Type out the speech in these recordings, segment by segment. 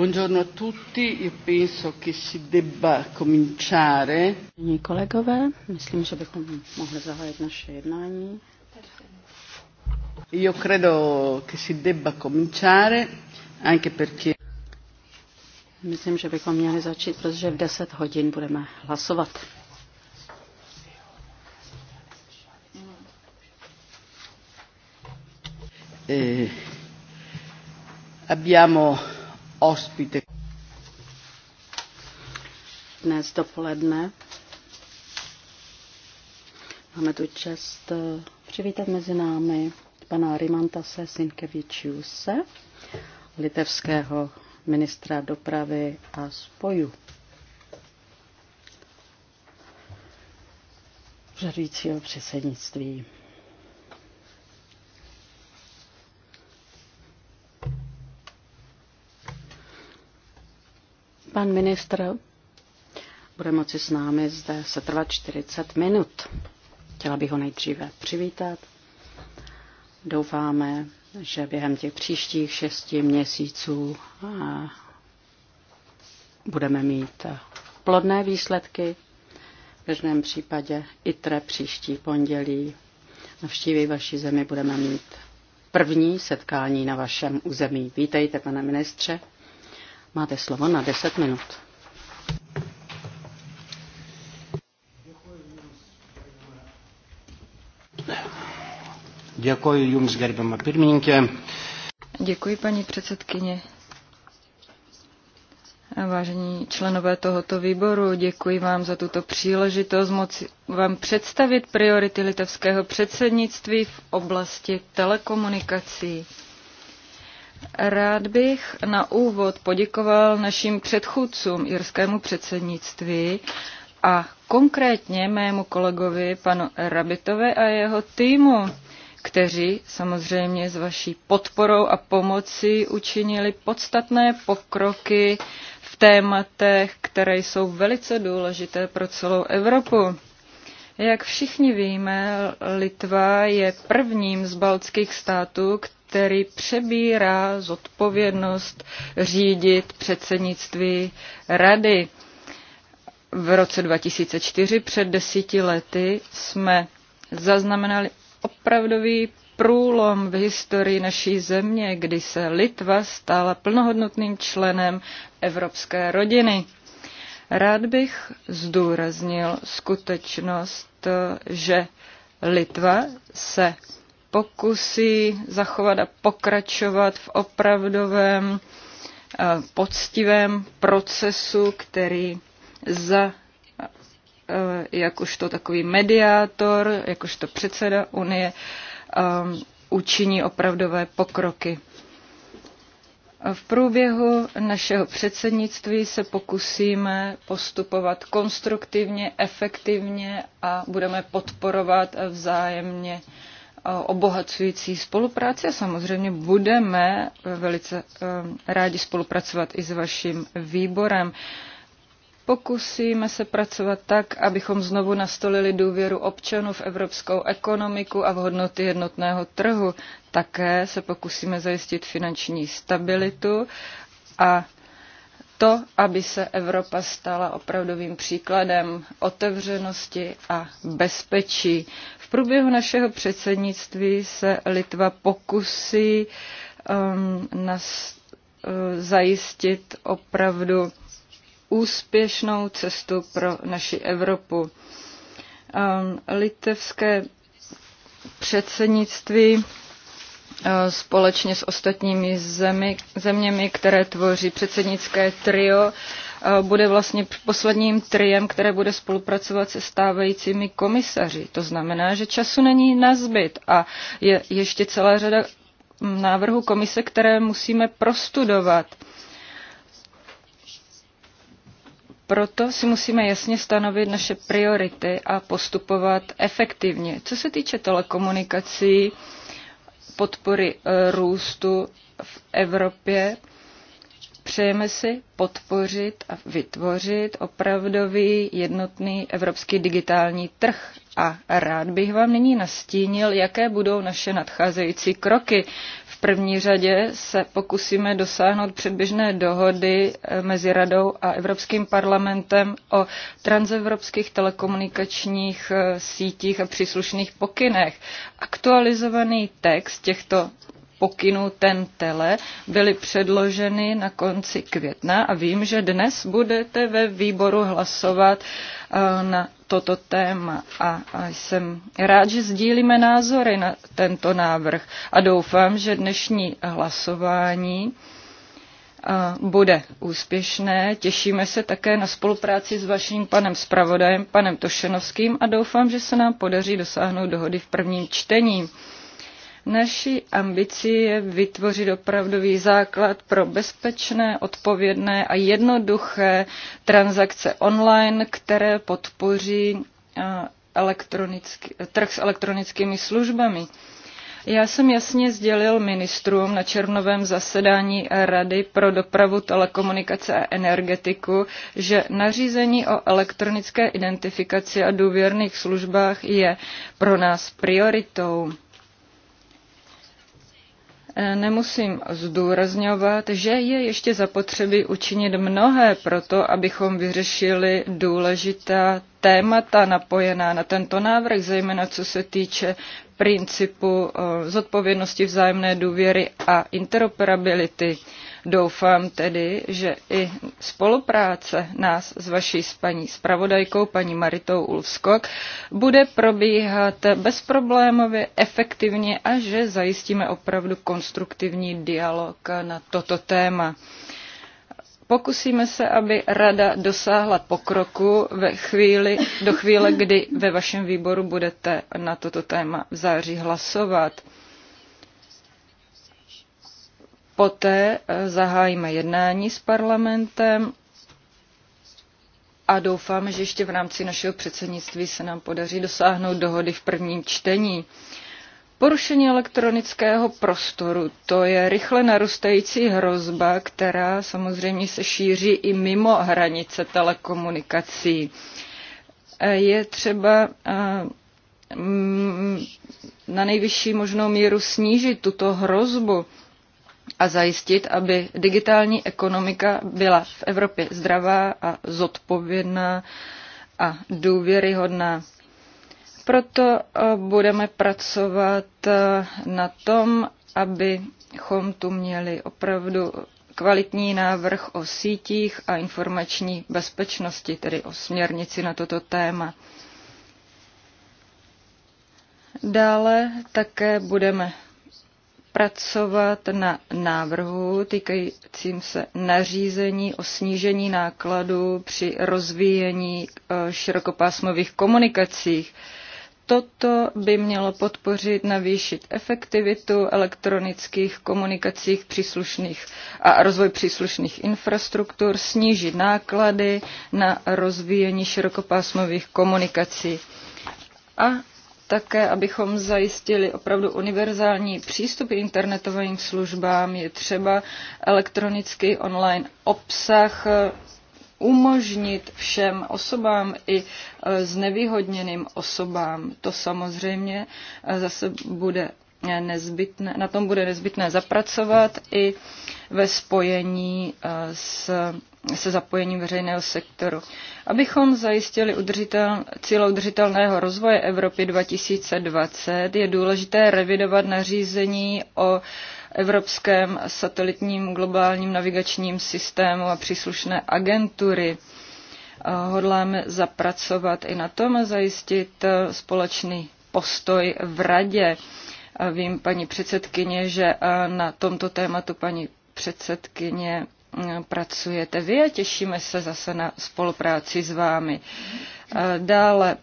Buongiorno a tutti, io penso che si debba cominciare. Mi kolegové, myslím, že bychom mohli zahájit naše jednání. Io credo che si debba cominciare anche perché Myslím, že bychom měli začít, protože v 10 hodin budeme hlasovat. Eh, abbiamo ospite. Dnes dopoledne máme tu čest eh, přivítat mezi námi pana Rimantase Sinkevičiuse, litevského ministra dopravy a spojů. Řadujícího předsednictví. Pan ministr bude moci s námi zde setrvat 40 minut. Chtěla bych ho nejdříve přivítat. Doufáme, že během těch příštích šesti měsíců budeme mít plodné výsledky. V každém případě i tre příští pondělí navštíví vaší zemi budeme mít první setkání na vašem území. Vítejte, pane ministře. Máte slovo na 10 minut. Děkuji jums, gerbama pirmininkė. Děkuji, paní předsedkyně. A vážení členové tohoto výboru, děkuji vám za tuto příležitost moci vám představit priority litevského předsednictví v oblasti telekomunikací. Rád bych na úvod poděkoval našim předchůdcům jirskému předsednictví a konkrétně mému kolegovi panu Rabitovi a jeho týmu, kteří samozřejmě s vaší podporou a pomocí učinili podstatné pokroky v tématech, které jsou velice důležité pro celou Evropu. Jak všichni víme, Litva je prvním z baltských států, který přebírá zodpovědnost řídit předsednictví rady. V roce 2004 před desíti lety jsme zaznamenali opravdový průlom v historii naší země, kdy se Litva stala plnohodnotným členem evropské rodiny. Rád bych zdůraznil skutečnost, že Litva se pokusy zachovat a pokračovat v opravdovém eh, poctivém procesu, který za eh, jakožto takový mediátor, jakožto předseda Unie eh, učiní opravdové pokroky. V průběhu našeho předsednictví se pokusíme postupovat konstruktivně, efektivně a budeme podporovat vzájemně Eh, obohacující spolupráci a samozřejmě budeme eh, velice eh, rádi spolupracovat i s vaším výborem. Pokusíme se pracovat tak, abychom znovu nastolili důvěru občanů v evropskou ekonomiku a v hodnoty jednotného trhu. Také se pokusíme zajistit finanční stabilitu a to, aby se Evropa stala opravdovým příkladem otevřenosti a bezpečí průběhu našeho předsednictví se Litva pokusí um, nas, uh, zajistit opravdu úspěšnou cestu pro naši Evropu. Um, litevské předsednictví uh, společně s ostatními zemi, zeměmi, které tvoří předsednické trio, Eh, bude vlastně posledním triem, které bude spolupracovat se stávajícími komisaři. To znamená, že času není na zbyt a je ještě celá řada mm, návrhu komise, které musíme prostudovat. Proto si musíme jasně stanovit naše priority a postupovat efektivně. Co se týče telekomunikací, podpory eh, růstu v Evropě, Přejeme si podpořit a vytvořit opravdový jednotný evropský digitální trh a rád bych vám nyní nastínil, jaké budou naše nadcházející kroky. V první řadě se pokusíme dosáhnout předběžné dohody eh, mezi Radou a Evropským parlamentem o transevropských telekomunikačních eh, sítích a příslušných pokynech. Aktualizovaný text těchto pokynů TEN-TELE byly předloženy na konci května a vím, že dnes budete ve výboru hlasovat eh, na toto téma a, a jsem rád, že sdílíme názory na tento návrh a doufám, že dnešní hlasování eh, bude úspěšné. Těšíme se také na spolupráci s vaším panem zpravodajem, panem Tošenovským a doufám, že se nám podaří dosáhnout dohody v prvním čtení. Naší ambicí je vytvořit opravdový základ pro bezpečné, odpovědné a jednoduché transakce online, které podpoří eh, elektronický, trh s elektronickými službami. Já jsem jasně sdělil ministrům na červnovém zasedání Rady pro dopravu, telekomunikace a energetiku, že nařízení o elektronické identifikaci a důvěrných službách je pro nás prioritou. Eh, nemusím zdůrazňovat, že je ještě zapotřebí učinit mnohé proto, abychom vyřešili důležitá témata napojená na tento návrh, zejména co se týče principu eh, zodpovědnosti vzájemné důvěry a interoperability. Doufám tedy, že i spolupráce nás s vaší paní spravodajkou, paní Maritou Ulfskok, bude probíhat bezproblémově, efektivně a že zajistíme opravdu konstruktivní dialog na toto téma pokusíme se, aby rada dosáhla pokroku ve chvíli, do chvíle, kdy ve vašem výboru budete na toto téma v září hlasovat. Poté eh, zahájíme jednání s parlamentem a doufám, že ještě v rámci našeho předsednictví se nám podaří dosáhnout dohody v prvním čtení. Porušení elektronického prostoru to je rychle narůstající hrozba, která samozřejmě se šíří i mimo hranice telekomunikací. Eh, je třeba eh, na nejvyšší možnou míru snížit tuto hrozbu a zajistit, aby digitální ekonomika byla v Evropě zdravá a zodpovědná a důvěryhodná. Proto eh, budeme pracovat eh, na tom, abychom tu měli opravdu kvalitní návrh o sítích a informační bezpečnosti, tedy o směrnici na toto téma. Dále také budeme pracovat na návrhu týkajícím se nařízení o snížení nákladů při rozvíjení eh, širokopásmových komunikacích. Toto by mělo podpořit navýšit efektivitu elektronických komunikacích příslušných a rozvoj příslušných infrastruktur, snížit náklady na rozvíjení širokopásmových komunikací a také, abychom zajistili opravdu univerzální přístup k internetovým službám, je třeba elektronický online obsah eh, umožnit všem osobám i eh, znevýhodněným osobám. To samozřejmě eh, zase bude nezbytné, na tom bude nezbytné zapracovat i ve spojení s se zapojením veřejného sektoru. Abychom zajistili udržitel, cíl udržitelného rozvoje Evropy 2020, je důležité revidovat nařízení o evropském satelitním globálním navigačním systému a příslušné agentury hodláme zapracovat i na tom a zajistit e, společný postoj v radě. Vím, paní předsedkyně, že e, na tomto tématu paní předsedkyně pracujete vy a těšíme se zase na spolupráci s vámi. Dále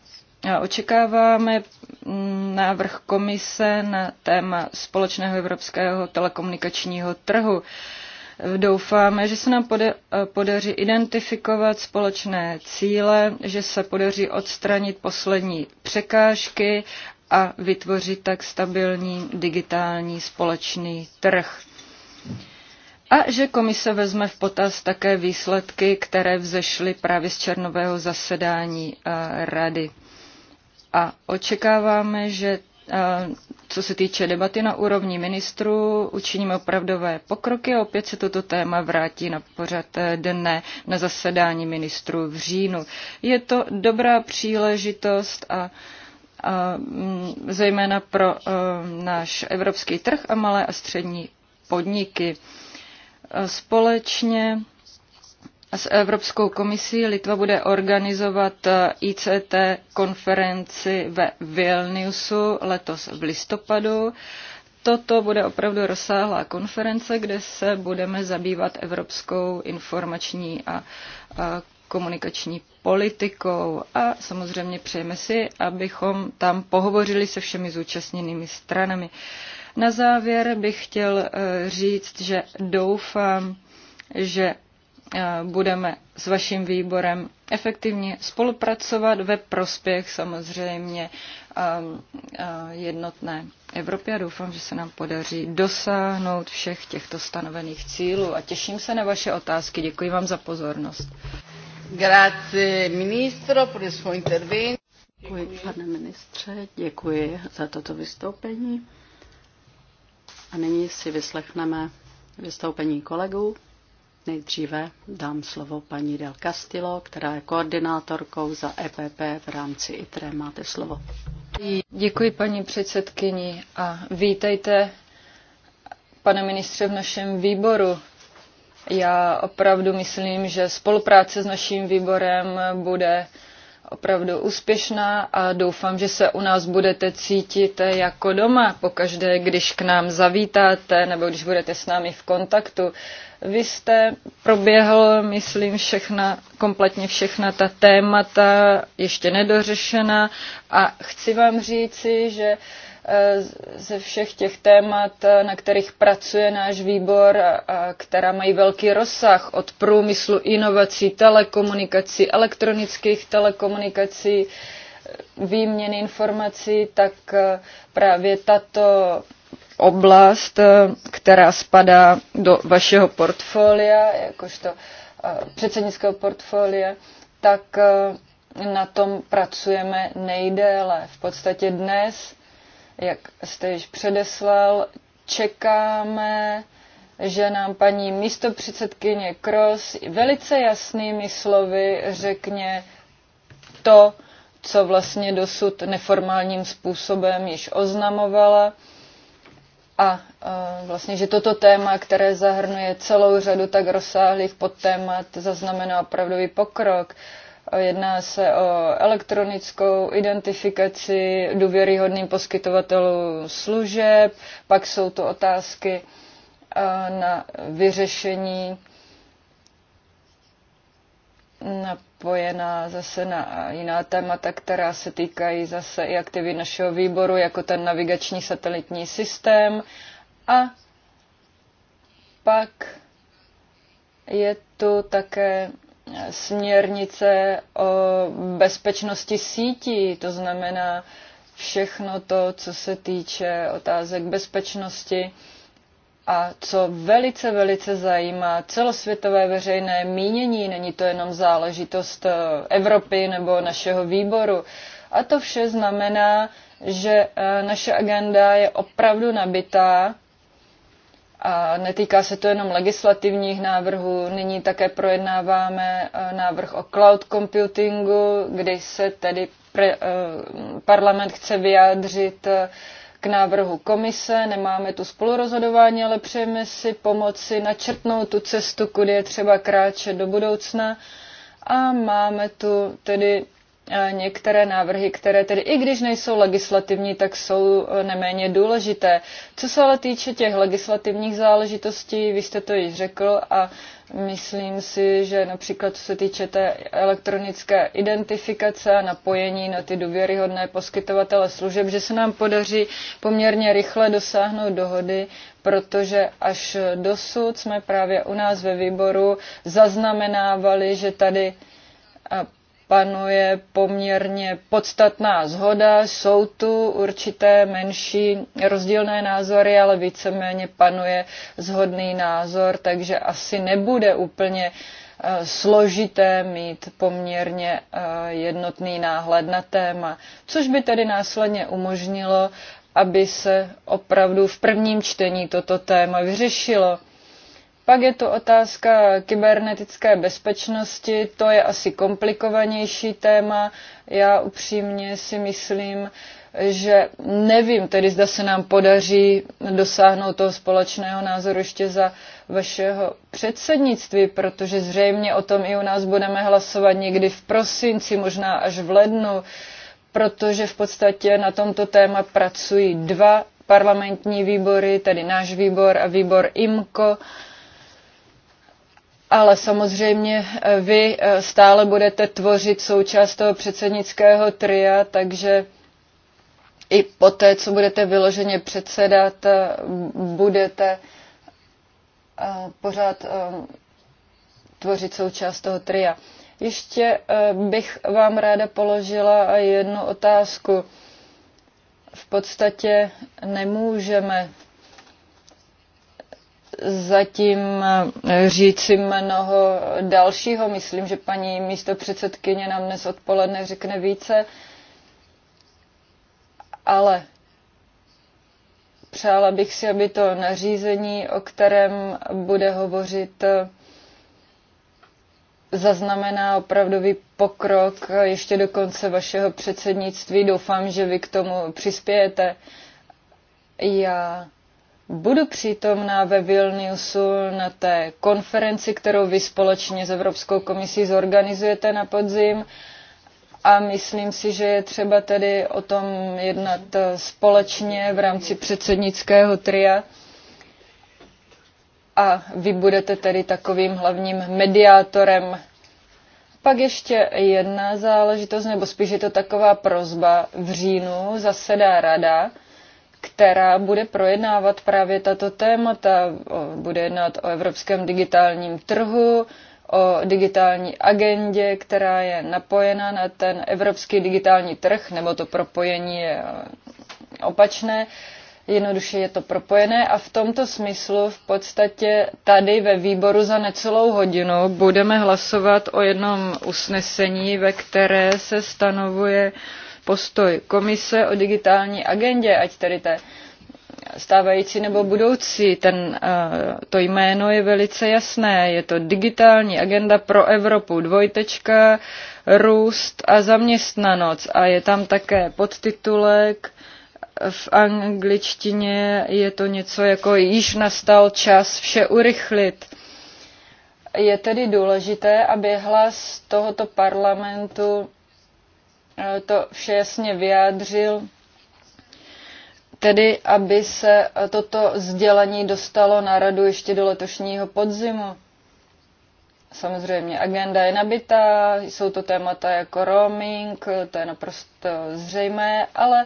očekáváme mm, návrh komise na téma společného evropského telekomunikačního trhu. Doufáme, že se nám podaří identifikovat společné cíle, že se podaří odstranit poslední překážky a vytvořit tak stabilní digitální společný trh a že komise vezme v potaz také výsledky, které vzešly právě z černového zasedání eh, rady. A očekáváme, že eh, co se týče debaty na úrovni ministrů, učiníme opravdové pokroky a opět se toto téma vrátí na pořad eh, dne na zasedání ministrů v říjnu. Je to dobrá příležitost a a mm, zejména pro náš evropský trh a malé a střední podniky. E, společně s Evropskou komisí Litva bude organizovat e, ICT konferenci ve Vilniusu letos v listopadu. Toto bude opravdu rozsáhlá konference, kde se budeme zabývat evropskou informační a, a komunikační politikou a samozřejmě přejeme si, abychom tam pohovořili se všemi zúčastněnými stranami. Uh, na závěr bych chtěl eh, říct, že doufám, že eh, budeme s vaším výborem efektivně spolupracovat ve prospěch samozřejmě eh, jednotné Evropy a doufám, že se nám podaří dosáhnout všech těchto stanovených cílů a těším se na vaše otázky. Děkuji vám za pozornost. Grazie ministro per il suo intervento. Děkuji, pane ministře, děkuji za toto vystoupení. A nyní si vyslechneme vystoupení kolegů. Nejdříve dám slovo paní Del Castillo, která je koordinátorkou za EPP v rámci ITRE. Máte slovo. Děkuji paní předsedkyni a vítejte, pane ministře, v našem výboru. Já opravdu myslím, že spolupráce s naším výborem bude opravdu úspěšná a doufám, že se u nás budete cítit jako doma pokaždé, když k nám zavítáte nebo když budete s námi v kontaktu. Vy jste proběhl, myslím, všechna, kompletně všechna ta témata ještě nedořešena a chci vám říci, že uh, Eh, ze všech těch témat, eh, na kterých pracuje náš výbor, která mají velký rozsah od průmyslu, inovací, telekomunikací, elektronických telekomunikací, výměny informací, tak eh, právě tato oblast, která spadá do vašeho portfolia, jakožto předsednického portfolia, tak na tom pracujeme nejdéle. V podstatě dnes jak jste již předeslal, čekáme, že nám paní místopředsedkyně Kros velice jasnými slovy řekně to, co vlastně dosud neformálním způsobem již oznamovala. A e, vlastně, že toto téma, které zahrnuje celou řadu tak rozsáhlých podtémat, zaznamená opravdový pokrok. Jedná se o elektronickou identifikaci důvěryhodným poskytovatelů služeb, pak jsou to otázky eh, na vyřešení napojená zase na jiná témata, která se týkají zase i aktivit našeho výboru, jako ten navigační satelitní systém. A pak je tu také směrnice o bezpečnosti sítí, to znamená všechno to, co se týče otázek bezpečnosti a co velice, velice zajímá celosvětové veřejné mínění. Není to jenom záležitost eh, Evropy nebo našeho výboru. A to vše znamená, že eh, naše agenda je opravdu nabitá a netýká se to jenom legislativních návrhů, nyní také projednáváme e, návrh o cloud computingu, kdy se tedy pre, e, parlament chce vyjádřit e, k návrhu komise, nemáme tu spolurozhodování, ale přejeme si pomoci načrtnout tu cestu, kudy je třeba kráčet do budoucna. A máme tu tedy některé návrhy, které tedy i když nejsou legislativní, tak jsou eh, neméně důležité. Co se ale týče těch legislativních záležitostí, vy jste to již řekl a myslím si, že například co se týče té elektronické identifikace a napojení na ty důvěryhodné poskytovatele služeb, že se nám podaří poměrně rychle dosáhnout dohody, protože až dosud jsme právě u nás ve výboru zaznamenávali, že tady panuje poměrně podstatná zhoda, jsou tu určité menší rozdílné názory, ale víceméně panuje zhodný názor, takže asi nebude úplně eh, složité mít poměrně eh, jednotný náhled na téma, což by tedy následně umožnilo, aby se opravdu v prvním čtení toto téma vyřešilo. Pak je to otázka kybernetické bezpečnosti, to je asi komplikovanější téma. Já upřímně si myslím, že nevím tedy, zda se nám podaří dosáhnout toho společného názoru ještě za vašeho předsednictví, protože zřejmě o tom i u nás budeme hlasovat někdy v prosinci, možná až v lednu, protože v podstatě na tomto téma pracují dva parlamentní výbory, tedy náš výbor a výbor IMCO. Ale samozřejmě eh, vy eh, stále budete tvořit součást toho předsednického tria, takže i po té, co budete vyloženě předsedat, eh, budete pořád tvořit součást toho tria. Ještě bych vám ráda položila jednu otázku. V podstatě nemůžeme zatím eh, říci mnoho dalšího. Myslím, že paní místo předsedkyně nám dnes odpoledne řekne více. Ale přála bych si, aby to nařízení, o kterém bude hovořit, eh, zaznamená opravdový pokrok ještě do konce vašeho předsednictví. Doufám, že vy k tomu přispějete. Já budu přítomná ve Vilniusu na té konferenci, kterou vy společně s Evropskou komisí zorganizujete na podzim. A myslím si, že je třeba tedy o tom jednat eh, společně v rámci předsednického tria. A vy budete tedy takovým hlavním mediátorem pak ještě jedna záležitost, nebo spíš je to taková prozba. V říjnu zasedá rada která bude projednávat právě tato témata. Bude jednat o evropském digitálním trhu, o digitální agendě, která je napojena na ten evropský digitální trh, nebo to propojení je eh, opačné. Jednoduše je to propojené a v tomto smyslu v podstatě tady ve výboru za necelou hodinu budeme hlasovat o jednom usnesení, ve které se stanovuje uh, postoj komise o digitální agendě, ať tady té stávající nebo budoucí, ten, eh, to jméno je velice jasné. Je to digitální agenda pro Evropu, dvojtečka, růst a zaměstnanost. A je tam také podtitulek, v angličtině je to něco jako již nastal čas vše urychlit. Je tedy důležité, aby hlas tohoto parlamentu Eh, to vše jasně vyjádřil, tedy aby se eh, toto sdělení dostalo na radu ještě do letošního podzimu. Samozřejmě agenda je nabitá, jsou to témata jako roaming, eh, to je naprosto zřejmé, ale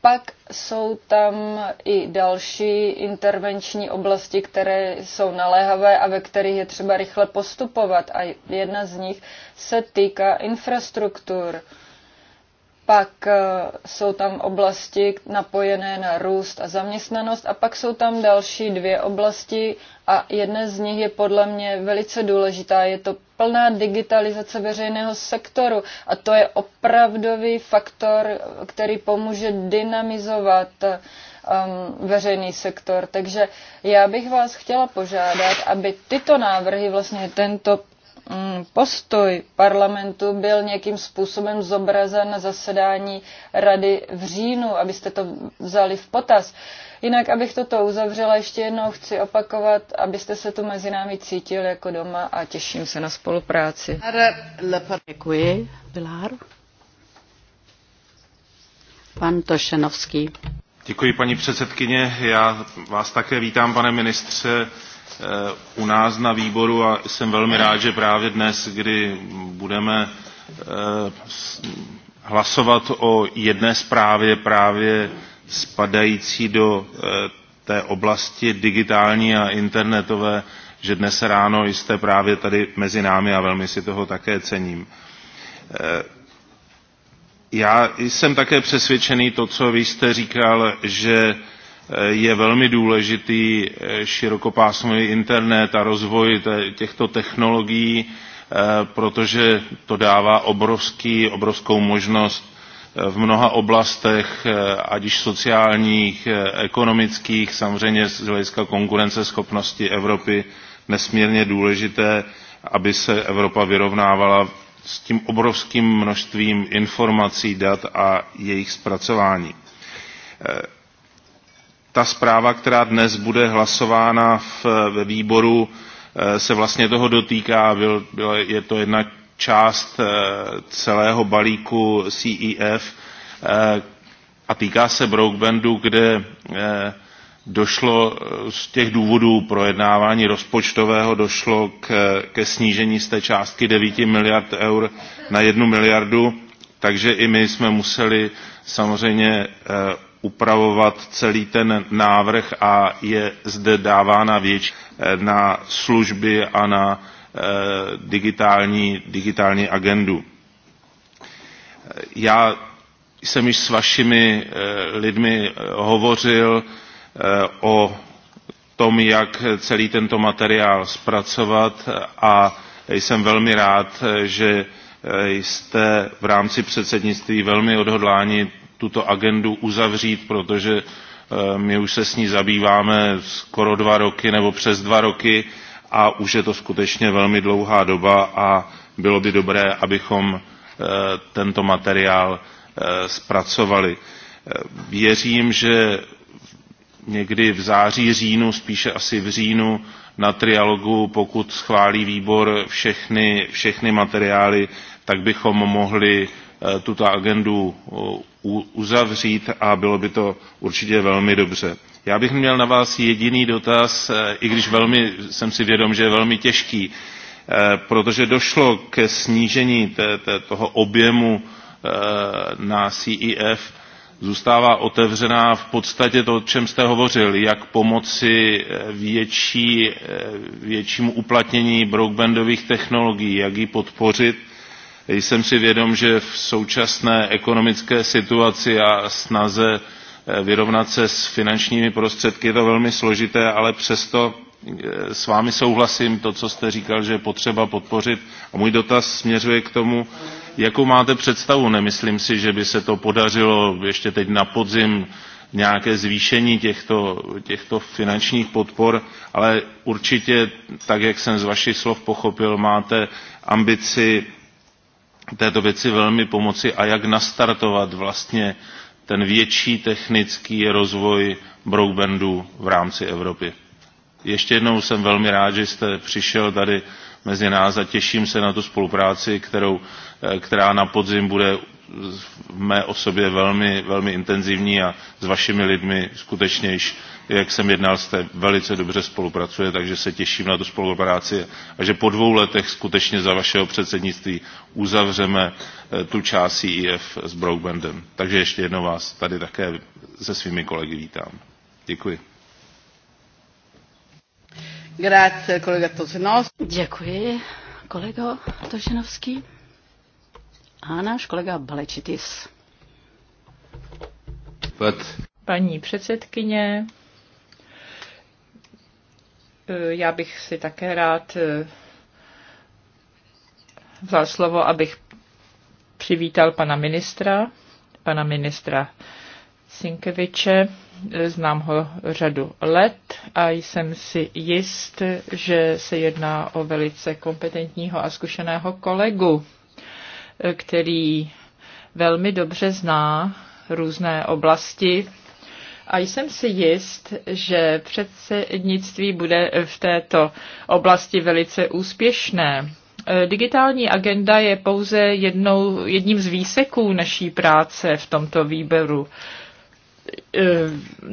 pak jsou tam i další intervenční oblasti, které jsou naléhavé a ve kterých je třeba rychle postupovat. A jedna z nich se týká infrastruktur pak eh, jsou tam oblasti napojené na růst a zaměstnanost a pak jsou tam další dvě oblasti a jedna z nich je podle mě velice důležitá. Je to plná digitalizace veřejného sektoru a to je opravdový faktor, který pomůže dynamizovat um, veřejný sektor. Takže já bych vás chtěla požádat, aby tyto návrhy, vlastně tento Mm, postoj parlamentu byl nějakým způsobem zobrazen na zasedání rady v říjnu, abyste to vzali v potaz. Jinak, abych toto uzavřela, ještě jednou chci opakovat, abyste se tu mezi námi cítili jako doma a těším se na spolupráci. Děkuji. Bilár. Pan Tošenovský. Děkuji, paní předsedkyně. Já vás také vítám, pane ministře Eh, u nás na výboru a jsem velmi rád, že právě dnes, kdy budeme eh, hlasovat o jedné zprávě právě spadající do eh, té oblasti digitální a internetové, že dnes ráno jste právě tady mezi námi a velmi si toho také cením. Já jsem také přesvědčený to, co vy jste říkal, že je velmi důležitý eh, širokopásmový internet a rozvoj těchto technologií, eh, protože to dává obrovský, obrovskou možnost eh, v mnoha oblastech, ať již sociálních, ekonomických, samozřejmě z hlediska konkurenceschopnosti Evropy, nesmírně důležité, aby se Evropa vyrovnávala s tím obrovským množstvím informací, dat a jejich zpracování ta zpráva, která dnes bude hlasována v, ve výboru, eh, se vlastně toho dotýká. Byl, byl, je to jedna část eh, celého balíku CEF eh, a týká se Brokebandu, kde došlo z těch důvodů projednávání rozpočtového došlo k, ke snížení z té částky 9 miliard eur na 1 miliardu, takže i my jsme museli samozřejmě upravovat celý ten návrh a je zde dávána větší eh, na služby a na eh, digitální, digitální agendu. Eh, já jsem již s vašimi lidmi hovořil o tom, jak celý tento materiál zpracovat a jsem velmi rád, že jste v rámci předsednictví velmi odhodláni tuto agendu uzavřít, protože eh, my už se s ní zabýváme skoro dva roky nebo přes dva roky a už je to skutečně velmi dlouhá doba a bylo by dobré, abychom eh, tento materiál eh, zpracovali. Věřím, že někdy v září, říjnu, spíše asi v říjnu na trialogu, pokud schválí výbor všechny, všechny materiály, tak bychom mohli Eh, tuto agendu eh, uzavřít a bylo by to určitě velmi dobře. Já bych měl na vás jediný dotaz, eh, i když velmi, jsem si vědom, že je velmi těžký, protože došlo ke snížení té, té, toho objemu na CEF, zůstává otevřená v podstatě to, o čem jste hovořil, jak pomoci větší, většímu uplatnění broadbandových technologií, jak ji podpořit jsem si vědom že v současné ekonomické situaci a snaze eh, vyrovnat se s finančními prostředky je to velmi složité ale přesto eh, s vámi souhlasím to co jste říkal že je potřeba podpořit a můj dotaz směřuje k tomu jakou máte představu nemyslím si že by se to podařilo ještě teď na podzim nějaké zvýšení těchto, těchto finančních podpor, ale určitě, tak jak jsem z vašich slov pochopil, máte ambici této věci velmi pomoci a jak nastartovat vlastně ten větší technický rozvoj broadbandu v rámci Evropy. Ještě jednou jsem velmi rád, že jste přišel tady mezi nás a těším se na tu spolupráci, kterou, eh, která na podzim bude v mé osobě velmi, velmi intenzivní a s vašimi lidmi skutečně již jak jsem jednal, jste velice dobře spolupracuje, takže se těším na tu spolupráci a že po dvou letech skutečně za vašeho předsednictví uzavřeme eh, tu část CEF s Brokebandem. Takže ještě jednou vás tady také se svými kolegy vítám. Děkuji. Grazie, kolega Tosinovský. Děkuji, kolego Tosinovský. A náš kolega Balečitis. Paní předsedkyně, Eh, já bych si také rád eh, vzal slovo, abych přivítal pana ministra, pana ministra Sinkeviče. Eh, znám ho řadu let a jsem si jist, že se jedná o velice kompetentního a zkušeného kolegu, který velmi dobře zná různé oblasti a jsem si jist, že předsednictví bude v této oblasti velice úspěšné. E, digitální agenda je pouze jednou, jedním z výseků naší práce v tomto výběru e,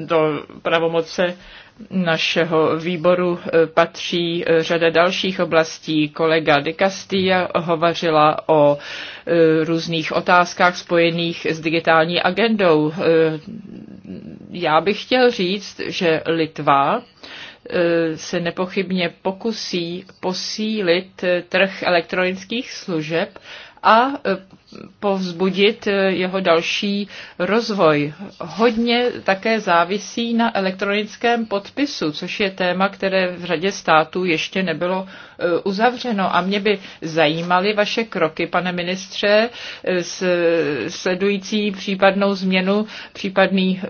do pravomoce našeho výboru e, patří e, řada dalších oblastí. Kolega de Castilla hovořila o e, různých otázkách spojených s digitální agendou. Já bych chtěl říct, že Litva se nepochybně pokusí posílit trh elektronických služeb a povzbudit eh, jeho další rozvoj. Hodně také závisí na elektronickém podpisu, což je téma, které v řadě států ještě nebylo eh, uzavřeno. A mě by zajímaly vaše kroky, pane ministře, eh, s sledující případnou změnu, případný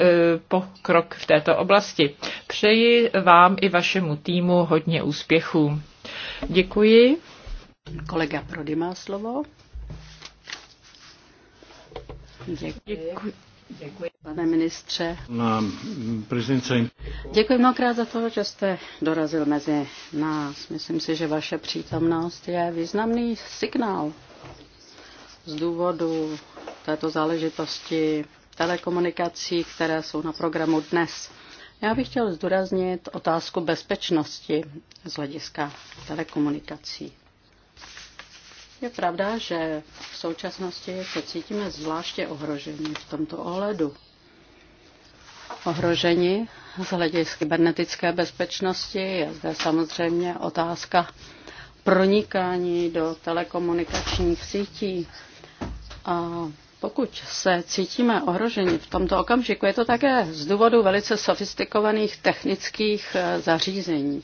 pokrok v této oblasti. Přeji vám i vašemu týmu hodně úspěchů. Děkuji. Kolega Prody má slovo. Děkuji. Děkuji, pane ministře. Na prezidenci. Děkuji mnohokrát za to, že jste dorazil mezi nás. Myslím si, že vaše přítomnost je významný signál z důvodu této záležitosti telekomunikací, které jsou na programu dnes. Já bych chtěl zdůraznit otázku bezpečnosti z hlediska telekomunikací. Je pravda, že v současnosti se cítíme zvláště ohroženi v tomto ohledu. Ohroženi z hlediska kybernetické bezpečnosti je zde samozřejmě otázka pronikání do telekomunikačních sítí. A pokud se cítíme ohroženi v tomto okamžiku, je to také z důvodu velice sofistikovaných technických eh, zařízení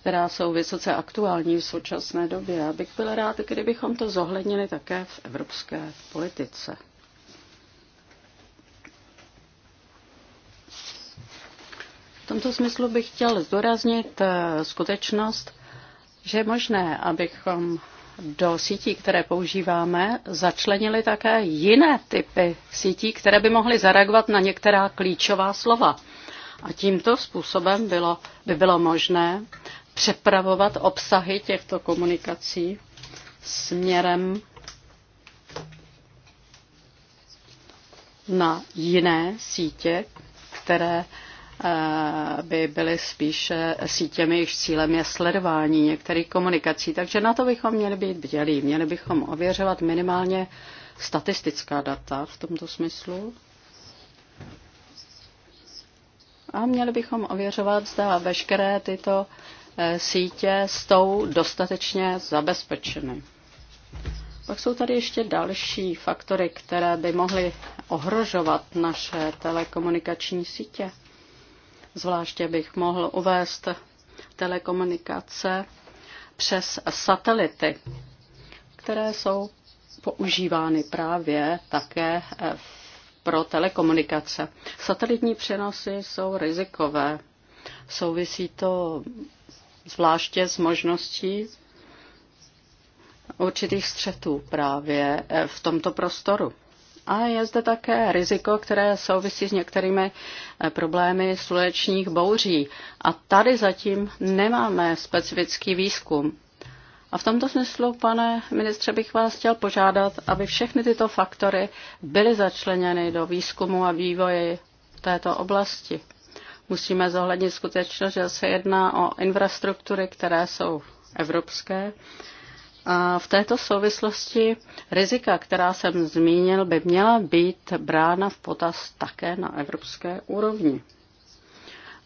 která jsou vysoce aktuální v současné době. bych byl rád, kdybychom to zohlednili také v evropské politice. V tomto smyslu bych chtěl zdoraznit eh, skutečnost, že je možné, abychom do sítí, které používáme, začlenili také jiné typy sítí, které by mohly zareagovat na některá klíčová slova. A tímto způsobem bylo, by bylo možné přepravovat obsahy těchto komunikací směrem na jiné sítě, které eh, by byly spíše sítěmi, jejichž cílem je sledování některých komunikací. Takže na to bychom měli být bdělí. Měli bychom ověřovat minimálně statistická data v tomto smyslu. A měli bychom ověřovat, zda veškeré tyto Eh, sítě jsou dostatečně zabezpečeny. Pak jsou tady ještě další faktory, které by mohly ohrožovat naše telekomunikační sítě. Zvláště bych mohl uvést telekomunikace přes satelity, které jsou používány právě také eh, pro telekomunikace. Satelitní přenosy jsou rizikové. Souvisí to zvláště s možností určitých střetů právě eh, v tomto prostoru. A je zde také riziko, které souvisí s některými eh, problémy slunečních bouří. A tady zatím nemáme specifický výzkum. A v tomto smyslu, pane ministře, bych vás chtěl požádat, aby všechny tyto faktory byly začleněny do výzkumu a vývoje této oblasti. Musíme zohlednit skutečnost, že se jedná o infrastruktury, které jsou evropské. A v této souvislosti rizika, která jsem zmínil, by měla být brána v potaz také na evropské úrovni.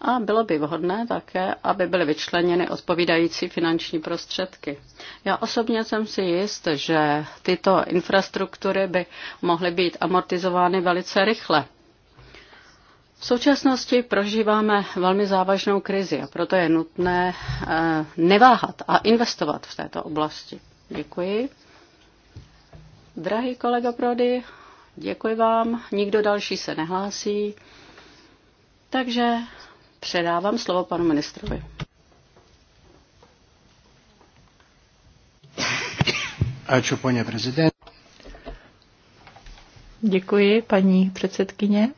A bylo by vhodné také, aby byly vyčleněny odpovídající finanční prostředky. Já osobně jsem si jist, že tyto infrastruktury by mohly být amortizovány velice rychle. V současnosti prožíváme velmi závažnou krizi a proto je nutné eh, neváhat a investovat v této oblasti. Děkuji. Drahý kolega Prody, děkuji vám. Nikdo další se nehlásí. Takže předávám slovo panu ministrovi. Ačo, paní prezident. Děkuji, paní předsedkyně.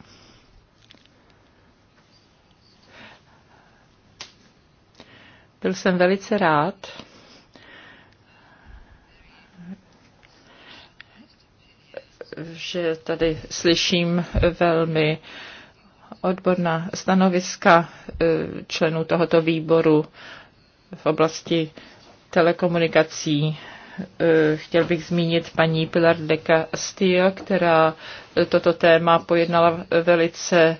Byl jsem velice rád, že tady slyším velmi odborná stanoviska eh, členů tohoto výboru v oblasti telekomunikací. Eh, chtěl bych zmínit paní Pilar de Castillo, která toto téma pojednala velice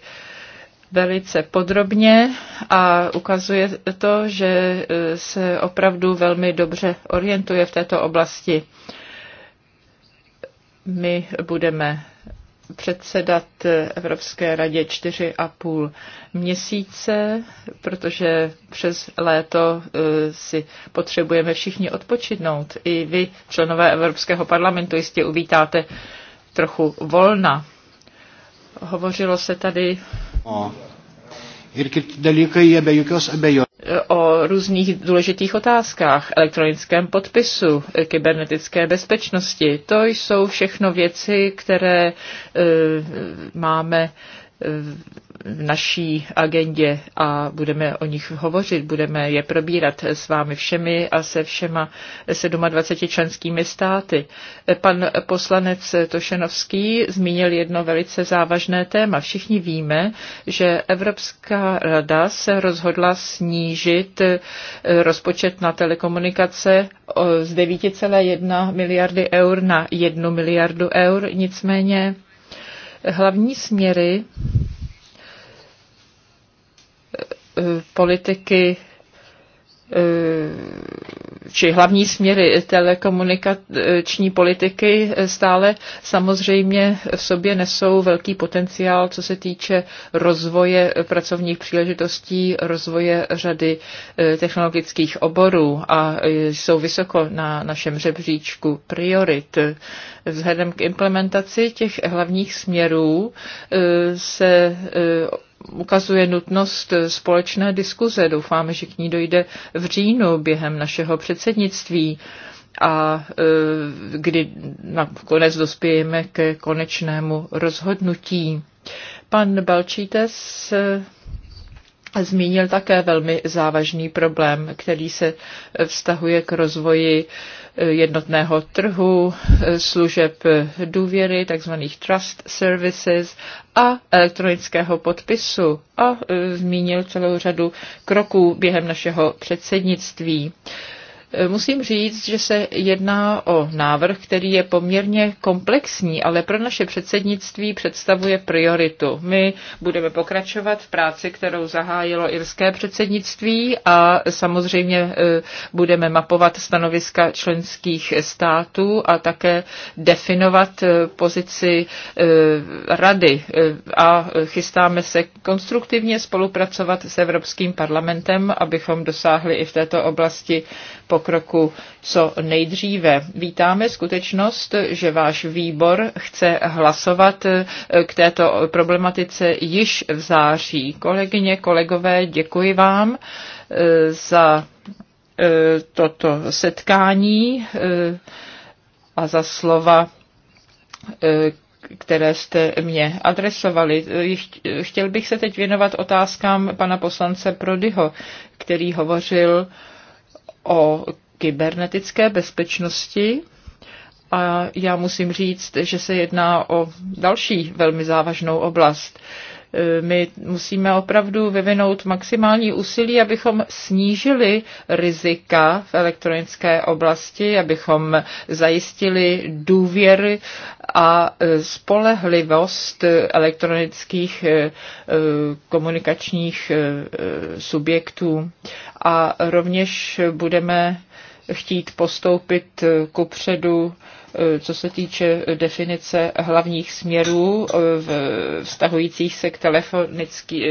velice podrobně a ukazuje to, že e, se opravdu velmi dobře orientuje v této oblasti. My budeme předsedat Evropské radě čtyři a půl měsíce, protože přes léto e, si potřebujeme všichni odpočinout. I vy, členové Evropského parlamentu, jistě uvítáte trochu volna. Hovořilo se tady O. Ir kiti dalykai, jie be jokios o různých důležitých otázkách, elektronickém podpisu, kybernetické bezpečnosti. To jsou všechno věci, které eh, máme eh, v naší agendě a budeme o nich hovořit, budeme je probírat s vámi všemi a se všema 27 členskými státy. Pan poslanec Tošenovský zmínil jedno velice závažné téma. Všichni víme, že Evropská rada se rozhodla snížit rozpočet na telekomunikace z 9,1 miliardy eur na 1 miliardu eur. Nicméně hlavní směry Eh, politiky eh, či hlavní směry telekomunikační politiky stále samozřejmě v sobě nesou velký potenciál, co se týče rozvoje pracovních příležitostí, rozvoje řady eh, technologických oborů a jsou vysoko na našem řebříčku priorit. Vzhledem k implementaci těch hlavních směrů se ukazuje nutnost společné diskuze. Doufáme, že k ní dojde v říjnu během našeho předsednictví a e, kdy nakonec dospějeme ke konečnému rozhodnutí. Pan Balčítes e, zmínil také velmi závažný problém, který se vztahuje k rozvoji jednotného trhu, eh, služeb důvěry, takzvaných trust services a elektronického podpisu a eh, zmínil celou řadu kroků během našeho předsednictví. Musím říct, že se jedná o návrh, který je poměrně komplexní, ale pro naše předsednictví představuje prioritu. My budeme pokračovat v práci, kterou zahájilo irské předsednictví a samozřejmě e, budeme mapovat stanoviska členských států a také definovat e, pozici e, rady a chystáme se konstruktivně spolupracovat s Evropským parlamentem, abychom dosáhli i v této oblasti pokroku co nejdříve. Vítáme skutečnost, že váš výbor chce hlasovat eh, k této problematice již v září. Kolegyně, kolegové, děkuji vám eh, za eh, toto setkání a za slova, které jste mě adresovali. Chtěl bych se teď věnovat otázkám pana poslance Prodyho, který hovořil o kybernetické bezpečnosti a já musím říct, že se jedná o další velmi závažnou oblast. Eh, my musíme opravdu vyvinout maximální úsilí, abychom snížili rizika v elektronické oblasti, abychom zajistili důvěry a eh, spolehlivost elektronických eh, komunikačních subjektů. A rovněž budeme chtít postoupit eh, ku předu, eh, co se týče eh, definice hlavních směrů vztahujících se k,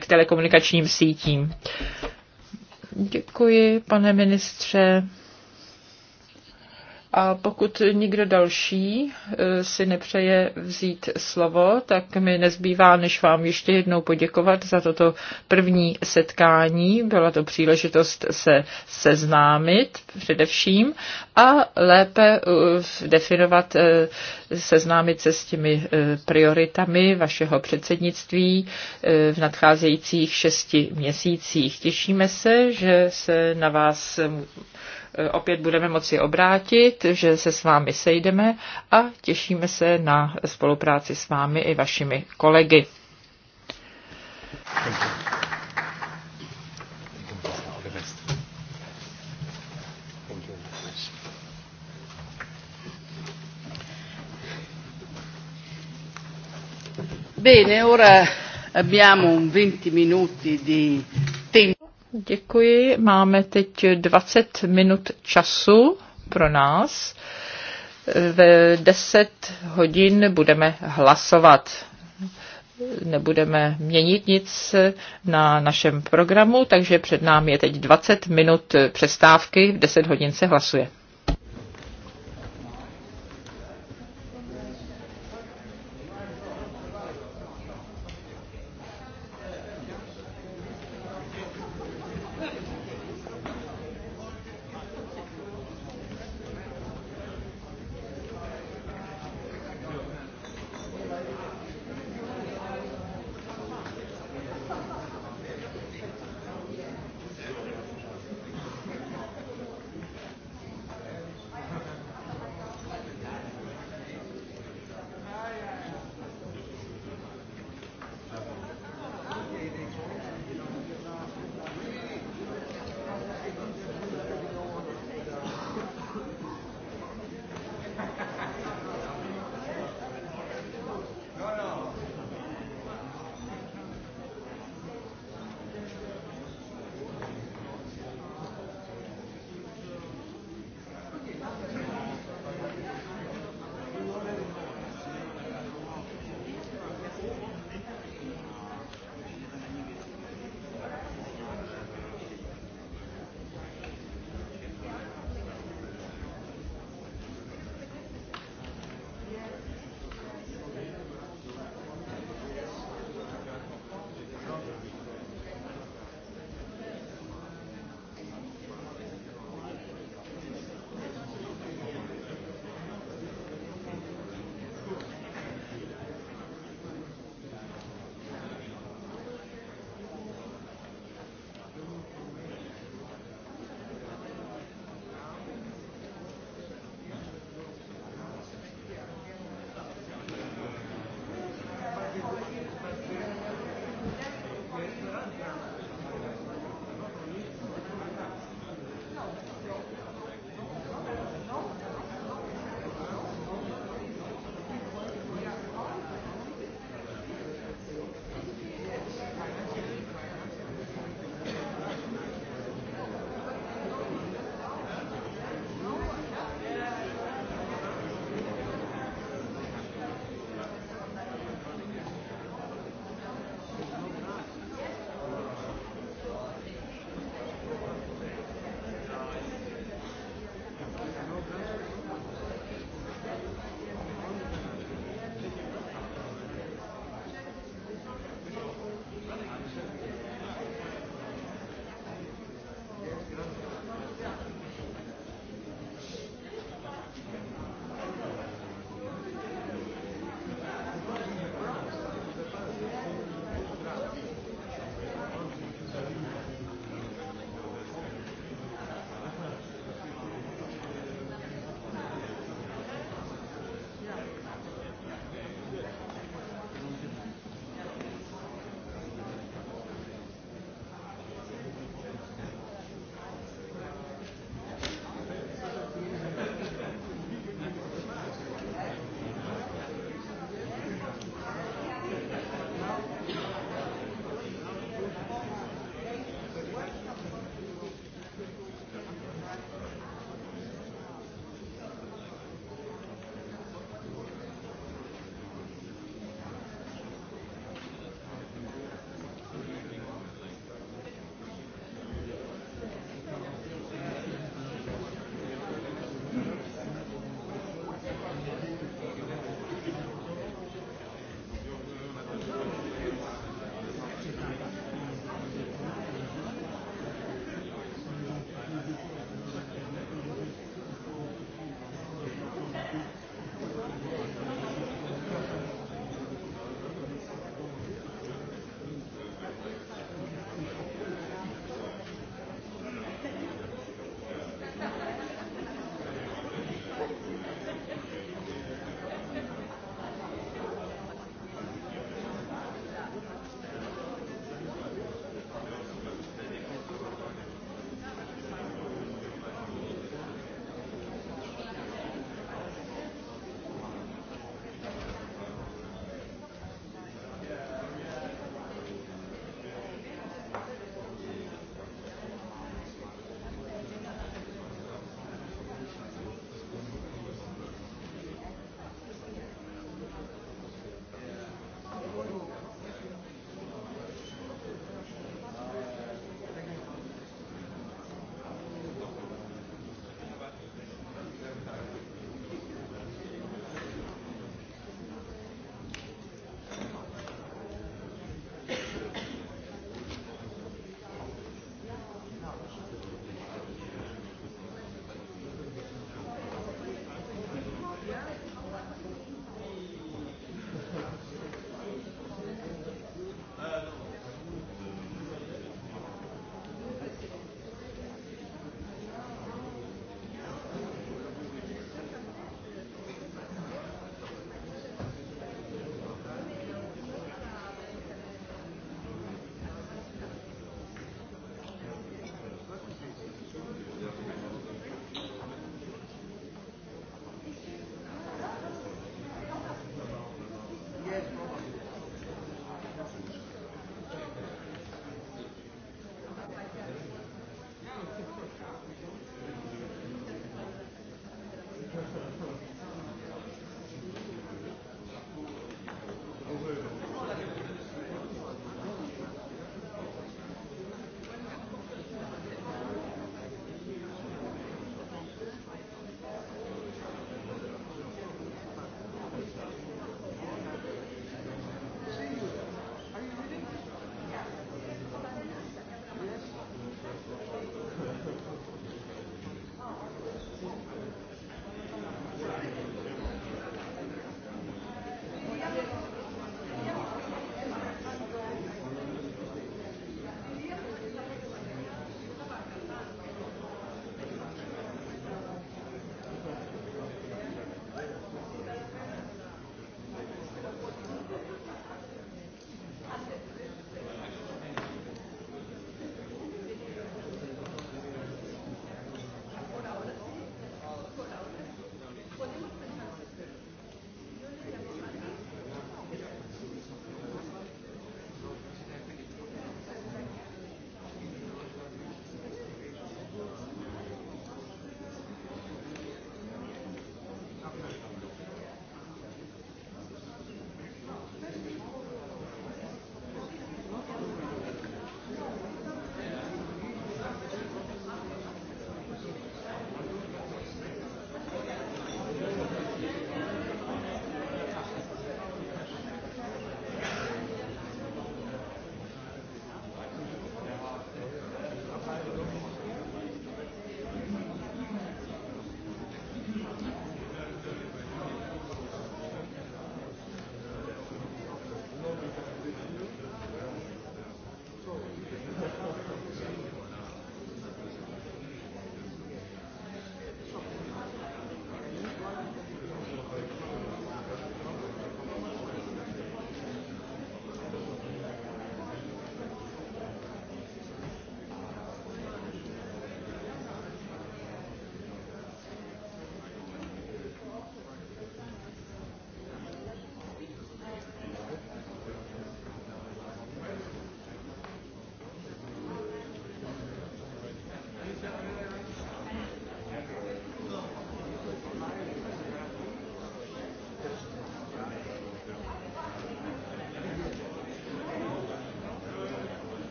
k telekomunikačním sítím. Děkuji, pane ministře. A pokud nikdo další eh, si nepřeje vzít slovo, tak mi nezbývá, než vám ještě jednou poděkovat za toto první setkání. Byla to příležitost se seznámit především a lépe eh, definovat, eh, seznámit se s těmi prioritami vašeho předsednictví v nadcházejících šesti měsících. Těšíme se, že se na vás opět budeme moci obrátit, že se s vámi sejdeme a těšíme se na spolupráci s vámi i vašimi kolegy. Bene, ora abbiamo un 20 minuti di Děkuji. Máme teď 20 minut času pro nás. V 10 hodin budeme hlasovat nebudeme měnit nic na našem programu, takže před námi je teď 20 minut přestávky, v 10 hodin se hlasuje.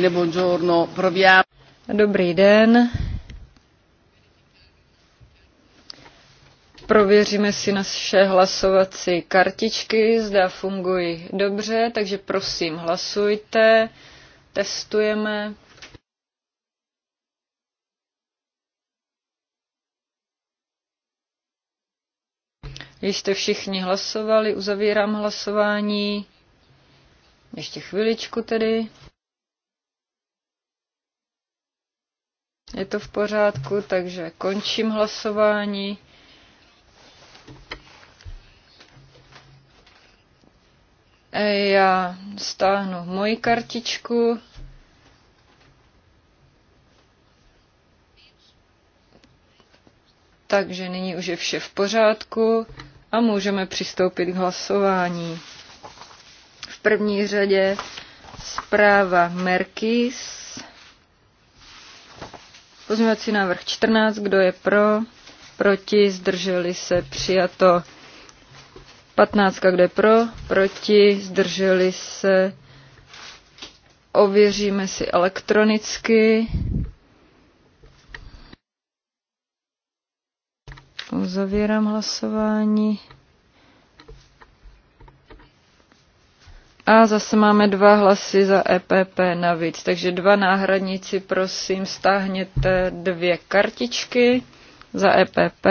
Bene, buongiorno. Proviamo. Dobrý den. Prověříme si naše hlasovací kartičky, zda fungují dobře, takže prosím hlasujte, testujeme. Když jste všichni hlasovali, uzavírám hlasování. Ještě chviličku tedy. Je to v pořádku, takže končím hlasování. E, já stáhnu moji kartičku. Takže nyní už je vše v pořádku a můžeme přistoupit k hlasování. V první řadě zpráva Merkis. Pozměňovací návrh 14, kdo je pro, proti, zdrželi se, přijato. 15, kdo je pro, proti, zdrželi se, ověříme si elektronicky. Uzavírám hlasování. A zase máme dva hlasy za EPP navíc, takže dva náhradníci, prosím, stáhněte dvě kartičky za EPP.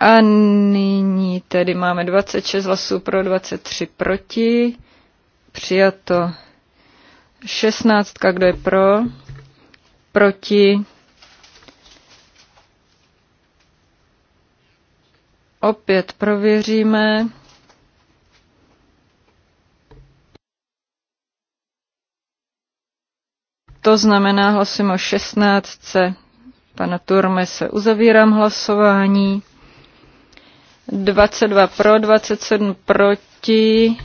A nyní tedy máme 26 hlasů pro, 23 proti. Přijato 16, kdo je pro, proti. Opět prověříme. To znamená, hlasujeme o 16. Pana Turme se uzavírám hlasování. 22 pro, 27 proti.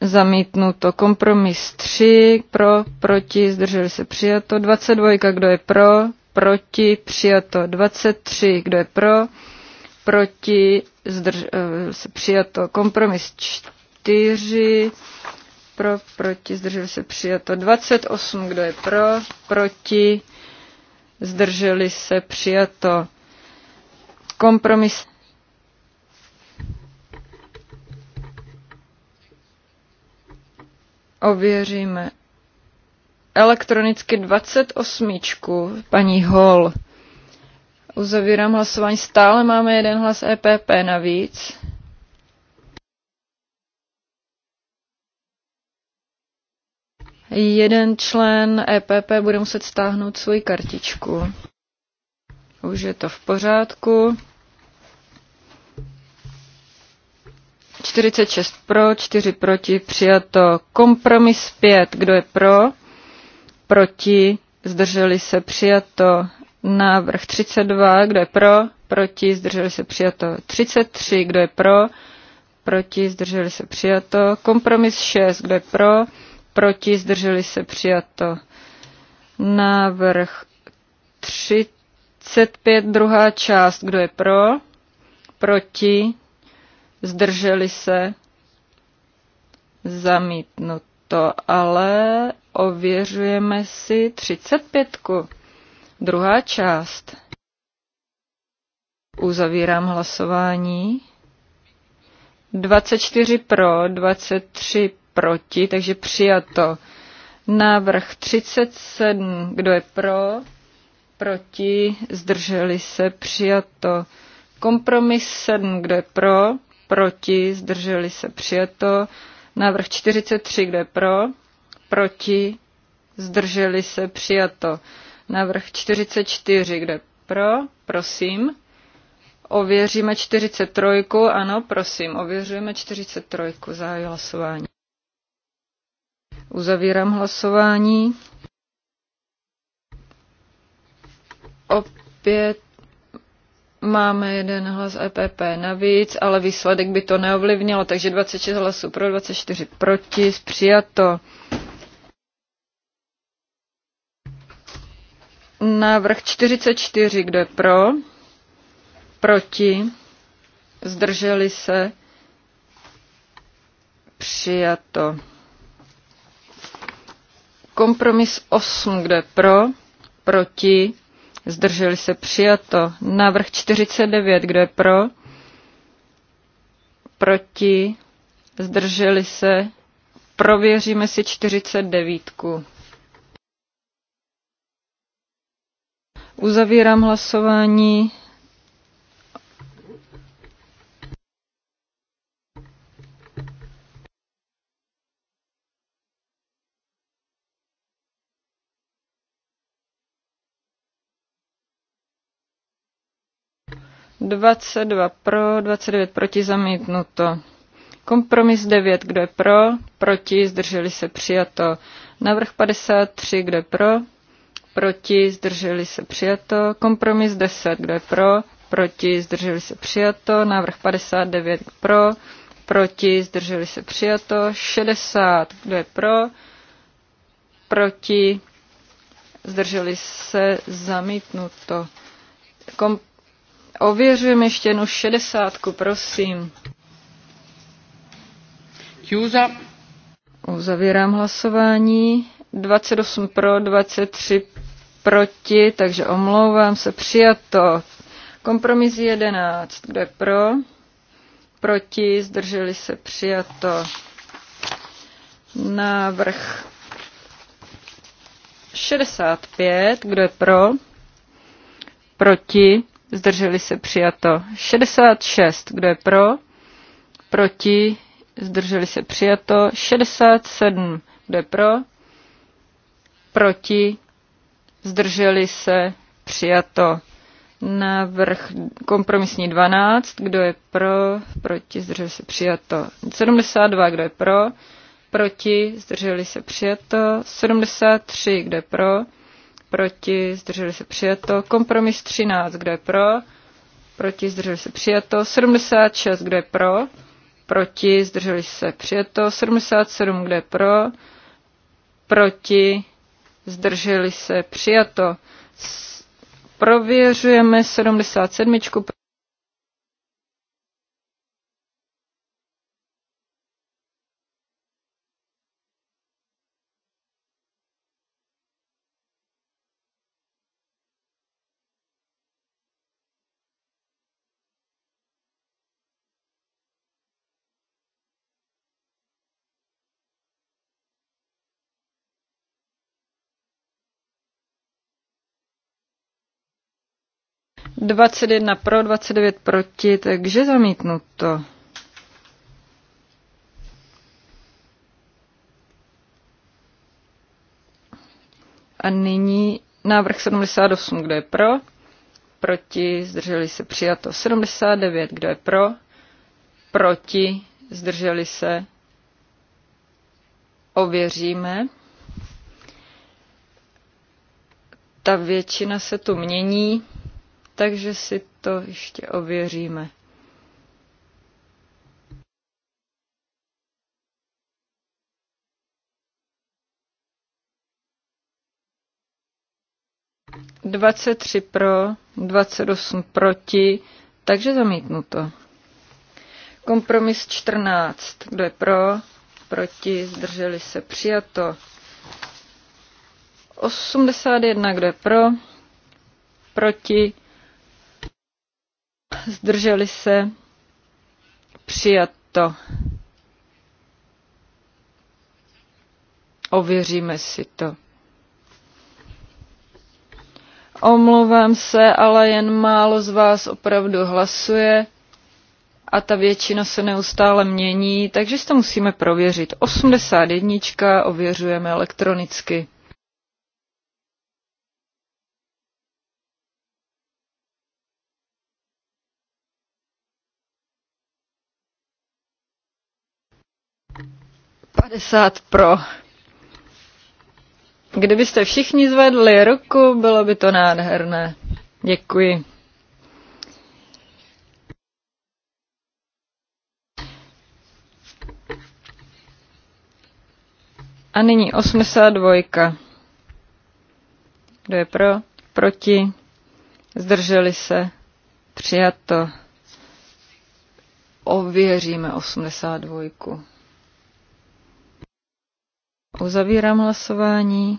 Zamítnuto. Kompromis 3 pro, proti, zdrželi se přijato. 22, kdo je pro, proti, přijato. 23, kdo je pro, proti, zdrž, eh, se přijato. Kompromis 4, pro, proti, zdrželi se přijato 28, kdo je pro, proti, zdrželi se přijato kompromis. Ověříme elektronicky 28. paní Hall. Uzavírám hlasování. Stále máme jeden hlas EPP navíc. Jeden člen EPP bude muset stáhnout svoji kartičku. Už je to v pořádku. 46 pro, 4 proti, přijato. Kompromis 5, kdo je pro? Proti, zdrželi se, přijato. Návrh 32, kdo je pro? Proti, zdrželi se, přijato. 33, kdo je pro? Proti, zdrželi se, přijato. Kompromis 6, kdo je pro? proti, zdrželi se přijato. Návrh 35, druhá část, kdo je pro, proti, zdrželi se, zamítnuto, ale ověřujeme si 35, druhá část. Uzavírám hlasování. 24 pro, 23 proti, takže přijato. Návrh 37, kdo je pro, proti, zdrželi se, přijato. Kompromis 7, kdo je pro, proti, zdrželi se, přijato. Návrh 43, kdo je pro, proti, zdrželi se, přijato. Návrh 44, kde pro, prosím. Ověříme 43, ano, prosím, ověřujeme 43, zahájí hlasování. Uzavírám hlasování. Opět máme jeden hlas EPP navíc, ale výsledek by to neovlivnilo, takže 26 hlasů pro, 24 proti, přijato. Návrh 44, kdo je pro, proti, zdrželi se, přijato. Kompromis 8, kde pro, proti, zdrželi se přijato. Návrh 49, kde pro, proti, zdrželi se, prověříme si 49. Uzavírám hlasování. 22 pro, 29 proti zamítnuto. Kompromis 9, kdo je pro, proti, zdrželi se přijato. Navrh 53, kdo je pro, proti, zdrželi se přijato. Kompromis 10, kdo je pro, proti, zdrželi se přijato. Návrh 59, pro, proti, zdrželi se přijato. 60, kdo je pro, proti, zdrželi se zamítnuto. Kompromis Ověřujeme ještě jednu šedesátku, prosím. Chiusa. Uzavírám hlasování. 28 pro, 23 proti, takže omlouvám se, přijato. Kompromis 11, kdo je pro? Proti, zdrželi se, přijato. Návrh 65, kdo je pro? Proti, zdrželi se přijato 66, kdo je pro, proti, zdrželi se přijato 67, kdo je pro, proti, zdrželi se přijato návrh kompromisní 12, kdo je pro, proti, zdrželi se přijato 72, kdo je pro, proti, zdrželi se přijato 73, kdo je pro, proti, zdrželi se přijato. Kompromis 13, kdo je pro, proti, zdrželi se přijato. 76, kdo je pro, proti, zdrželi se přijato. 77, kdo je pro, proti, zdrželi se přijato. Prověřujeme 77. 21 pro, 29 proti, takže zamítnuto. A nyní návrh 78, kdo je pro? Proti, zdrželi se, přijato. 79, kdo je pro? Proti, zdrželi se, ověříme. Ta většina se tu mění takže si to ještě ověříme. Dvacet tři pro, dvacet osm proti, takže zamítnuto. Kompromis 14. Kdo je pro? Proti? Zdrželi se? Přijato. 81. Kdo je pro? Proti? Zdrželi se? Přijato. Ověříme si to. Omlouvám se, ale jen málo z vás opravdu hlasuje a ta většina se neustále mění, takže si to musíme prověřit. 81. ověřujeme elektronicky. 50 pro. Kdybyste všichni zvedli ruku, bylo by to nádherné. Děkuji. A nyní 82. Kdo je pro? Proti? Zdrželi se? Přijato. Ověříme 82. Uzavírám hlasování.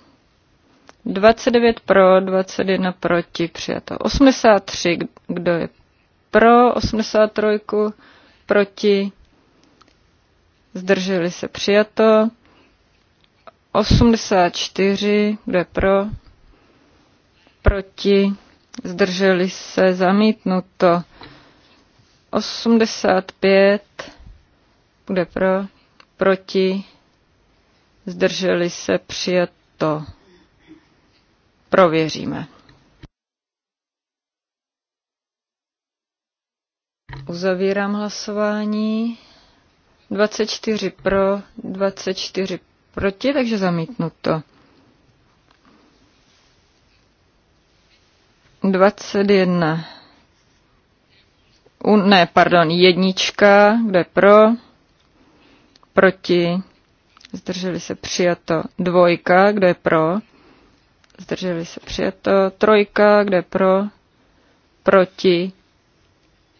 29 pro, 21 proti, přijato. 83, kdo je pro, 83, proti, zdrželi se, přijato. 84, kdo je pro, proti, zdrželi se, zamítnuto. 85, kdo je pro, proti, zdrželi se to Prověříme. Uzavírám hlasování. 24 pro, 24 proti, takže zamítnuto. 21. U, ne, pardon, jednička, kde pro, proti, zdrželi se přijato dvojka, kdo je pro, zdrželi se přijato trojka, kdo je pro, proti,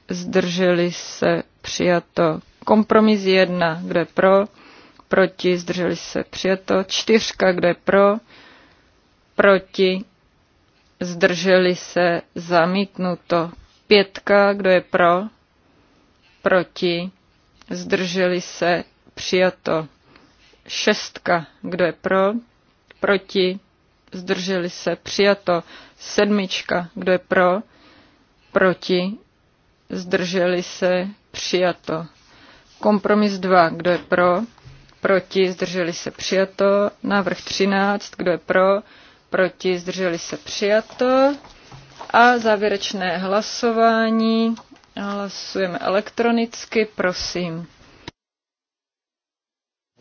zdrželi se přijato kompromis jedna, kdo je pro, proti, zdrželi se přijato čtyřka, kdo je pro, proti, zdrželi se zamítnuto pětka, kdo je pro, proti, zdrželi se přijato šestka, kdo je pro, proti, zdrželi se, přijato, sedmička, kdo je pro, proti, zdrželi se, přijato. Kompromis 2, kdo je pro, proti, zdrželi se, přijato. Návrh 13, kdo je pro, proti, zdrželi se, přijato. A závěrečné hlasování. Hlasujeme elektronicky, prosím.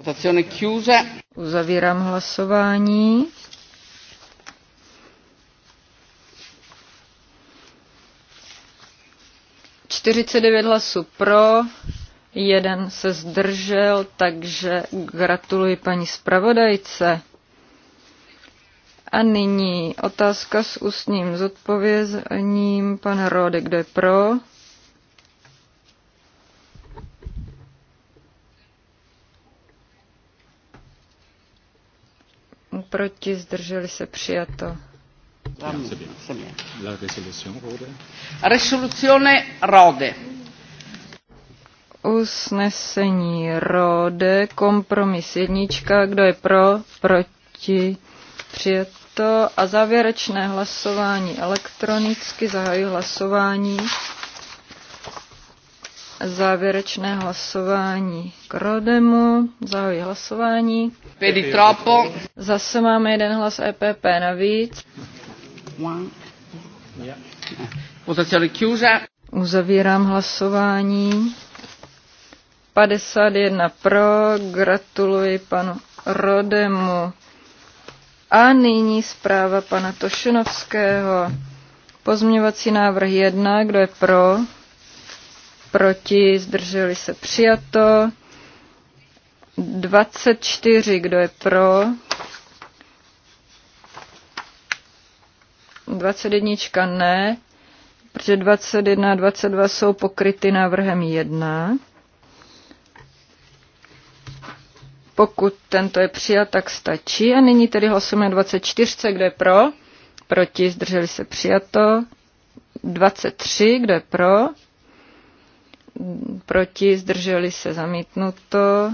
Votazione chiusa. Uzavírám hlasování. Čtyřicet devět hlasů pro, jeden se zdržel, takže gratuluji paní zpravodajce. A nyní otázka s ústním zodpovězením. Pan Rode, kdo je pro? proti, zdrželi se přijato. Resoluzione Rode. Usnesení Rode, kompromis jednička, kdo je pro, proti, přijato. A závěrečné hlasování elektronicky, zahajuji hlasování závěrečné hlasování k Rodemu. Zahoji hlasování. Pedi trapo. Zase máme jeden hlas EPP navíc. Uzavírám hlasování. 51 pro, gratuluji panu Rodemu. A nyní zpráva pana Tošinovského. Pozměňovací návrh 1, kdo je pro? proti, zdrželi se přijato. 24, kdo je pro? 21 ne, protože 21 a 22 jsou pokryty návrhem 1. Pokud tento je přijat, tak stačí. A nyní tedy hlasujeme 24, kdo je pro? Proti, zdrželi se přijato. 23, kdo je pro? proti, zdrželi se zamítnuto.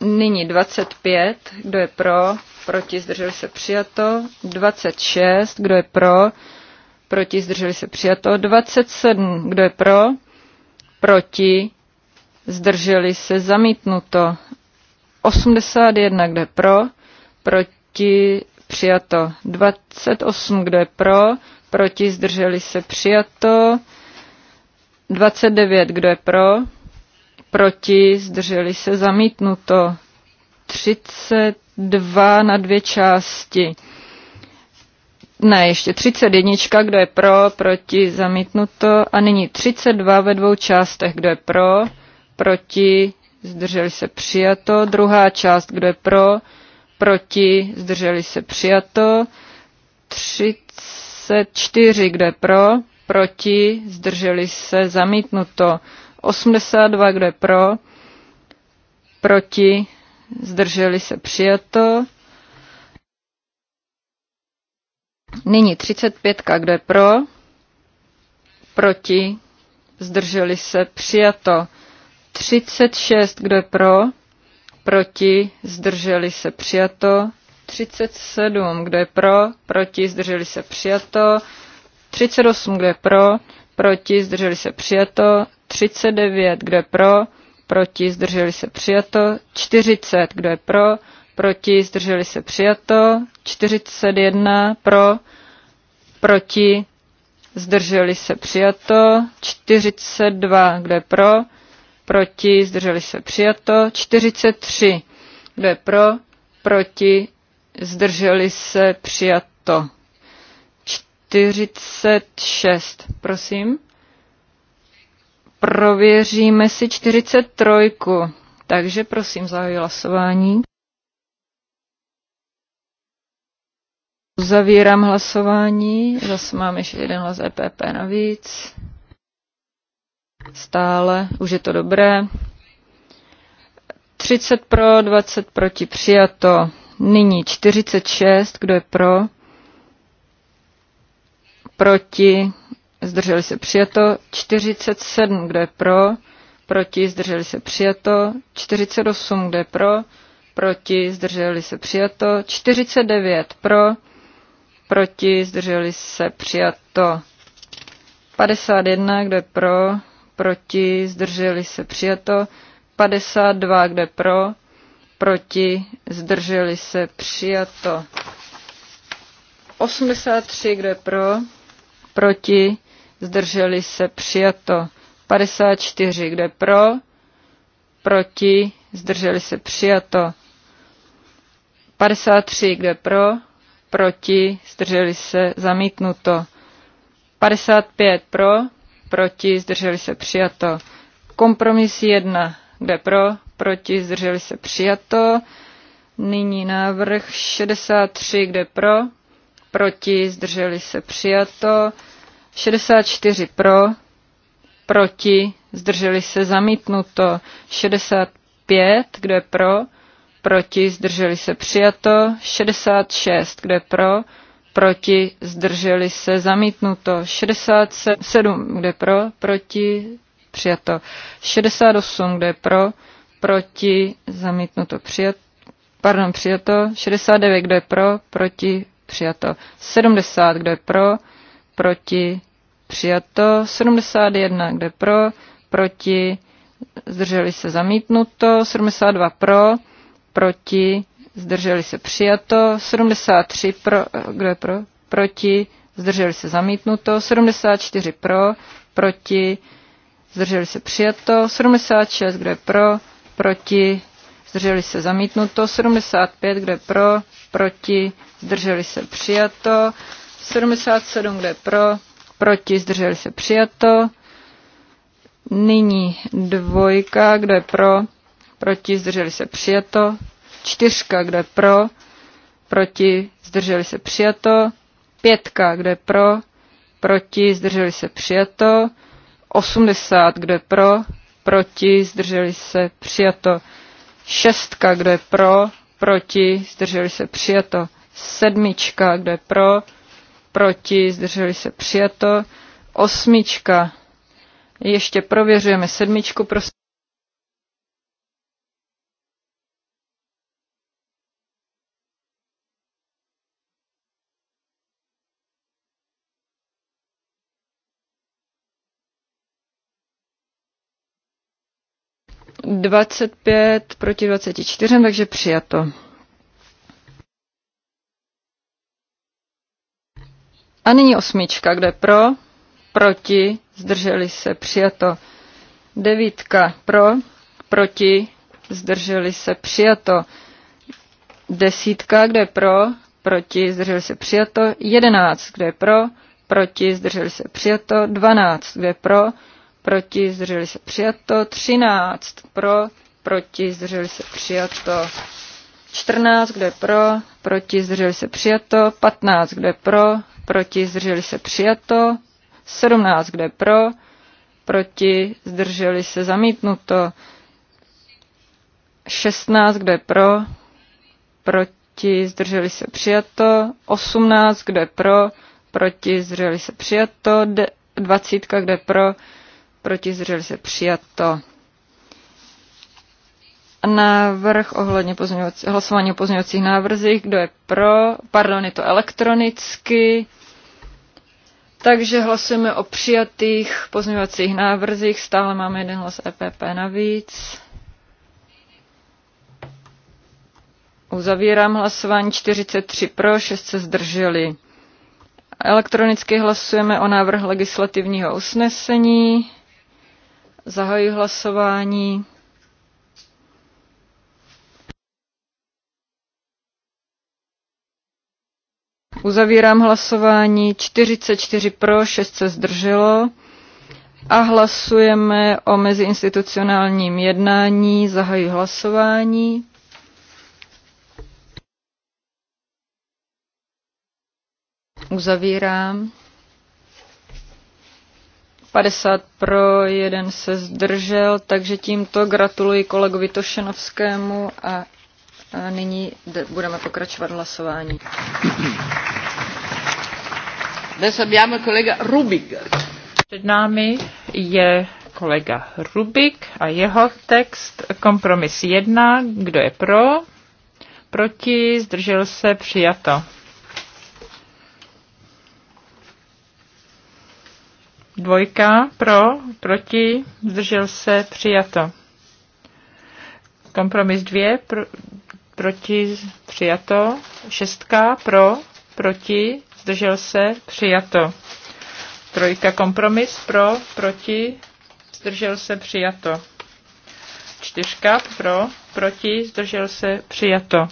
Nyní 25, kdo je pro, proti, zdrželi se přijato. 26, kdo je pro, proti, zdrželi se přijato. 27, kdo je pro, proti, zdrželi se zamítnuto. 81, kdo je pro, proti, přijato. 28, kdo je pro, proti, zdrželi se přijato. 29, kdo je pro? Proti, zdrželi se, zamítnuto. 32 na dvě části. Ne, ještě 31, kdo je pro, proti, zamítnuto. A nyní 32 ve dvou částech, kdo je pro, proti, zdrželi se, přijato. Druhá část, kdo je pro, proti, zdrželi se, přijato. 34, kdo je pro, proti, zdrželi se, zamítnuto. 82, kdo je pro, proti, zdrželi se, přijato. Nyní 35, kdo je pro, proti, zdrželi se, přijato. 36, kdo je pro, proti, zdrželi se, přijato. 37, kdo je pro, proti, zdrželi se, přijato. 38, kdo je pro, proti, zdrželi se přijato, 39, kdo je pro, proti, zdrželi se přijato, 40, kdo je pro, proti, zdrželi se přijato, 41, pro, proti, zdrželi se přijato, 42, kdo je pro, proti, zdrželi se přijato, 43, kdo je pro, proti, zdrželi se přijato. 46, prosím. Prověříme si 43. Takže prosím, zahajuji hlasování. Zavírám hlasování. Zase máme ještě jeden hlas EPP navíc. Stále, už je to dobré. 30 pro, 20 proti přijato. Nyní 46, kdo je pro? proti, zdrželi se přijato, 47, kdo je pro, proti, zdrželi se přijato, 48, kdo je pro, proti, zdrželi se přijato, 49 pro, proti, zdrželi se přijato, 51, kdo je pro, proti, zdrželi se přijato, 52, kdo je pro, proti, zdrželi se přijato. 83, kdo je pro, proti, zdrželi se přijato 54, kde pro, proti, zdrželi se přijato 53, kde pro, proti, zdrželi se zamítnuto 55 pro, proti, zdrželi se přijato kompromis 1, kde pro, proti, zdrželi se přijato Nyní návrh 63, kde pro, proti, zdrželi se přijato. 64 pro, proti, zdrželi se zamítnuto. 65, kdo je pro, proti, zdrželi se přijato. 66, kdo je pro, proti, zdrželi se zamítnuto. 67, kdo je pro, proti, přijato. 68, kdo je pro, proti, zamítnuto, přijato. pardon, přijato. 69, kdo je pro, proti, přijato. 70, kdo je pro, proti, přijato, 71, kde pro, proti, zdrželi se zamítnuto, 72 pro, proti, zdrželi se přijato, 73 pro, kde pro, proti, zdrželi se zamítnuto, 74 pro, proti, zdrželi se přijato, 76, kde pro, proti, zdrželi se zamítnuto, 75, kde pro, proti, zdrželi se přijato, 77, kde pro, proti, zdrželi se přijato. Nyní dvojka, kdo je pro, proti, zdrželi se přijato. Čtyřka, kdo je pro, proti, zdrželi se přijato. Pětka, kdo je pro, proti, zdrželi se přijato. osmdesát, kdo je pro, proti, zdrželi se přijato. Šestka, kdo je pro, proti, zdrželi se přijato. Sedmička, kdo je pro, proti, zdrželi se přijato. Osmička, ještě prověřujeme sedmičku, prosím. Dvacet pět proti dvaceti čtyřem, takže přijato. A nyní osmička, kde pro, proti, zdrželi se, přijato. Devítka pro, proti, zdrželi se, přijato. Desítka, kde pro, proti, zdrželi se, přijato. Jedenáct, kde pro, proti, zdrželi se, přijato. Dvanáct, kde pro, proti, zdrželi se, přijato. Třináct, pro, proti, zdrželi se, přijato. 14, kde pro, proti, zdrželi se přijato, 15, kde pro, proti, zdrželi se přijato, 17, kde pro, proti, zdrželi se zamítnuto, 16, kde pro, proti, zdrželi se přijato, 18, kde pro, proti, zdrželi se přijato, 20, kde pro, proti, zdrželi se přijato. Návrh ohledně hlasování o pozměňovacích návrzích, kdo je pro, pardon, je to elektronicky, takže hlasujeme o přijatých pozměňovacích návrzích. Stále máme jeden hlas EPP navíc. Uzavírám hlasování 43 pro, 6 se zdrželi. Elektronicky hlasujeme o návrh legislativního usnesení. Zahajuji hlasování. Uzavírám hlasování. 44 pro, 6 se zdrželo. A hlasujeme o meziinstitucionálním jednání. Zahajuji hlasování. Uzavírám. 50 pro, jeden se zdržel, takže tímto gratuluji kolegovi Tošenovskému a, a nyní budeme pokračovat hlasování. Před námi je kolega Rubik a jeho text kompromis 1. Kdo je pro? Proti? Zdržel se? Přijato. Dvojka pro, proti, zdržel se, přijato. Kompromis dvě, pro, proti, přijato. Šestka pro, proti, zdržel se, přijato. Trojka kompromis pro, proti, zdržel se, přijato. Čtyřka pro, proti, zdržel se, přijato.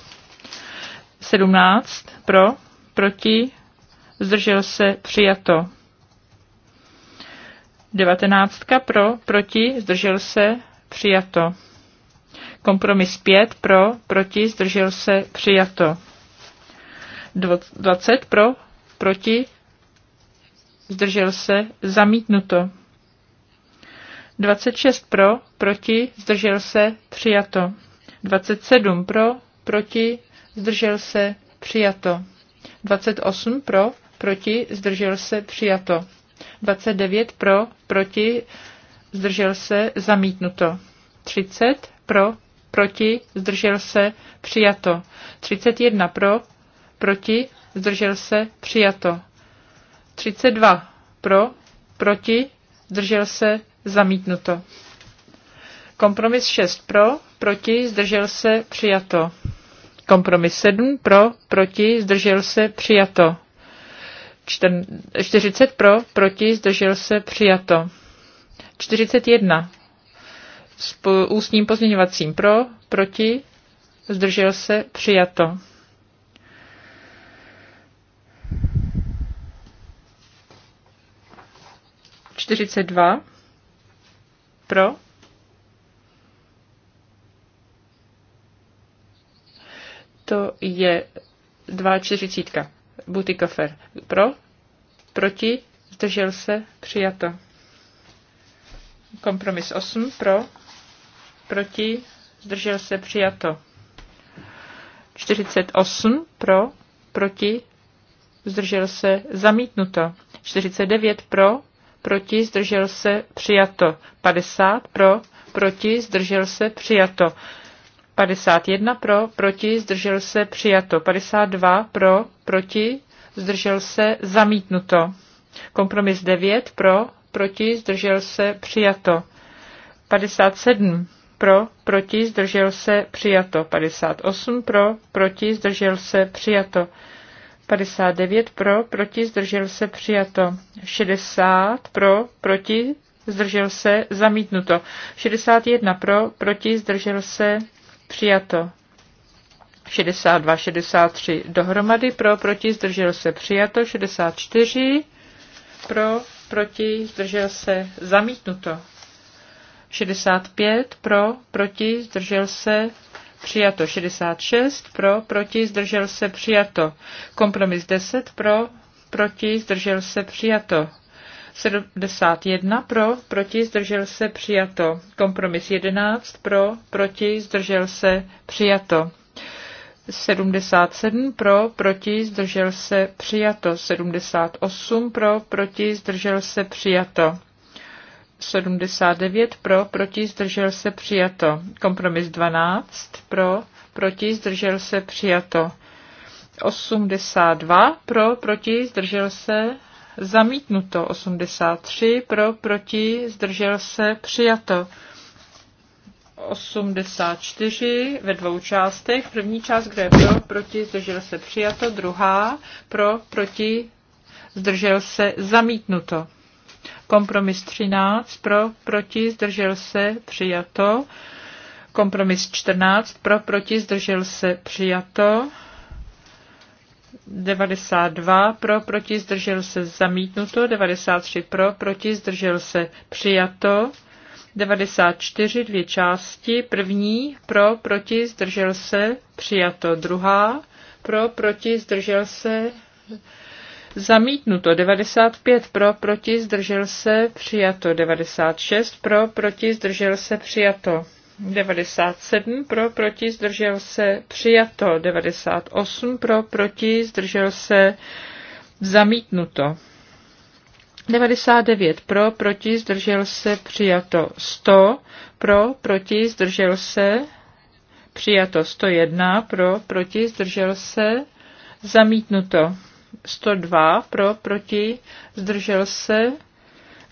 Sedmnáct pro, proti, zdržel se, přijato. Devatenáctka pro, proti, zdržel se, přijato. Kompromis 5 pro, proti, zdržel se, přijato. 20 pro, proti, zdržel se, zamítnuto. 26 pro, proti, zdržel se, přijato. 27 pro, proti, zdržel se, přijato. 28 pro, proti, zdržel se, přijato. 29 pro, proti, zdržel se, zamítnuto. 30 pro, proti, zdržel se, přijato. 31 pro, proti, zdržel se, přijato. 32 pro, proti, zdržel se, zamítnuto. Kompromis 6 pro, proti, zdržel se, přijato. Kompromis 7 pro, proti, zdržel se, přijato. 40 pro, proti, zdržel se, přijato. 41 s ústním pozměňovacím pro, proti, zdržel se, přijato. 42 pro. To je 2,40. Butikofer pro. Proti. Zdržel se. Přijato. Kompromis 8 pro. Proti. Zdržel se. Přijato. 48 pro. Proti. Zdržel se. Zamítnuto. 49 pro proti, zdržel se, přijato. 50 pro, proti, zdržel se, přijato. 51 pro, proti, zdržel se, přijato. 52 pro, proti, zdržel se, zamítnuto. Kompromis 9 pro, proti, zdržel se, přijato. 57 pro, proti, zdržel se, přijato. 58 pro, proti, zdržel se, přijato. 59 pro, proti, zdržel se, přijato. 60 pro, proti, zdržel se, zamítnuto. 61 pro, proti, zdržel se, přijato. 62, 63 dohromady, pro, proti, zdržel se, přijato. 64 pro, proti, zdržel se, zamítnuto. 65 pro, proti, zdržel se, přijato 66, pro, proti, zdržel se, přijato. Kompromis 10, pro, proti, zdržel se, přijato. 71 pro, proti, zdržel se, přijato. Kompromis 11 pro, proti, zdržel se, přijato. 77 pro, proti, zdržel se, přijato. 78 pro, proti, zdržel se, přijato. 79 pro, proti, zdržel se, přijato. Kompromis 12 pro, proti, zdržel se, přijato. 82 pro, proti, zdržel se, zamítnuto. 83 pro, proti, zdržel se, přijato. 84 ve dvou částech. První část, kde je pro, proti, zdržel se, přijato. Druhá, pro, proti, zdržel se, zamítnuto. Kompromis 13 pro, proti, zdržel se, přijato. Kompromis 14 pro, proti, zdržel se, přijato. 92 pro, proti, zdržel se, zamítnuto. 93 pro, proti, zdržel se, přijato. 94 dvě části. První pro, proti, zdržel se, přijato. Druhá pro, proti, zdržel se, Zamítnuto 95 pro, proti, zdržel se, přijato 96 pro, proti, zdržel se, přijato 97 pro, proti, zdržel se, přijato 98 pro, proti, zdržel se, zamítnuto. 99 pro, proti, zdržel se, přijato 100 pro, proti, zdržel se, přijato 101 pro, proti, zdržel se, zamítnuto. 102 pro, proti, zdržel se,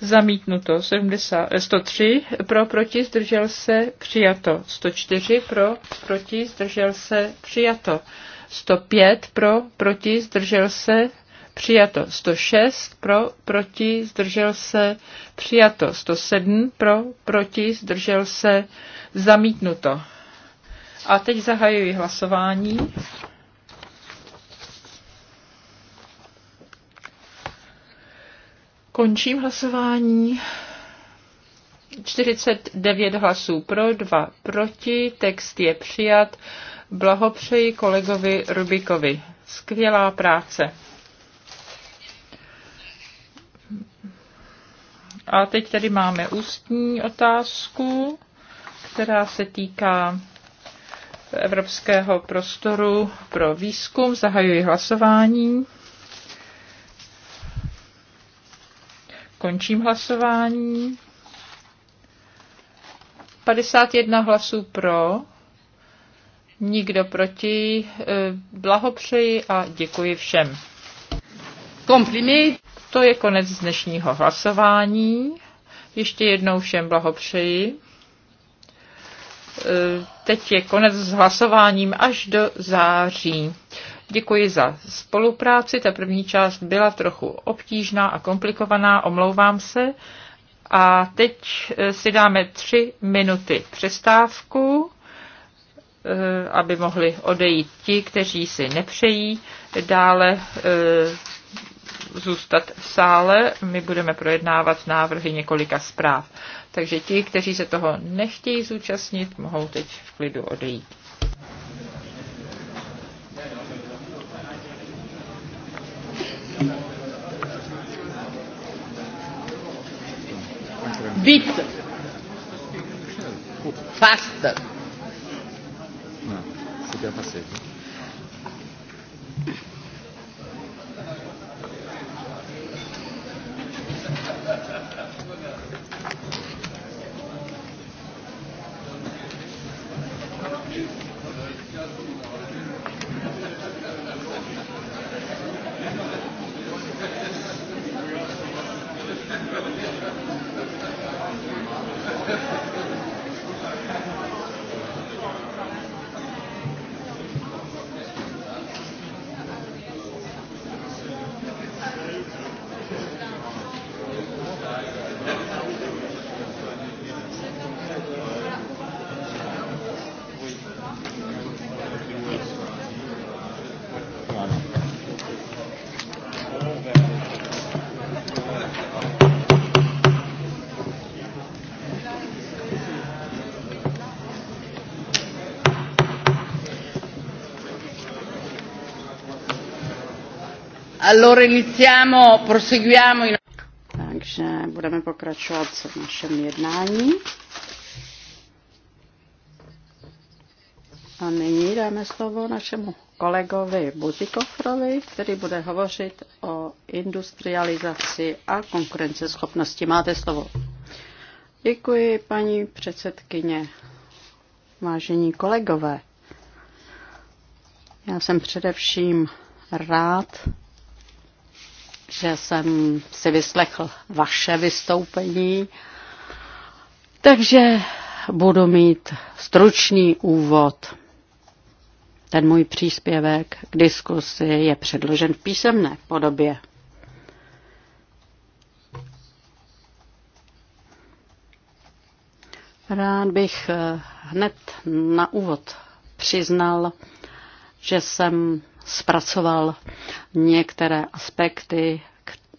zamítnuto 70, 103 eh, pro, proti, zdržel se, přijato 104 pro, proti, zdržel se, přijato 105 pro, proti, zdržel se, přijato 106 pro, proti, zdržel se, přijato 107 pro, proti, zdržel se, zamítnuto. A teď zahajuji hlasování. Končím hlasování. 49 hlasů pro, 2 proti, text je přijat. Blahopřeji kolegovi Rubikovi. Skvělá práce. A teď tady máme ústní otázku, která se týká Evropského prostoru pro výzkum. Zahajuji hlasování. Končím hlasování. 51 hlasů pro, nikdo proti. E, blahopřeji a děkuji všem. Kompliment. To je konec dnešního hlasování. Ještě jednou všem blahopřeji. E, teď je konec s hlasováním až do září. Děkuji za spolupráci. Ta první část byla trochu obtížná a komplikovaná, omlouvám se. A teď eh, si dáme tři minuty přestávku, eh, aby mohli odejít ti, kteří si nepřejí dále eh, zůstat v sále. My budeme projednávat návrhy několika zpráv. Takže ti, kteří se toho nechtějí zúčastnit, mohou teď v klidu odejít. Vite. Fast. No, c'est bien passé. Thank you. Allora iniziamo, proseguiamo in... Takže budeme pokračovat v našem jednání. A nyní dáme slovo našemu kolegovi Buzikofrovi, který bude hovořit o industrializaci a konkurenceschopnosti. Máte slovo. Děkuji, paní předsedkyně. Vážení kolegové, já jsem především rád, že jsem si vyslechl vaše vystoupení, takže budu mít stručný úvod. Ten můj příspěvek k diskusi je předložen v písemné podobě. Rád bych eh, hned na úvod přiznal, že jsem zpracoval některé aspekty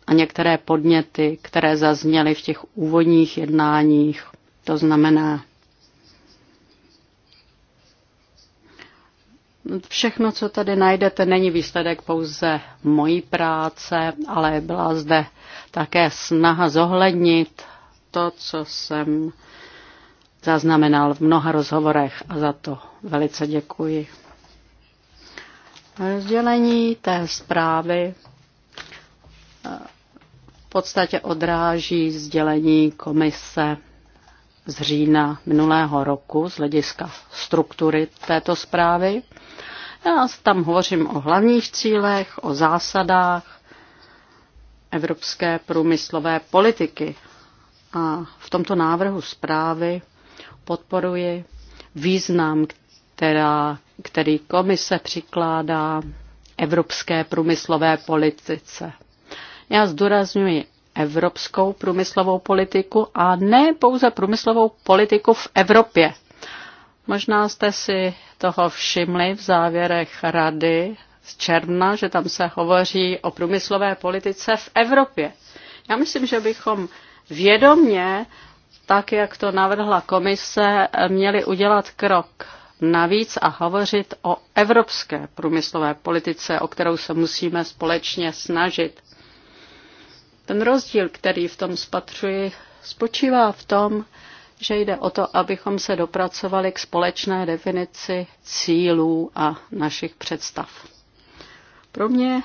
a některé podněty, které zazněly v těch úvodních jednáních. To znamená Všechno, co tady najdete, není výsledek pouze mojí práce, ale byla zde také snaha zohlednit to, co jsem zaznamenal v mnoha rozhovorech a za to velice děkuji. Rozdělení té zprávy eh, v podstatě odráží sdělení komise z října minulého roku z hlediska struktury této zprávy. Já tam hovořím o hlavních cílech, o zásadách evropské průmyslové politiky. A v tomto návrhu zprávy podporuji význam, která který komise přikládá evropské průmyslové politice. Já zdůrazňuji evropskou průmyslovou politiku a ne pouze průmyslovou politiku v Evropě. Možná jste si toho všimli v závěrech rady z června, že tam se hovoří o průmyslové politice v Evropě. Já myslím, že bychom vědomně, tak jak to navrhla komise, měli udělat krok navíc a hovořit o evropské průmyslové politice, o kterou se musíme společně snažit. Ten rozdíl, který v tom spatřuji, spočívá v tom, že jde o to, abychom se dopracovali k společné definici cílů a našich představ. Pro mě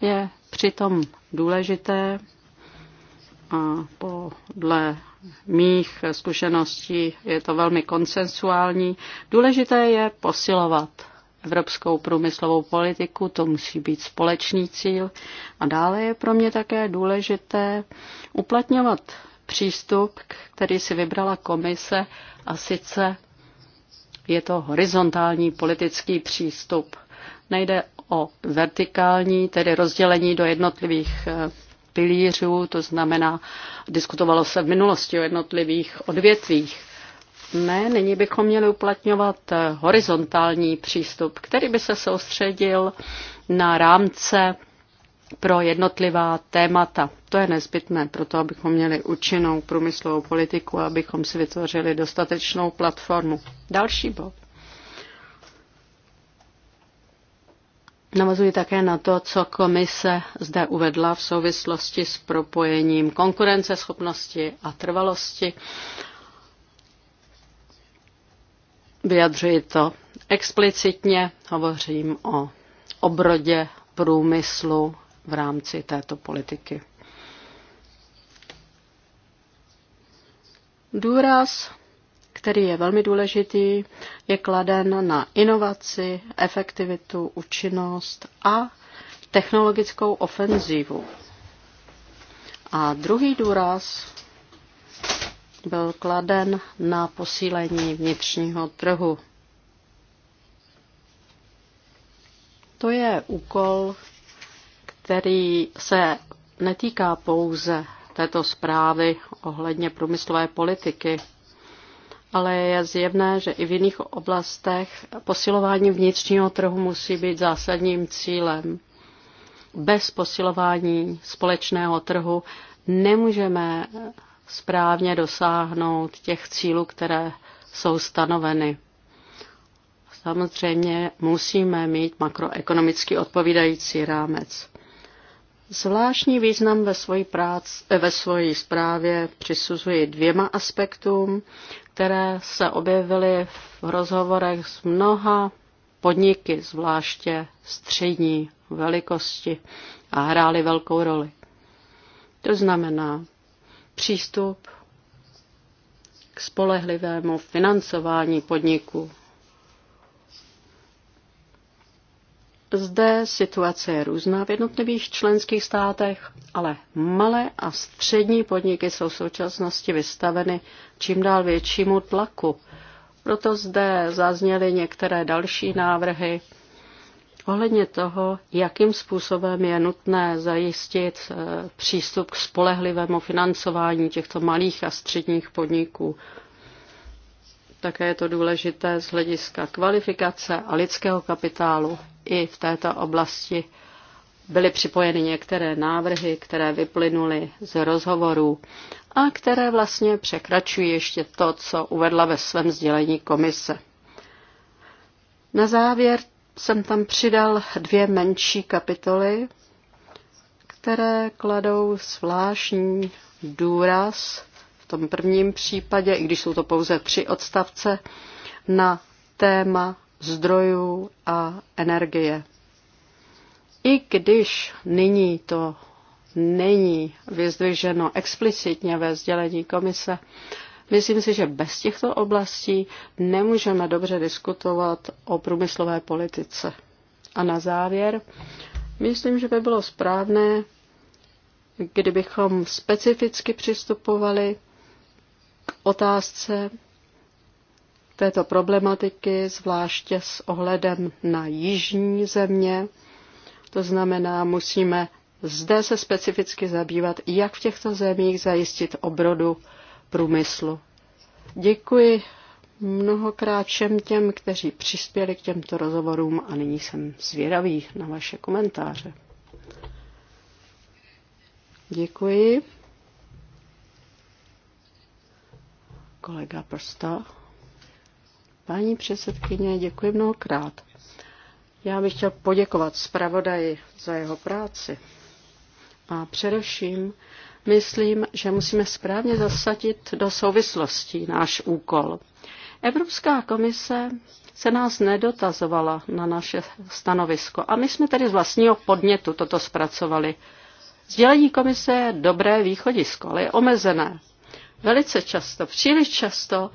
je přitom důležité a podle mých zkušeností je to velmi konsensuální. Důležité je posilovat evropskou průmyslovou politiku, to musí být společný cíl. A dále je pro mě také důležité uplatňovat přístup, který si vybrala komise, a sice je to horizontální politický přístup. Nejde o vertikální, tedy rozdělení do jednotlivých eh, pilířů, to znamená, diskutovalo se v minulosti o jednotlivých odvětvích. Ne, nyní bychom měli uplatňovat horizontální přístup, který by se soustředil na rámce pro jednotlivá témata. To je nezbytné pro to, abychom měli účinnou průmyslovou politiku a abychom si vytvořili dostatečnou platformu. Další bod. Navazuji také na to, co komise zde uvedla v souvislosti s propojením konkurenceschopnosti a trvalosti. Vyjadřuji to explicitně, hovořím o obrodě průmyslu v rámci této politiky. Důraz který je velmi důležitý, je kladen na inovaci, efektivitu, účinnost a technologickou ofenzívu. A druhý důraz byl kladen na posílení vnitřního trhu. To je úkol, který se netýká pouze této zprávy ohledně průmyslové politiky, ale je zjevné, že i v jiných oblastech posilování vnitřního trhu musí být zásadním cílem. Bez posilování společného trhu nemůžeme správně dosáhnout těch cílů, které jsou stanoveny. Samozřejmě musíme mít makroekonomicky odpovídající rámec. Zvláštní význam ve svoji, práci, ve svoji zprávě přisuzuji dvěma aspektům které se objevily v rozhovorech s mnoha podniky, zvláště střední velikosti a hrály velkou roli. To znamená přístup k spolehlivému financování podniků. Zde situace je různá v jednotlivých členských státech, ale malé a střední podniky jsou v současnosti vystaveny čím dál většímu tlaku. Proto zde zazněly některé další návrhy ohledně toho, jakým způsobem je nutné zajistit eh, přístup k spolehlivému financování těchto malých a středních podniků také je to důležité z hlediska kvalifikace a lidského kapitálu. I v této oblasti byly připojeny některé návrhy, které vyplynuly z rozhovorů a které vlastně překračují ještě to, co uvedla ve svém sdělení komise. Na závěr jsem tam přidal dvě menší kapitoly, které kladou zvláštní důraz tom prvním případě, i když jsou to pouze tři odstavce, na téma zdrojů a energie. I když nyní to není vyzdviženo explicitně ve sdělení komise, myslím si, že bez těchto oblastí nemůžeme dobře diskutovat o průmyslové politice. A na závěr, myslím, že by bylo správné, kdybychom specificky přistupovali otázce této problematiky, zvláště s ohledem na jižní země. To znamená, musíme zde se specificky zabývat, jak v těchto zemích zajistit obrodu průmyslu. Děkuji mnohokrát všem těm, kteří přispěli k těmto rozhovorům a nyní jsem zvědavý na vaše komentáře. Děkuji. Kolega Prsta. Paní předsedkyně, děkuji mnohokrát. Já bych chtěl poděkovat zpravodaji za jeho práci. A především myslím, že musíme správně zasadit do souvislostí náš úkol. Evropská komise se nás nedotazovala na naše stanovisko a my jsme tedy z vlastního podnětu toto zpracovali. Sdělení komise je dobré východisko, ale je omezené. Velice často, příliš často,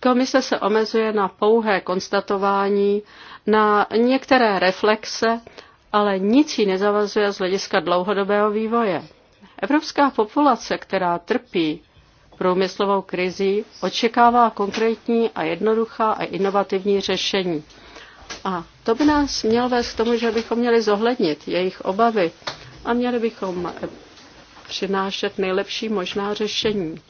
komise se omezuje na pouhé konstatování, na některé reflexe, ale nic ji nezavazuje z hlediska dlouhodobého vývoje. Evropská populace, která trpí průmyslovou krizí, očekává konkrétní a jednoduchá a inovativní řešení. A to by nás měl vést k tomu, že bychom měli zohlednit jejich obavy a měli bychom přinášet nejlepší možná řešení.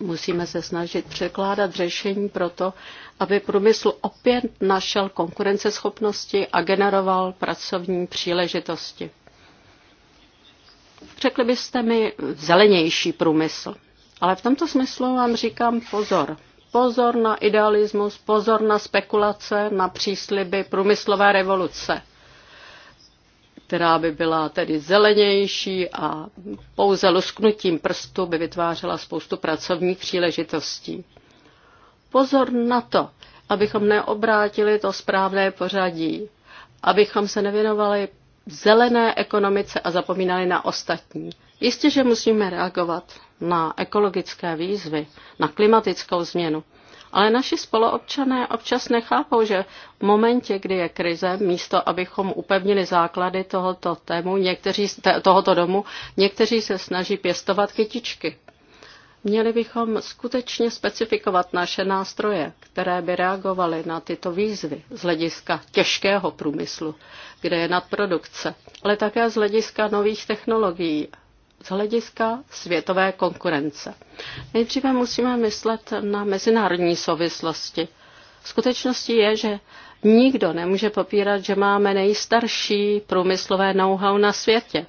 Musíme se snažit překládat řešení pro to, aby průmysl opět našel konkurenceschopnosti a generoval pracovní příležitosti. Řekli byste mi zelenější průmysl. Ale v tomto smyslu vám říkám pozor. Pozor na idealismus, pozor na spekulace, na přísliby průmyslové revoluce která by byla tedy zelenější a pouze lusknutím prstu by vytvářela spoustu pracovních příležitostí. Pozor na to, abychom neobrátili to správné pořadí, abychom se nevěnovali zelené ekonomice a zapomínali na ostatní. Jistě, že musíme reagovat na ekologické výzvy, na klimatickou změnu, ale naši spoluobčané občas nechápou, že v momentě, kdy je krize, místo abychom upevnili základy tohoto tému, někteří, tohoto domu, někteří se snaží pěstovat kytičky. Měli bychom skutečně specifikovat naše nástroje, které by reagovaly na tyto výzvy z hlediska těžkého průmyslu, kde je nadprodukce, ale také z hlediska nových technologií z hlediska světové konkurence. Nejdříve musíme myslet na mezinárodní souvislosti. Skutečností je, že nikdo nemůže popírat, že máme nejstarší průmyslové know-how na světě.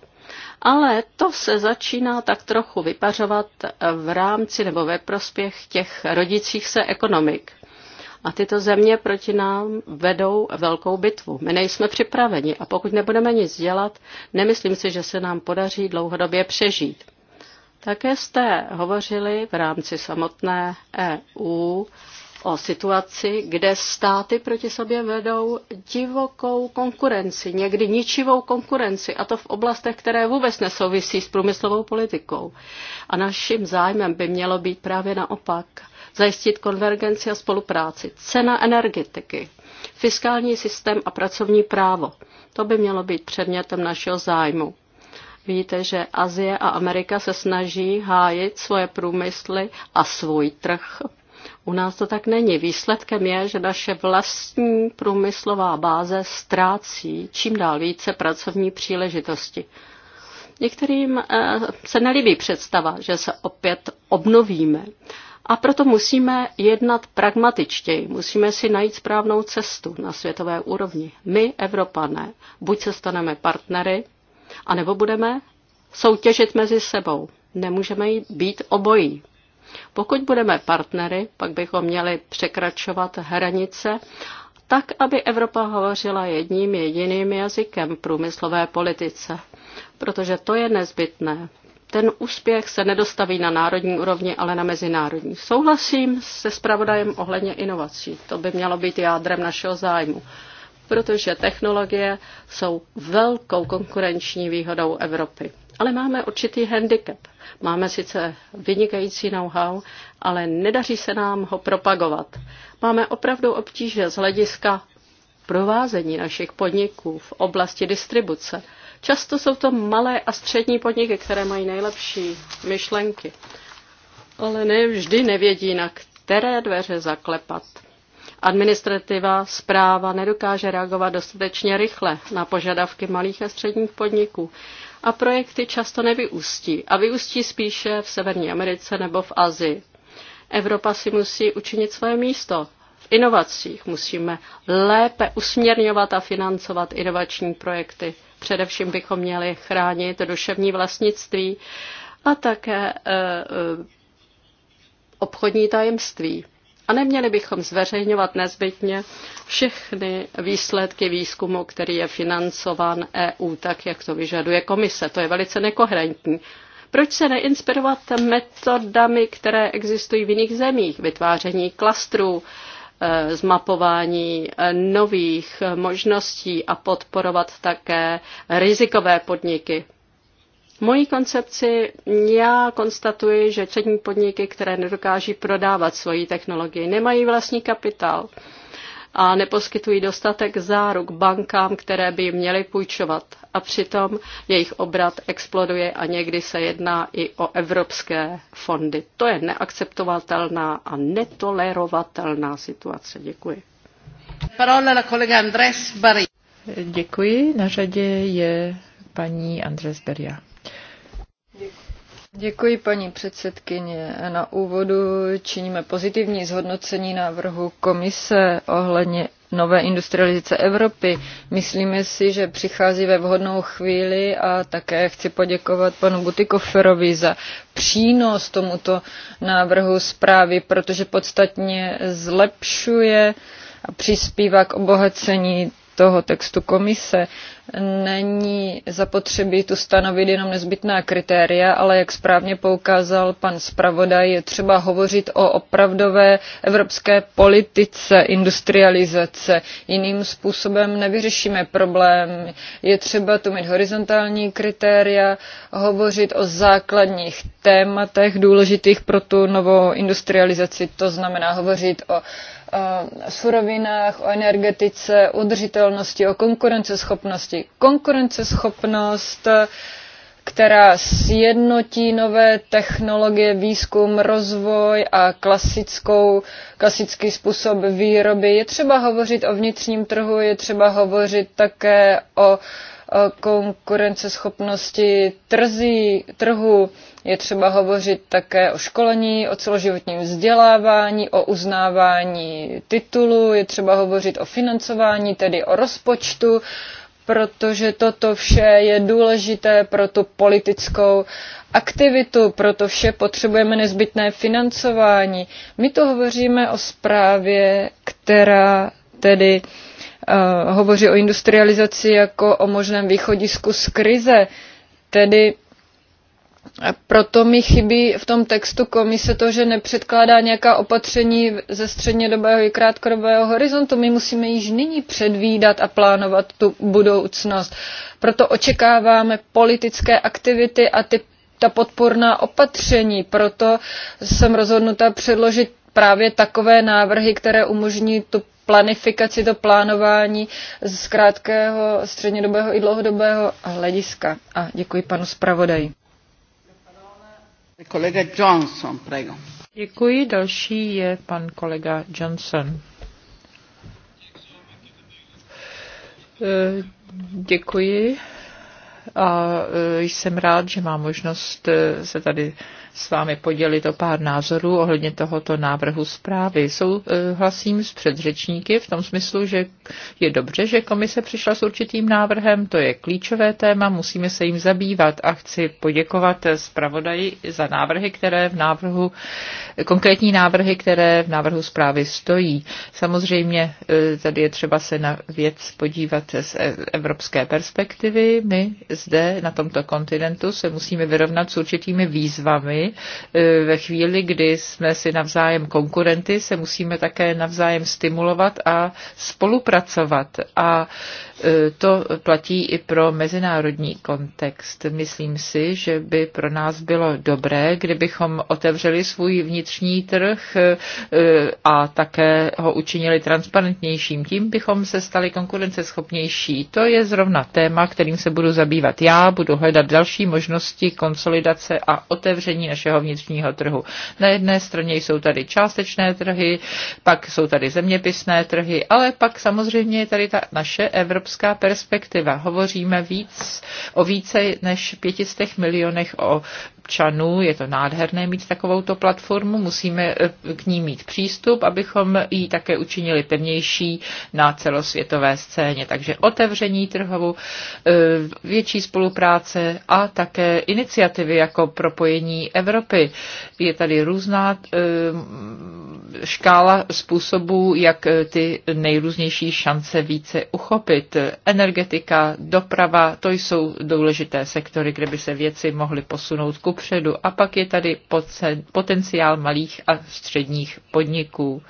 Ale to se začíná tak trochu vypařovat v rámci nebo ve prospěch těch rodících se ekonomik. A tyto země proti nám vedou velkou bitvu. My nejsme připraveni a pokud nebudeme nic dělat, nemyslím si, že se nám podaří dlouhodobě přežít. Také jste hovořili v rámci samotné EU o situaci, kde státy proti sobě vedou divokou konkurenci, někdy ničivou konkurenci, a to v oblastech, které vůbec nesouvisí s průmyslovou politikou. A naším zájmem by mělo být právě naopak zajistit konvergenci a spolupráci, cena energetiky, fiskální systém a pracovní právo. To by mělo být předmětem našeho zájmu. Víte, že Azie a Amerika se snaží hájit svoje průmysly a svůj trh. U nás to tak není. Výsledkem je, že naše vlastní průmyslová báze ztrácí čím dál více pracovní příležitosti. Některým eh, se nelíbí představa, že se opět obnovíme. A proto musíme jednat pragmatičtěji, musíme si najít správnou cestu na světové úrovni. My, Evropané, buď se staneme partnery, anebo budeme soutěžit mezi sebou. Nemůžeme být obojí. Pokud budeme partnery, pak bychom měli překračovat hranice tak, aby Evropa hovořila jedním jediným jazykem průmyslové politice, protože to je nezbytné ten úspěch se nedostaví na národní úrovni, ale na mezinárodní. Souhlasím se spravodajem ohledně inovací. To by mělo být jádrem našeho zájmu, protože technologie jsou velkou konkurenční výhodou Evropy. Ale máme určitý handicap. Máme sice vynikající know-how, ale nedaří se nám ho propagovat. Máme opravdu obtíže z hlediska provázení našich podniků v oblasti distribuce. Často jsou to malé a střední podniky, které mají nejlepší myšlenky, ale ne vždy nevědí, na které dveře zaklepat. Administrativa, zpráva nedokáže reagovat dostatečně rychle na požadavky malých a středních podniků a projekty často nevyústí a vyústí spíše v Severní Americe nebo v Azii. Evropa si musí učinit svoje místo. V inovacích musíme lépe usměrňovat a financovat inovační projekty. Především bychom měli chránit duševní vlastnictví a také e, e, obchodní tajemství. A neměli bychom zveřejňovat nezbytně všechny výsledky výzkumu, který je financován EU, tak jak to vyžaduje komise. To je velice nekoherentní. Proč se neinspirovat metodami, které existují v jiných zemích, vytváření klastrů, Eh, zmapování eh, nových možností a podporovat také rizikové podniky. V mojí koncepci já konstatuji, že střední podniky, které nedokáží prodávat svoji technologii, nemají vlastní kapitál a neposkytují dostatek záruk bankám, které by jim měly půjčovat. A přitom jejich obrat exploduje a někdy se jedná i o evropské fondy. To je neakceptovatelná a netolerovatelná situace. Děkuji. Parola la kolega Andrés Barry. Děkuji. Na řadě je paní Andres Beria. Děkuji. Děkuji, paní předsedkyně. Na úvodu činíme pozitivní zhodnocení návrhu komise ohledně nové industrializace Evropy. Myslíme si, že přichází ve vhodnou chvíli a také chci poděkovat panu Butikoferovi za přínos tomuto návrhu zprávy, protože podstatně zlepšuje a přispívá k obohacení toho textu komise není zapotřebí tu stanovit jenom nezbytná kritéria, ale jak správně poukázal pan zpravodaj, je třeba hovořit o opravdové evropské politice industrializace. Jiným způsobem nevyřešíme problém. Je třeba tu mít horizontální kritéria, hovořit o základních tématech důležitých pro tu novou industrializaci. To znamená hovořit o Eh, surovinách, o energetice, udržitelnosti, o konkurenceschopnosti. Konkurenceschopnost která sjednotí nové technologie, výzkum, rozvoj a klasickou, klasický způsob výroby. Je třeba hovořit o vnitřním trhu, je třeba hovořit také o uh, konkurenceschopnosti trzí, trhu. Je třeba hovořit také o školení, o celoživotním vzdělávání, o uznávání titulu, je třeba hovořit o financování, tedy o rozpočtu, protože toto vše je důležité pro tu politickou aktivitu, proto vše potřebujeme nezbytné financování. My tu hovoříme o zprávě, která tedy Eh, hovoří o industrializaci jako o možném východisku z krize. Tedy proto mi chybí v tom textu komise to, že nepředkládá nějaká opatření ze střednědobého i krátkodobého horizontu. My musíme již nyní předvídat a plánovat tu budoucnost. Proto očekáváme politické aktivity a ty, ta podporná opatření. Proto jsem rozhodnuta předložit právě takové návrhy, které umožní tu planifikaci, to plánování z krátkého, střednědobého i dlouhodobého hlediska. A děkuji panu zpravodaji. Kolega Johnson, prego. Děkuji. Další je pan kolega Johnson. Eh, děkuji a eh, jsem rád, že mám možnost eh, se tady s vámi podělit o pár názorů ohledně tohoto návrhu zprávy. Souhlasím s předřečníky v tom smyslu, že je dobře, že komise přišla s určitým návrhem, to je klíčové téma, musíme se jim zabývat a chci poděkovat zpravodaji za návrhy, které v návrhu, konkrétní návrhy, které v návrhu zprávy stojí. Samozřejmě eh, tady je třeba se na věc podívat z e-, evropské perspektivy. My zde na tomto kontinentu se musíme vyrovnat s určitými výzvami, Eh, ve chvíli, kdy jsme si navzájem konkurenty, se musíme také navzájem stimulovat a spolupracovat. A eh, to platí i pro mezinárodní kontext. Myslím si, že by pro nás bylo dobré, kdybychom otevřeli svůj vnitřní trh eh, a také ho učinili transparentnějším. Tím bychom se stali konkurenceschopnější. To je zrovna téma, kterým se budu zabývat já, budu hledat další možnosti konsolidace a otevření našeho našeho vnitřního trhu. Na jedné straně jsou tady částečné trhy, pak jsou tady zeměpisné trhy, ale pak samozřejmě je tady ta naše evropská perspektiva. Hovoříme víc o více než 500 milionech o občanů. Je to nádherné mít takovouto platformu, musíme eh, k ní mít přístup, abychom ji také učinili pevnější na celosvětové scéně. Takže otevření trhovu, eh, větší spolupráce a také iniciativy jako propojení Evropy. Je tady různá eh, škála způsobů, jak ty nejrůznější šance více uchopit. Energetika, doprava, to jsou důležité sektory, kde by se věci mohly posunout ku kupředu. A pak je tady potenciál malých a středních podniků.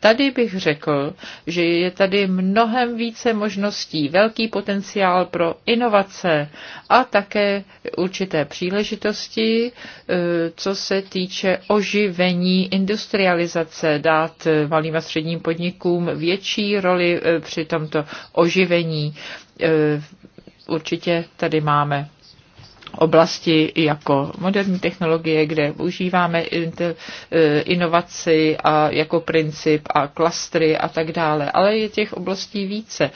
Tady bych řekl, že je tady mnohem více možností, velký potenciál pro inovace a také určité příležitosti, eh, co se týče oživení industrializace, dát eh, malým a středním podnikům větší roli eh, při tomto oživení. Určitě tady máme oblasti jako moderní technologie, kde využíváme eh, inovaci a jako princip a klastry a tak dále. Ale je těch oblastí více.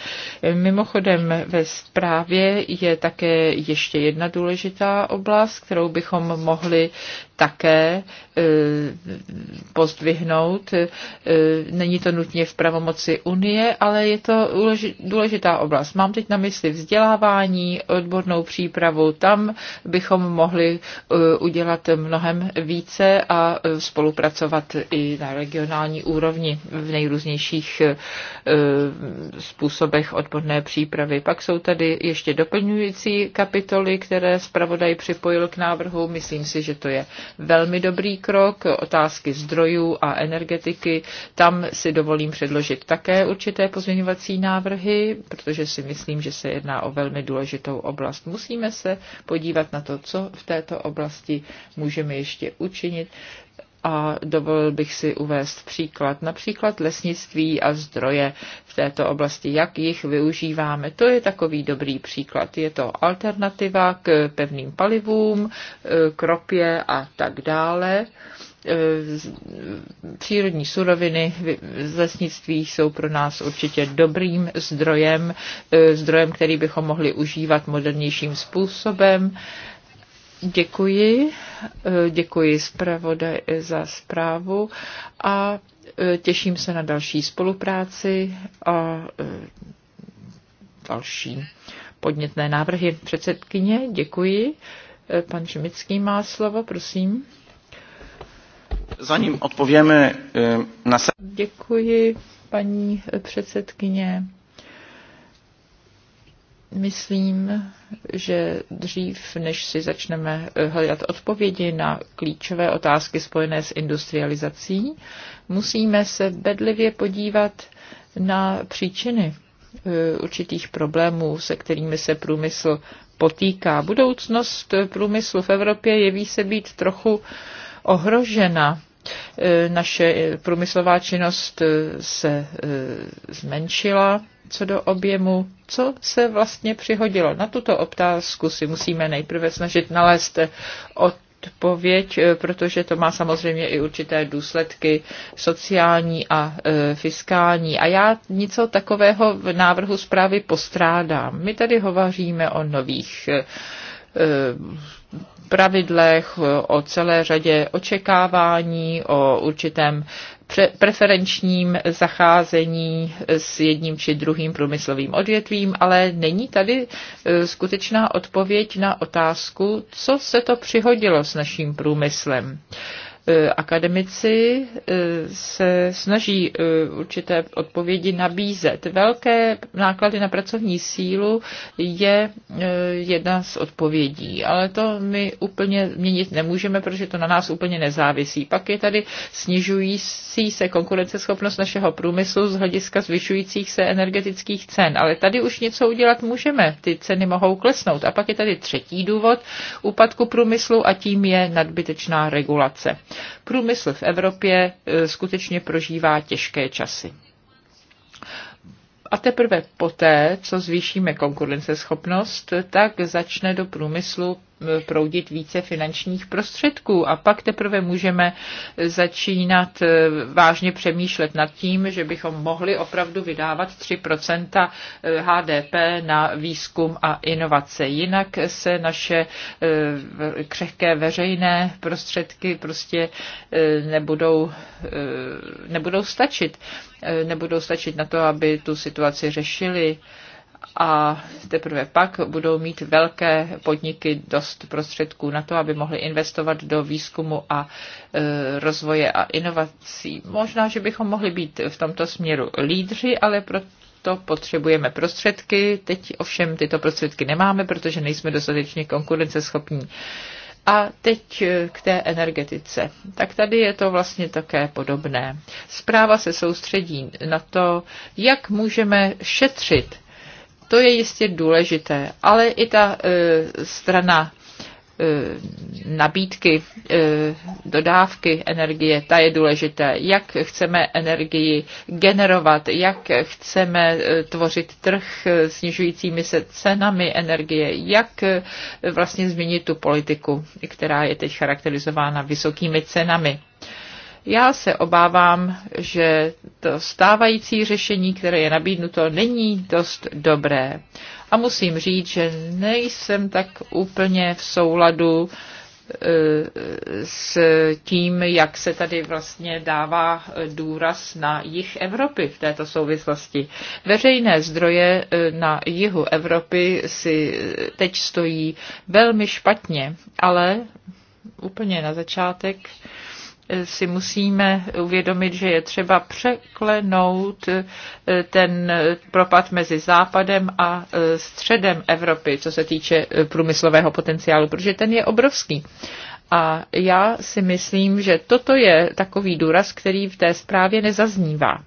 Mimochodem ve zprávě je také ještě jedna důležitá oblast, kterou bychom mohli také eh, pozdvihnout. Eh, není to nutně v pravomoci Unie, ale je to důležitá oblast. Mám teď na mysli vzdělávání, odbornou přípravu. Tam bychom mohli eh, udělat mnohem více a spolupracovat i na regionální úrovni v nejrůznějších způsobech odborné přípravy. Pak jsou tady ještě doplňující kapitoly, které zpravodaj připojil k návrhu. Myslím si, že to je velmi dobrý krok. Otázky zdrojů a energetiky, tam si dovolím předložit také určité pozměňovací návrhy, protože si myslím, že se jedná o velmi důležitou oblast. Musíme se podívat na to, co v této oblasti můžeme ještě učinit a dovolil bych si uvést příklad, například lesnictví a zdroje v této oblasti, jak jich využíváme. To je takový dobrý příklad. Je to alternativa k pevným palivům, kropě a tak dále přírodní suroviny z lesnictví jsou pro nás určitě dobrým zdrojem, e, zdrojem, který bychom mohli užívat modernějším způsobem. Děkuji, eh, děkuji za zprávu a eh, těším se na další spolupráci a eh, další podnětné návrhy. Předsedkyně, děkuji. Pan Žimický má slovo, prosím. Zanim odpovíme na... Děkuji, paní předsedkyně. Myslím, že dřív, než si začneme eh, hledat odpovědi na klíčové otázky spojené s industrializací, musíme se bedlivě podívat na příčiny eh, určitých problémů, se kterými se průmysl potýká. Budoucnost průmyslu v Evropě jeví se být trochu ohrožena. Eh, naše průmyslová činnost se zmenšila co do objemu, co se vlastně přihodilo. Na tuto otázku si musíme nejprve snažit nalézt odpověď, eh, protože to má samozřejmě i určité důsledky sociální a eh, fiskální. A já něco takového v návrhu zprávy postrádám. My tady hovaříme o nových eh, pravidlech, o celé řadě očekávání, o určitém preferenčním zacházení s jedním či druhým průmyslovým odvětvím, ale není tady e, skutečná odpověď na otázku, co se to přihodilo s naším průmyslem. E, akademici e, se snaží e, určité odpovědi nabízet. Velké náklady na pracovní sílu je jedna z odpovědí, ale to my úplně měnit nemůžeme, protože to na nás úplně nezávisí. Pak je tady snižující se konkurenceschopnost našeho průmyslu z hlediska zvyšujících se energetických cen, ale tady už něco udělat můžeme, ty ceny mohou klesnout. A pak je tady třetí důvod úpadku průmyslu a tím je nadbytečná regulace. Průmysl v Evropě e, skutečně prožívá těžké časy a teprve poté, co zvýšíme konkurenceschopnost, tak začne do průmyslu proudit více finančních prostředků a pak teprve můžeme začínat eh, vážně přemýšlet nad tím, že bychom mohli opravdu vydávat 3 eh, HDP na výzkum a inovace. Jinak se naše eh, křehké veřejné prostředky prostě nebudou, nebudou stačit. Nebudou stačit na to, aby tu situaci řešili a teprve pak budou mít velké podniky dost prostředků na to, aby mohly investovat do výzkumu a e, rozvoje a inovací. Možná, že bychom mohli být v tomto směru lídři, ale pro to potřebujeme prostředky. Teď ovšem tyto prostředky nemáme, protože nejsme dostatečně konkurenceschopní. A teď e, k té energetice. Tak tady je to vlastně také podobné. Zpráva se soustředí na to, jak můžeme šetřit to je jistě důležité, ale i ta e, strana e, nabídky, e, dodávky energie, ta je důležité. Jak chceme energii generovat, jak chceme e, tvořit trh snižujícími se cenami energie, jak vlastně změnit tu politiku, která je teď charakterizována vysokými cenami. Já se obávám, že to stávající řešení, které je nabídnuto, není dost dobré. A musím říct, že nejsem tak úplně v souladu e, s tím, jak se tady vlastně dává důraz na jih Evropy v této souvislosti. Veřejné zdroje e, na jihu Evropy si teď stojí velmi špatně, ale úplně na začátek si musíme uvědomit, že je třeba překlenout eh, ten eh, propad mezi západem a eh, středem Evropy, co se týče průmyslového potenciálu, protože ten je obrovský. A já si myslím, že toto je takový důraz, který v té zprávě nezaznívá.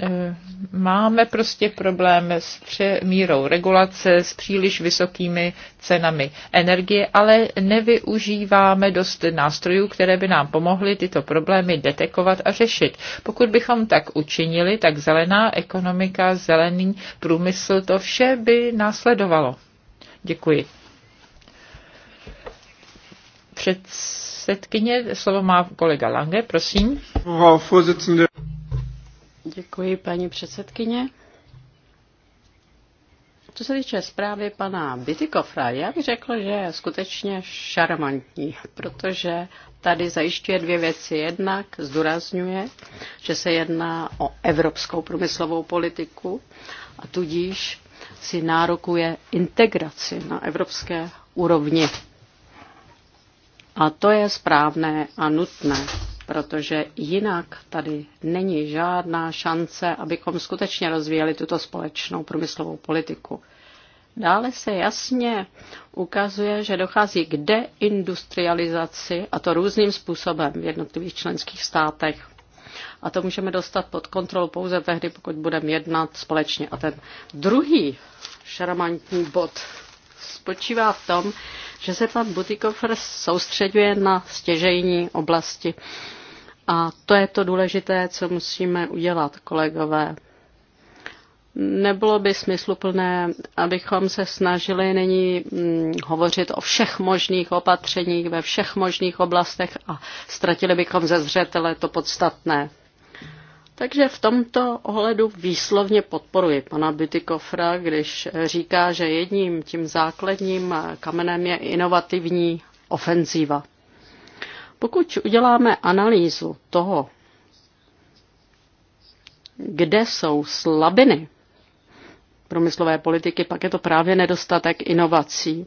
Eh, máme prostě problém s přemírou regulace, s příliš vysokými cenami energie, ale nevyužíváme dost nástrojů, které by nám pomohly tyto problémy detekovat a řešit. Pokud bychom tak učinili, tak zelená ekonomika, zelený průmysl, to vše by následovalo. Děkuji. Předsedkyně, slovo má kolega Lange, prosím. Děkuji, paní předsedkyně. Co se týče zprávy pana Bytykofra, já bych řekl, že je skutečně šarmantní, protože tady zajišťuje dvě věci. Jednak zdůrazňuje, že se jedná o evropskou průmyslovou politiku a tudíž si nárokuje integraci na evropské úrovni. A to je správné a nutné protože jinak tady není žádná šance, abychom skutečně rozvíjeli tuto společnou průmyslovou politiku. Dále se jasně ukazuje, že dochází k deindustrializaci, a to různým způsobem v jednotlivých členských státech. A to můžeme dostat pod kontrolu pouze tehdy, pokud budeme jednat společně. A ten druhý šaramantní bod spočívá v tom, že se pan Butikofer soustředuje na stěžejní oblasti. A to je to důležité, co musíme udělat, kolegové. Nebylo by smysluplné, abychom se snažili nyní mm, hovořit o všech možných opatřeních ve všech možných oblastech a ztratili bychom ze zřetele to podstatné. Takže v tomto ohledu výslovně podporuji pana Bytykofra, když říká, že jedním tím základním kamenem je inovativní ofenzíva. Pokud uděláme analýzu toho, kde jsou slabiny průmyslové politiky, pak je to právě nedostatek inovací.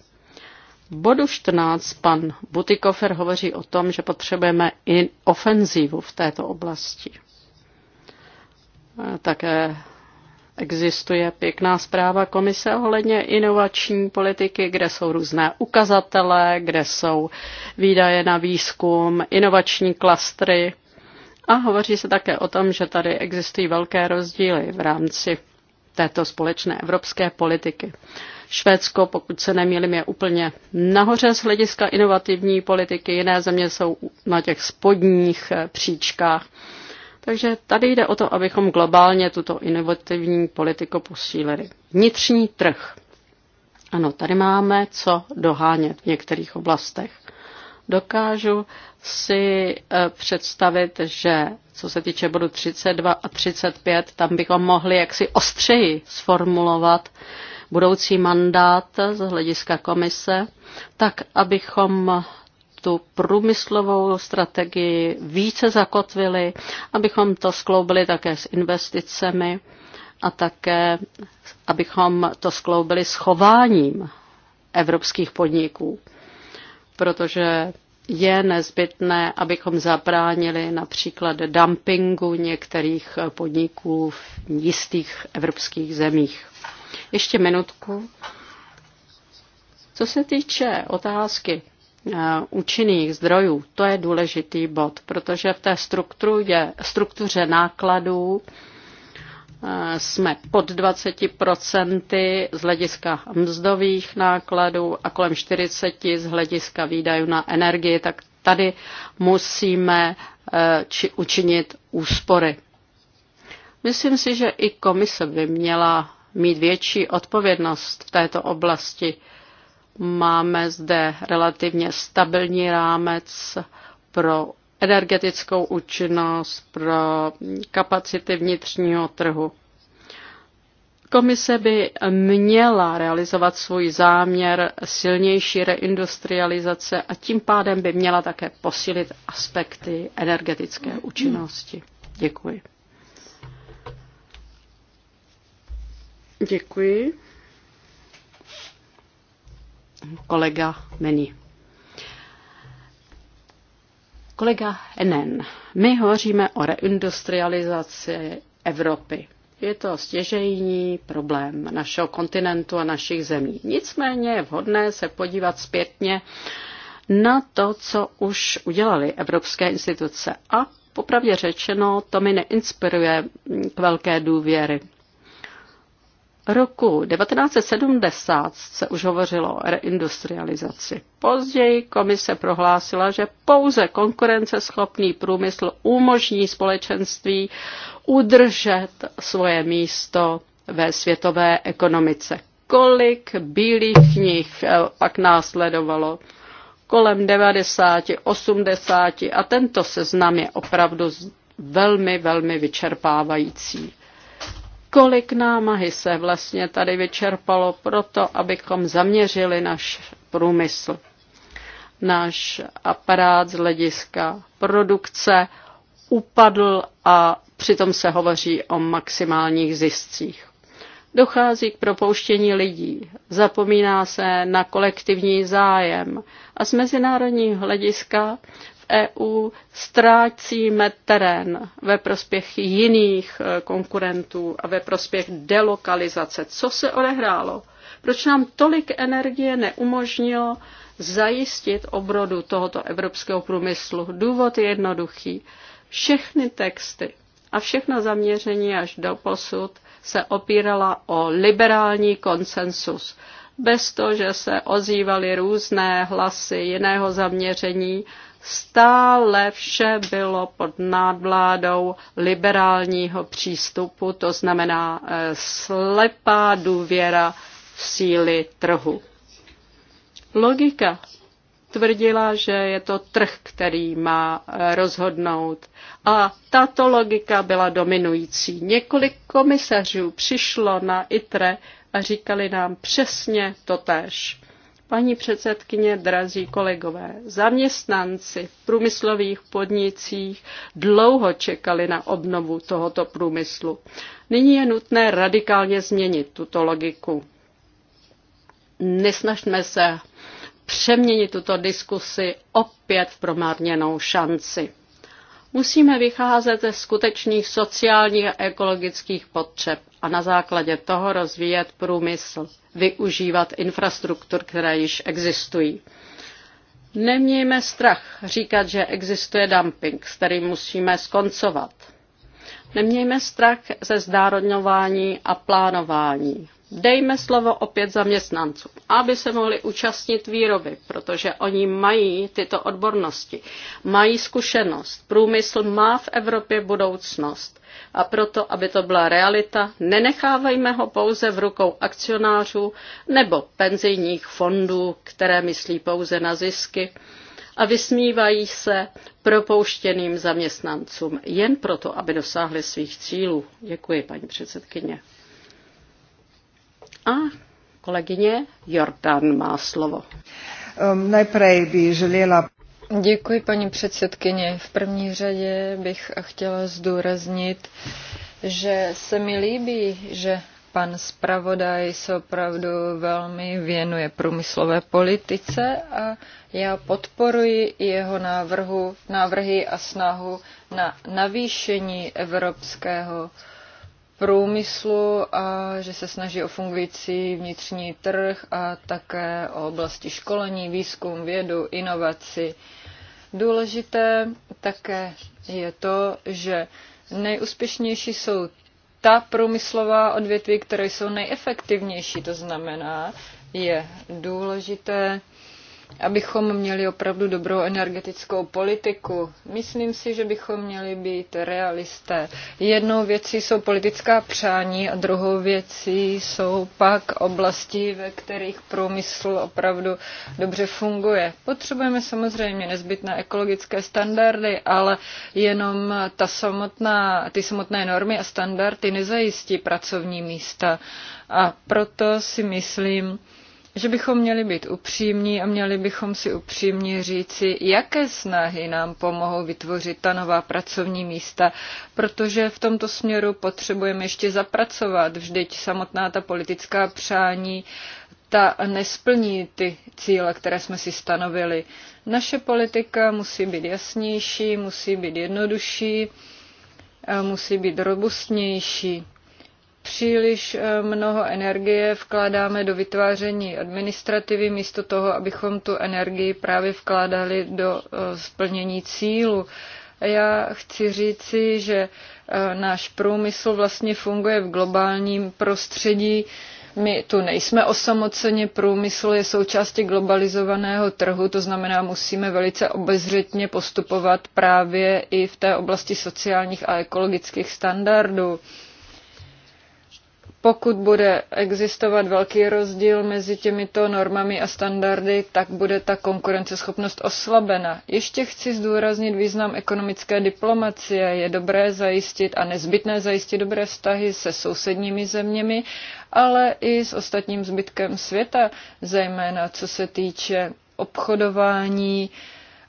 V bodu 14 pan Butikofer hovoří o tom, že potřebujeme in ofenzívu v této oblasti. Také existuje pěkná zpráva komise ohledně inovační politiky, kde jsou různé ukazatele, kde jsou výdaje na výzkum, inovační klastry. A hovoří se také o tom, že tady existují velké rozdíly v rámci této společné evropské politiky. Švédsko, pokud se nemýlim, je úplně nahoře z hlediska inovativní politiky, jiné země jsou na těch spodních příčkách. Takže tady jde o to, abychom globálně tuto inovativní politiku posílili. Vnitřní trh. Ano, tady máme co dohánět v některých oblastech. Dokážu si eh, představit, že co se týče bodu 32 a 35, tam bychom mohli jaksi ostřeji sformulovat budoucí mandát z hlediska komise, tak abychom tu průmyslovou strategii více zakotvili, abychom to skloubili také s investicemi a také, abychom to skloubili s chováním evropských podniků, protože je nezbytné, abychom zabránili například dumpingu některých podniků v jistých evropských zemích. Ještě minutku. Co se týče otázky Eh, účinných zdrojů, to je důležitý bod, protože v té struktuře, struktuře nákladů eh, jsme pod 20% z hlediska mzdových nákladů a kolem 40% z hlediska výdajů na energii, tak tady musíme eh, či učinit úspory. Myslím si, že i komise by měla mít větší odpovědnost v této oblasti. Máme zde relativně stabilní rámec pro energetickou účinnost, pro kapacity vnitřního trhu. Komise by měla realizovat svůj záměr silnější reindustrializace a tím pádem by měla také posílit aspekty energetické účinnosti. Děkuji. Děkuji kolega Meni. Kolega Enen, my hovoříme o reindustrializaci Evropy. Je to stěžejní problém našeho kontinentu a našich zemí. Nicméně je vhodné se podívat zpětně na to, co už udělali evropské instituce. A popravdě řečeno, to mi neinspiruje k velké důvěry roku 1970 se už hovořilo o reindustrializaci. Později komise prohlásila, že pouze konkurenceschopný průmysl umožní společenství udržet svoje místo ve světové ekonomice. Kolik bílých knih eh, pak následovalo? Kolem 90, 80 a tento seznam je opravdu velmi, velmi vyčerpávající kolik námahy se vlastně tady vyčerpalo proto, abychom zaměřili náš průmysl, náš aparát z hlediska produkce upadl a přitom se hovoří o maximálních ziscích. Dochází k propouštění lidí, zapomíná se na kolektivní zájem a z mezinárodního hlediska EU ztrácíme terén ve prospěch jiných eh, konkurentů a ve prospěch delokalizace. Co se odehrálo? Proč nám tolik energie neumožnilo zajistit obrodu tohoto evropského průmyslu? Důvod je jednoduchý. Všechny texty a všechna zaměření až do posud se opírala o liberální konsensus bez toho, že se ozývaly různé hlasy jiného zaměření stále vše bylo pod nadvládou liberálního přístupu, to znamená eh, slepá důvěra v síly trhu. Logika tvrdila, že je to trh, který má eh, rozhodnout. A tato logika byla dominující. Několik komisařů přišlo na ITRE a říkali nám přesně totéž. Paní předsedkyně, drazí kolegové, zaměstnanci v průmyslových podnicích dlouho čekali na obnovu tohoto průmyslu. Nyní je nutné radikálně změnit tuto logiku. Nesnažme se přeměnit tuto diskusi opět v promárněnou šanci. Musíme vycházet ze skutečných sociálních a ekologických potřeb a na základě toho rozvíjet průmysl, využívat infrastruktur, které již existují. Nemějme strach říkat, že existuje dumping, s kterým musíme skoncovat. Nemějme strach ze zdárodňování a plánování dejme slovo opět zaměstnancům, aby se mohli účastnit výroby, protože oni mají tyto odbornosti, mají zkušenost. Průmysl má v Evropě budoucnost. A proto, aby to byla realita, nenechávejme ho pouze v rukou akcionářů nebo penzijních fondů, které myslí pouze na zisky a vysmívají se propouštěným zaměstnancům jen proto, aby dosáhli svých cílů. Děkuji, paní předsedkyně. A kolegyně Jordan má slovo. Um, Nejprve by želela Děkuji, paní předsedkyně. V první řadě bych chtěla zdůraznit, že se mi líbí, že pan zpravodaj se opravdu velmi věnuje průmyslové politice a já podporuji jeho návrhu, návrhy a snahu na navýšení evropského průmyslu a že se snaží o fungující vnitřní trh a také o oblasti školení, výzkum, vědu, inovaci. Důležité také je to, že nejúspěšnější jsou ta průmyslová odvětví, které jsou nejefektivnější. To znamená, je důležité abychom měli opravdu dobrou energetickou politiku. Myslím si, že bychom měli být realisté. Jednou věcí jsou politická přání a druhou věcí jsou pak oblasti, ve kterých průmysl opravdu dobře funguje. Potřebujeme samozřejmě nezbytné ekologické standardy, ale jenom ta samotná, ty samotné normy a standardy nezajistí pracovní místa. A proto si myslím, že bychom měli být upřímní a měli bychom si upřímně říci, jaké snahy nám pomohou vytvořit ta nová pracovní místa, protože v tomto směru potřebujeme ještě zapracovat. Vždyť samotná ta politická přání ta nesplní ty cíle, které jsme si stanovili. Naše politika musí být jasnější, musí být jednodušší, musí být robustnější. Příliš eh, mnoho energie vkládáme do vytváření administrativy, místo toho, abychom tu energii právě vkládali do eh, splnění cílu. Já chci říci, že eh, náš průmysl vlastně funguje v globálním prostředí. My tu nejsme osamoceně, průmysl je součástí globalizovaného trhu, to znamená, musíme velice obezřetně postupovat právě i v té oblasti sociálních a ekologických standardů pokud bude existovat velký rozdíl mezi těmito normami a standardy, tak bude ta konkurenceschopnost oslabena. Ještě chci zdůraznit význam ekonomické diplomacie. Je dobré zajistit a nezbytné zajistit dobré vztahy se sousedními zeměmi, ale i s ostatním zbytkem světa, zejména co se týče obchodování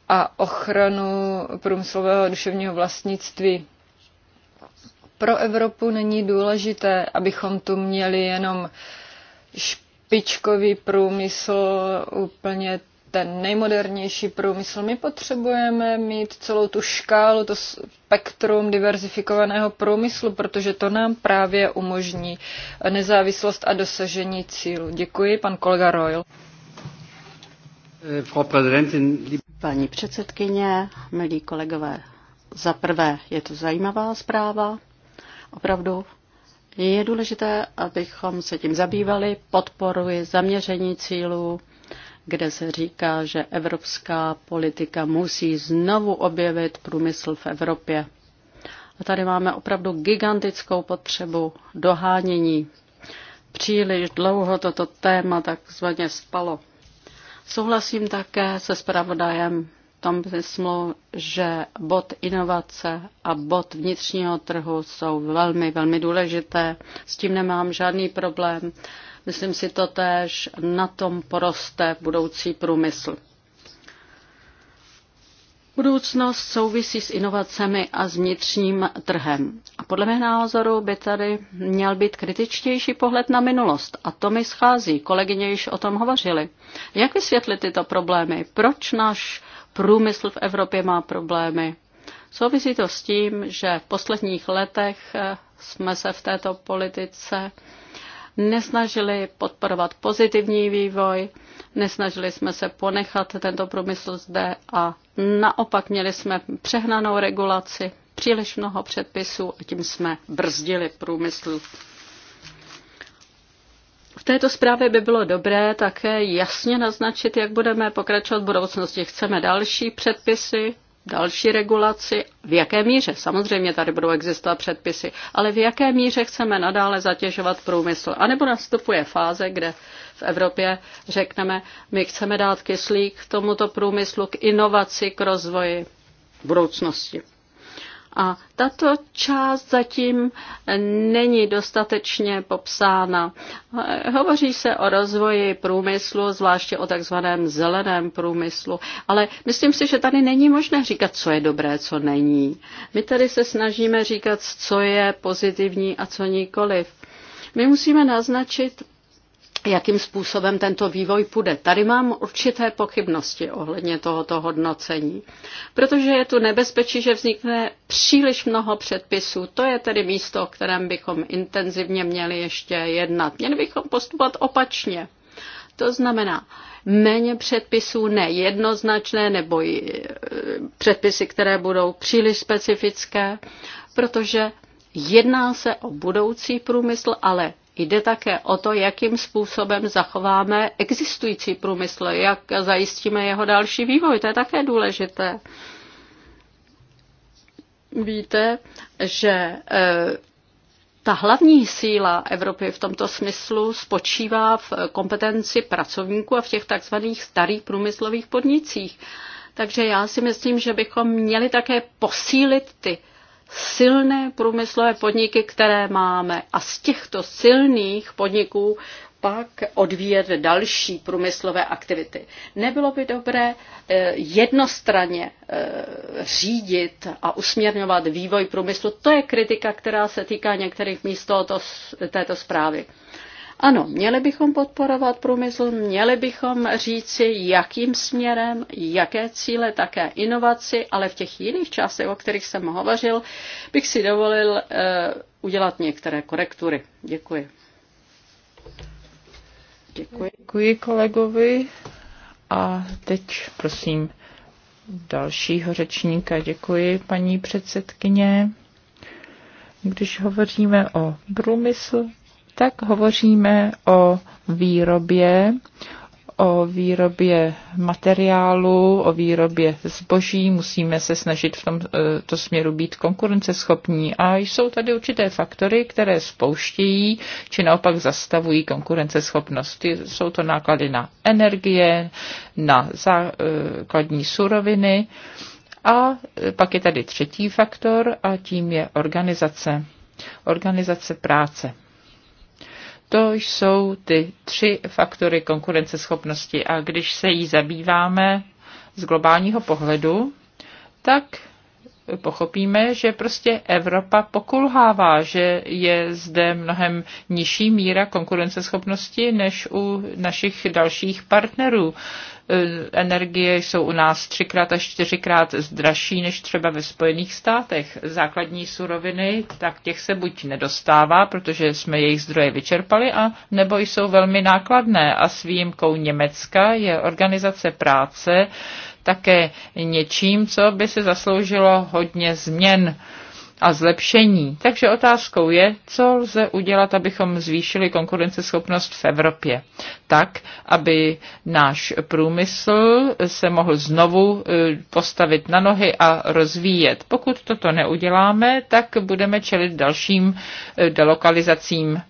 a ochranu průmyslového duševního vlastnictví. Pro Evropu není důležité, abychom tu měli jenom špičkový průmysl, úplně ten nejmodernější průmysl. My potřebujeme mít celou tu škálu, to spektrum diverzifikovaného průmyslu, protože to nám právě umožní nezávislost a dosažení cílu. Děkuji, pan kolega Royal. Paní předsedkyně, milí kolegové, za prvé je to zajímavá zpráva, Opravdu je důležité, abychom se tím zabývali. Podporuji zaměření cílů, kde se říká, že evropská politika musí znovu objevit průmysl v Evropě. A tady máme opravdu gigantickou potřebu dohánění. Příliš dlouho toto téma takzvaně spalo. Souhlasím také se spravodajem tom smyslu, že bod inovace a bod vnitřního trhu jsou velmi, velmi důležité. S tím nemám žádný problém. Myslím si to též, na tom poroste budoucí průmysl. Budoucnost souvisí s inovacemi a s vnitřním trhem. A podle mého názoru by tady měl být kritičtější pohled na minulost. A to mi schází. Kolegyně již o tom hovořili. Jak vysvětlit tyto problémy? Proč náš průmysl v Evropě má problémy. Souvisí to s tím, že v posledních letech eh, jsme se v této politice nesnažili podporovat pozitivní vývoj, nesnažili jsme se ponechat tento průmysl zde a naopak měli jsme přehnanou regulaci, příliš mnoho předpisů a tím jsme brzdili průmysl v této zprávě by bylo dobré také jasně naznačit, jak budeme pokračovat v budoucnosti. Chceme další předpisy, další regulaci, v jaké míře, samozřejmě tady budou existovat předpisy, ale v jaké míře chceme nadále zatěžovat průmysl. A nebo nastupuje fáze, kde v Evropě řekneme, my chceme dát kyslík k tomuto průmyslu, k inovaci, k rozvoji budoucnosti. A tato část zatím není dostatečně popsána. Hovoří se o rozvoji průmyslu, zvláště o takzvaném zeleném průmyslu, ale myslím si, že tady není možné říkat, co je dobré, co není. My tady se snažíme říkat, co je pozitivní a co nikoliv. My musíme naznačit jakým způsobem tento vývoj půjde. Tady mám určité pochybnosti ohledně tohoto hodnocení, protože je tu nebezpečí, že vznikne příliš mnoho předpisů. To je tedy místo, o kterém bychom intenzivně měli ještě jednat. Měli bychom postupovat opačně. To znamená, méně předpisů, nejednoznačné nebo e, předpisy, které budou příliš specifické, protože jedná se o budoucí průmysl, ale Jde také o to, jakým způsobem zachováme existující průmysl, jak zajistíme jeho další vývoj. To je také důležité. Víte, že e, ta hlavní síla Evropy v tomto smyslu spočívá v kompetenci pracovníků a v těch takzvaných starých průmyslových podnicích. Takže já si myslím, že bychom měli také posílit ty silné průmyslové podniky, které máme. A z těchto silných podniků pak odvíjet další průmyslové aktivity. Nebylo by dobré eh, jednostranně eh, řídit a usměrňovat vývoj průmyslu. To je kritika, která se týká některých míst této zprávy. Ano, měli bychom podporovat průmysl, měli bychom říci, jakým směrem, jaké cíle, také inovaci, ale v těch jiných částech, o kterých jsem hovořil, bych si dovolil uh, udělat některé korektury. Děkuji. Děkuji. Děkuji kolegovi. A teď prosím dalšího řečníka. Děkuji, paní předsedkyně. Když hovoříme o průmyslu, tak hovoříme o výrobě, o výrobě materiálu, o výrobě zboží, musíme se snažit v tomto eh, směru být konkurenceschopní. A jsou tady určité faktory, které spouštějí či naopak zastavují konkurenceschopnost. Jsou to náklady na energie, na základní suroviny. A pak je tady třetí faktor a tím je organizace. Organizace práce. To jsou ty tři faktory konkurenceschopnosti. A když se jí zabýváme z globálního pohledu, tak pochopíme, že prostě Evropa pokulhává, že je zde mnohem nižší míra konkurenceschopnosti než u našich dalších partnerů. E, energie jsou u nás třikrát až čtyřikrát dražší než třeba ve Spojených státech. Základní suroviny, tak těch se buď nedostává, protože jsme jejich zdroje vyčerpali, a nebo jsou velmi nákladné. A s výjimkou Německa je organizace práce, také něčím, co by se zasloužilo hodně změn a zlepšení. Takže otázkou je, co lze udělat, abychom zvýšili konkurenceschopnost v Evropě, tak, aby náš průmysl se mohl znovu e, postavit na nohy a rozvíjet. Pokud toto neuděláme, tak budeme čelit dalším e, delokalizacím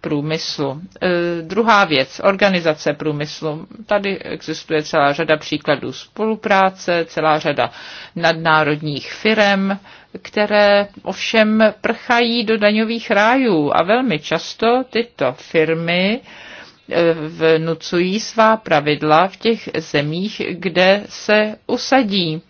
průmyslu. E, druhá věc, organizace průmyslu. Tady existuje celá řada příkladů spolupráce, celá řada nadnárodních firem, které ovšem prchají do daňových rájů a velmi často tyto firmy e, vnucují svá pravidla v těch zemích, kde se usadí.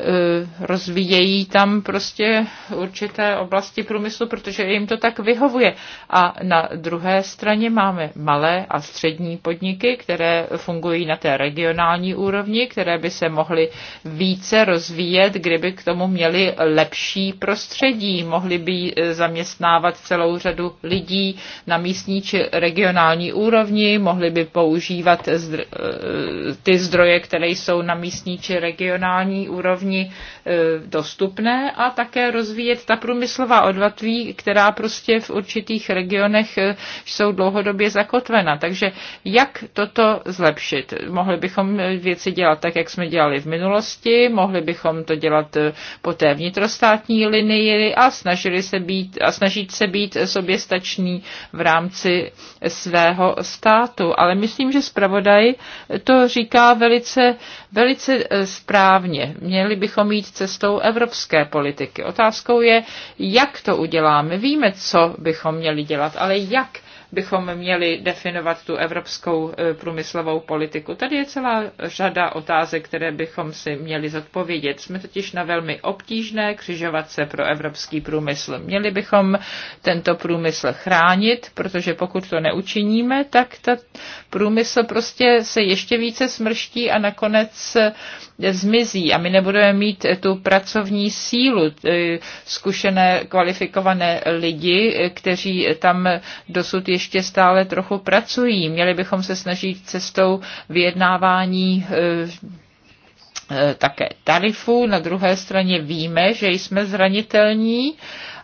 Eh, rozvíjejí tam prostě určité oblasti průmyslu, protože jim to tak vyhovuje. A na druhé straně máme malé a střední podniky, které fungují na té regionální úrovni, které by se mohly více rozvíjet, kdyby k tomu měli lepší prostředí, mohly by eh, zaměstnávat celou řadu lidí na místní či regionální úrovni, mohly by používat eh, ty zdroje, které jsou na místní či regionální úrovni úrovni e, dostupné a také rozvíjet ta průmyslová odvatví, která prostě v určitých regionech e, jsou dlouhodobě zakotvena. Takže jak toto zlepšit? Mohli bychom e, věci dělat tak, jak jsme dělali v minulosti, mohli bychom to dělat po té vnitrostátní linii a, snažili se být, a snažit se být soběstačný v rámci svého státu. Ale myslím, že zpravodaj to říká velice velice e, správně. Měli bychom jít cestou evropské politiky. Otázkou je, jak to uděláme. Víme, co bychom měli dělat, ale jak bychom měli definovat tu evropskou e, průmyslovou politiku. Tady je celá řada otázek, které bychom si měli zodpovědět. Jsme totiž na velmi obtížné křižovatce pro evropský průmysl. Měli bychom tento průmysl chránit, protože pokud to neučiníme, tak ta průmysl prostě se ještě více smrští a nakonec zmizí a my nebudeme mít tu pracovní sílu, zkušené, kvalifikované lidi, kteří tam dosud ještě stále trochu pracují. Měli bychom se snažit cestou vyjednávání eh, eh, také tarifu. Na druhé straně víme, že jsme zranitelní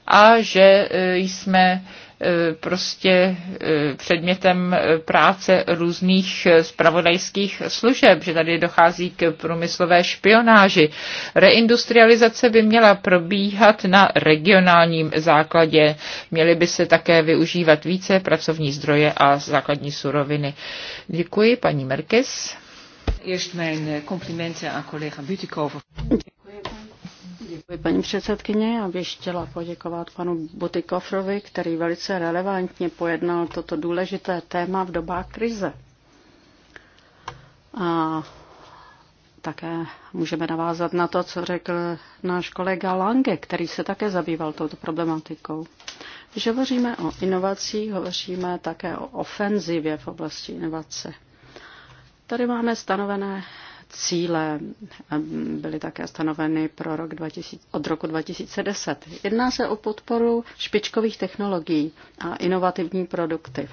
a že eh, jsme E, prostě e, předmětem e, práce různých spravodajských služeb, že tady dochází k průmyslové špionáži. Reindustrializace by měla probíhat na regionálním základě. Měly by se také využívat více pracovní zdroje a základní suroviny. Děkuji, paní Merkis. Eerst mijn complimenten aan collega Butikova. Děkuji paní předsedkyně. Já bych chtěla poděkovat panu Butikofrovi, který velice relevantně pojednal toto důležité téma v dobách krize. A také můžeme navázat na to, co řekl náš kolega Lange, který se také zabýval touto problematikou. Když hovoříme o inovacích, hovoříme také o ofenzivě v oblasti inovace. Tady máme stanovené cíle eh, byly také stanoveny pro rok 2000, od roku 2010. Jedná se o podporu špičkových technologií a inovativní produkty.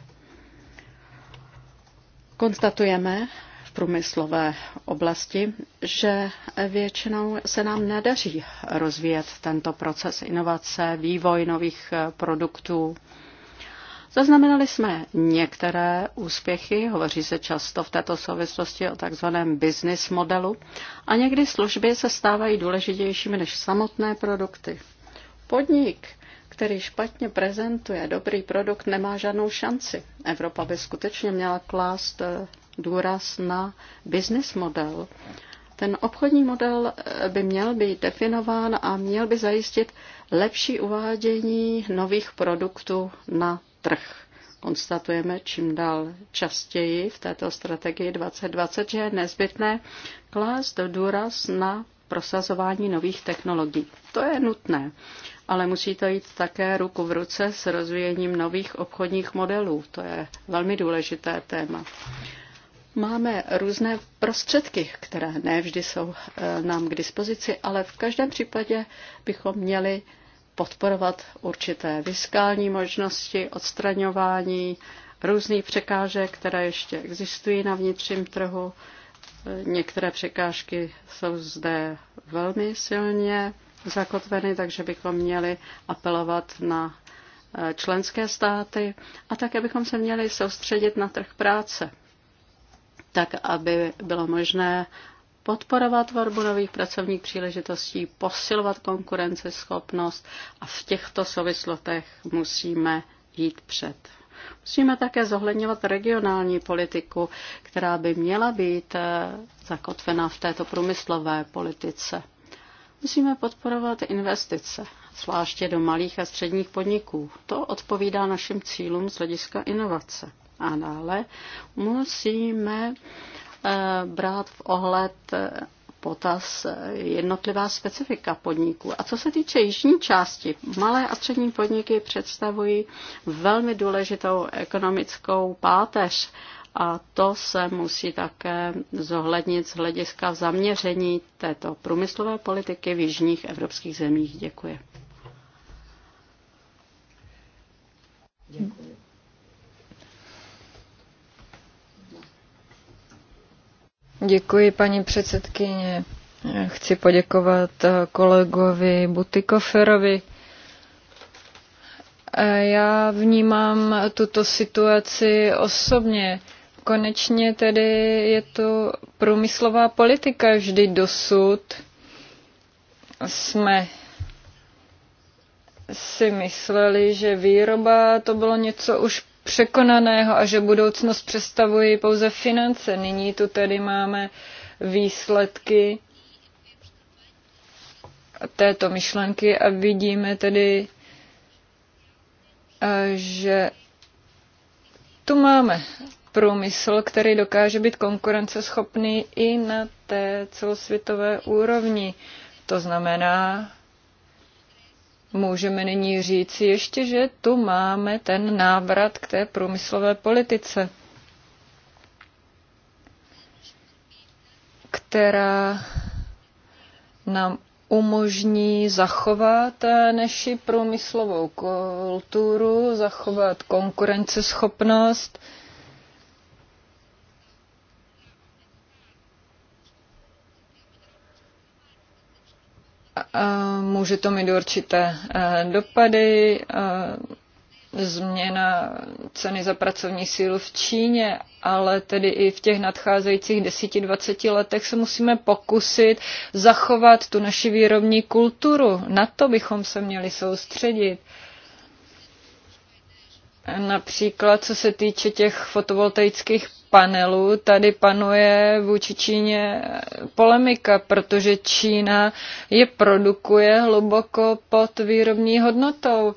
Konstatujeme v průmyslové oblasti, že většinou se nám nedaří rozvíjet tento proces inovace, vývoj nových eh, produktů, Zaznamenali jsme některé úspěchy, hovoří se často v této souvislosti o takzvaném business modelu a někdy služby se stávají důležitějšími než samotné produkty. Podnik, který špatně prezentuje dobrý produkt, nemá žádnou šanci. Evropa by skutečně měla klást eh, důraz na business model. Ten obchodní model eh, by měl být definován a měl by zajistit lepší uvádění nových produktů na trh. Konstatujeme čím dál častěji v této strategii 2020, že je nezbytné klást důraz na prosazování nových technologií. To je nutné, ale musí to jít také ruku v ruce s rozvíjením nových obchodních modelů. To je velmi důležité téma. Máme různé prostředky, které ne vždy jsou eh, nám k dispozici, ale v každém případě bychom měli podporovat určité fiskální možnosti, odstraňování různých překážek, které ještě existují na vnitřním trhu. Některé překážky jsou zde velmi silně zakotveny, takže bychom měli apelovat na eh, členské státy a také bychom se měli soustředit na trh práce, tak aby bylo možné podporovat tvorbu nových pracovních příležitostí, posilovat konkurenceschopnost a v těchto souvislostech musíme jít před. Musíme také zohledňovat regionální politiku, která by měla být eh, zakotvena v této průmyslové politice. Musíme podporovat investice, zvláště do malých a středních podniků. To odpovídá našim cílům z hlediska inovace. A dále musíme Eh, brát v ohled eh, potaz eh, jednotlivá specifika podniků. A co se týče jižní části, malé a střední podniky představují velmi důležitou ekonomickou páteř a to se musí také zohlednit z hlediska zaměření této průmyslové politiky v jižních evropských zemích. Děkuji. Děkuji. Děkuji, paní předsedkyně. Chci poděkovat eh, kolegovi Butikoferovi. Eh, já vnímám tuto situaci osobně. Konečně tedy je to průmyslová politika. Vždy dosud jsme si mysleli, že výroba to bylo něco už překonaného a že budoucnost představují pouze finance. Nyní tu tedy máme výsledky této myšlenky a vidíme tedy, eh, že tu máme průmysl, který dokáže být konkurenceschopný i na té celosvětové úrovni. To znamená, Můžeme nyní říci ještě, že tu máme ten návrat k té průmyslové politice, která nám umožní zachovat naši průmyslovou kulturu, zachovat konkurenceschopnost, Eh, může to mít určité eh, dopady. Eh, změna ceny za pracovní sílu v Číně, ale tedy i v těch nadcházejících 10-20 letech se musíme pokusit zachovat tu naši výrobní kulturu. Na to bychom se měli soustředit. Například co se týče těch fotovoltaických panelu tady panuje vůči Číně polemika, protože Čína je produkuje hluboko pod výrobní hodnotou.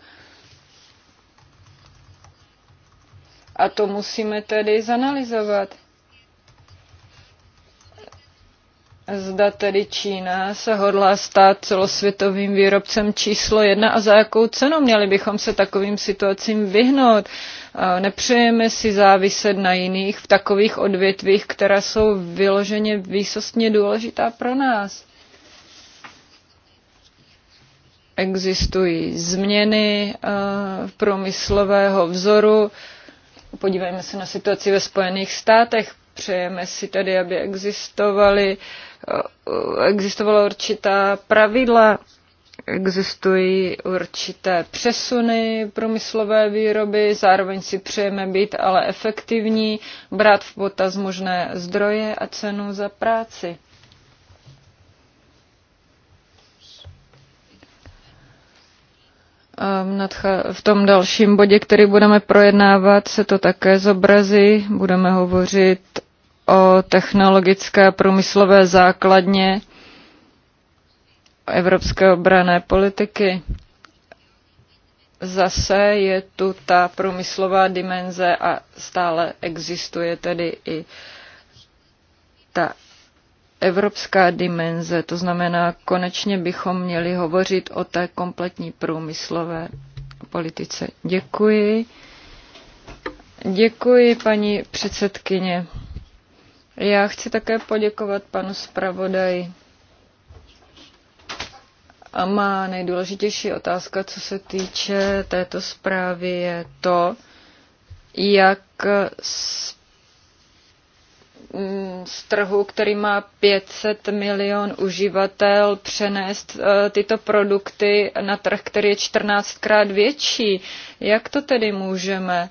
A to musíme tedy zanalizovat. Zda tedy Čína se hodlá stát celosvětovým výrobcem číslo jedna a za jakou cenu měli bychom se takovým situacím vyhnout? Nepřejeme si záviset na jiných v takových odvětvích, která jsou vyloženě výsostně důležitá pro nás. Existují změny průmyslového vzoru. Podívejme se na situaci ve Spojených státech. Přejeme si tedy, aby existovaly uh, existovala určitá pravidla, existují určité přesuny průmyslové výroby, zároveň si přejeme být ale efektivní, brát v potaz možné zdroje a cenu za práci. V tom dalším bodě, který budeme projednávat, se to také zobrazí. Budeme hovořit o technologické průmyslové základně evropské obrané politiky. Zase je tu ta průmyslová dimenze a stále existuje tedy i ta evropská dimenze, to znamená, konečně bychom měli hovořit o té kompletní průmyslové politice. Děkuji. Děkuji, paní předsedkyně. Já chci také poděkovat panu zpravodaji. A má nejdůležitější otázka, co se týče této zprávy, je to, jak mm, z trhu, který má 500 milion uživatel, přenést e, tyto produkty na trh, který je 14krát větší. Jak to tedy můžeme?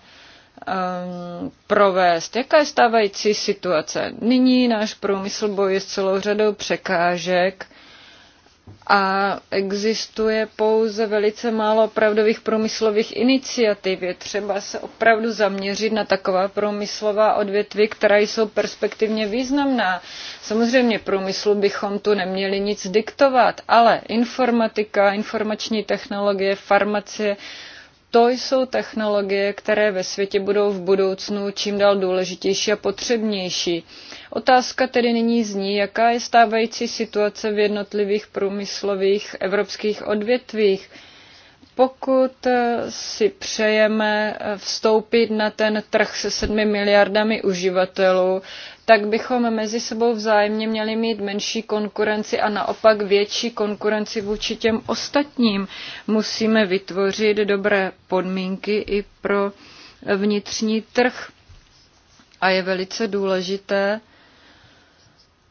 um, provést. Jaká je stávající situace? Nyní náš průmysl bojuje s celou řadou překážek a existuje pouze velice málo opravdových průmyslových iniciativ. Je třeba se opravdu zaměřit na taková průmyslová odvětví, která jsou perspektivně významná. Samozřejmě průmyslu bychom tu neměli nic diktovat, ale informatika, informační technologie, farmacie, to jsou technologie, které ve světě budou v budoucnu čím dál důležitější a potřebnější. Otázka tedy nyní zní, jaká je stávající situace v jednotlivých průmyslových evropských odvětvích. Pokud eh, si přejeme eh, vstoupit na ten trh se sedmi miliardami uživatelů, tak bychom mezi sebou vzájemně měli mít menší konkurenci a naopak větší konkurenci vůči těm ostatním. Musíme vytvořit dobré podmínky i pro vnitřní trh. A je velice důležité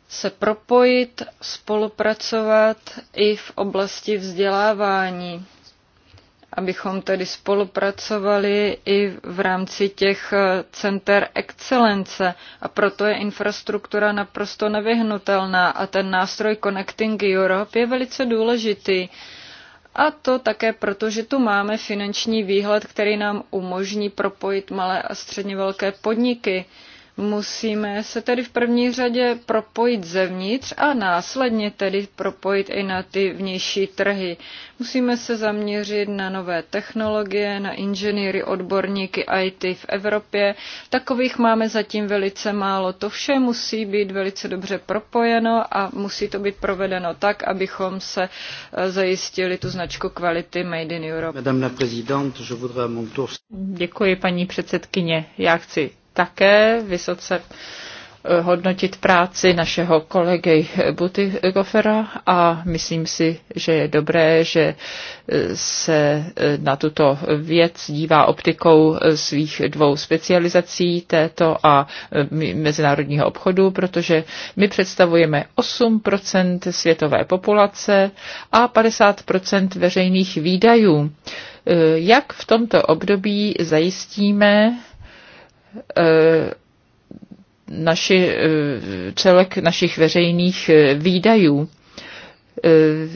se propojit, spolupracovat i v oblasti vzdělávání abychom tedy spolupracovali i v rámci těch eh, center excelence. A proto je infrastruktura naprosto nevyhnutelná a ten nástroj Connecting Europe je velice důležitý. A to také proto, že tu máme finanční výhled, který nám umožní propojit malé a středně velké podniky. Musíme se tedy v první řadě propojit zevnitř a následně tedy propojit i na ty vnější trhy. Musíme se zaměřit na nové technologie, na inženýry, odborníky IT v Evropě. Takových máme zatím velice málo. To vše musí být velice dobře propojeno a musí to být provedeno tak, abychom se eh, zajistili tu značku kvality Made in Europe. Děkuji, paní předsedkyně. Já chci také vysoce eh, hodnotit práci našeho kolegy Buty Gofera a myslím si, že je dobré, že eh, se eh, na tuto věc dívá optikou svých dvou specializací, této a mezinárodního obchodu, protože my představujeme 8% světové populace a 50% veřejných výdajů. Jak v tomto období zajistíme Eh, naši, eh, celek našich veřejných eh, výdajů.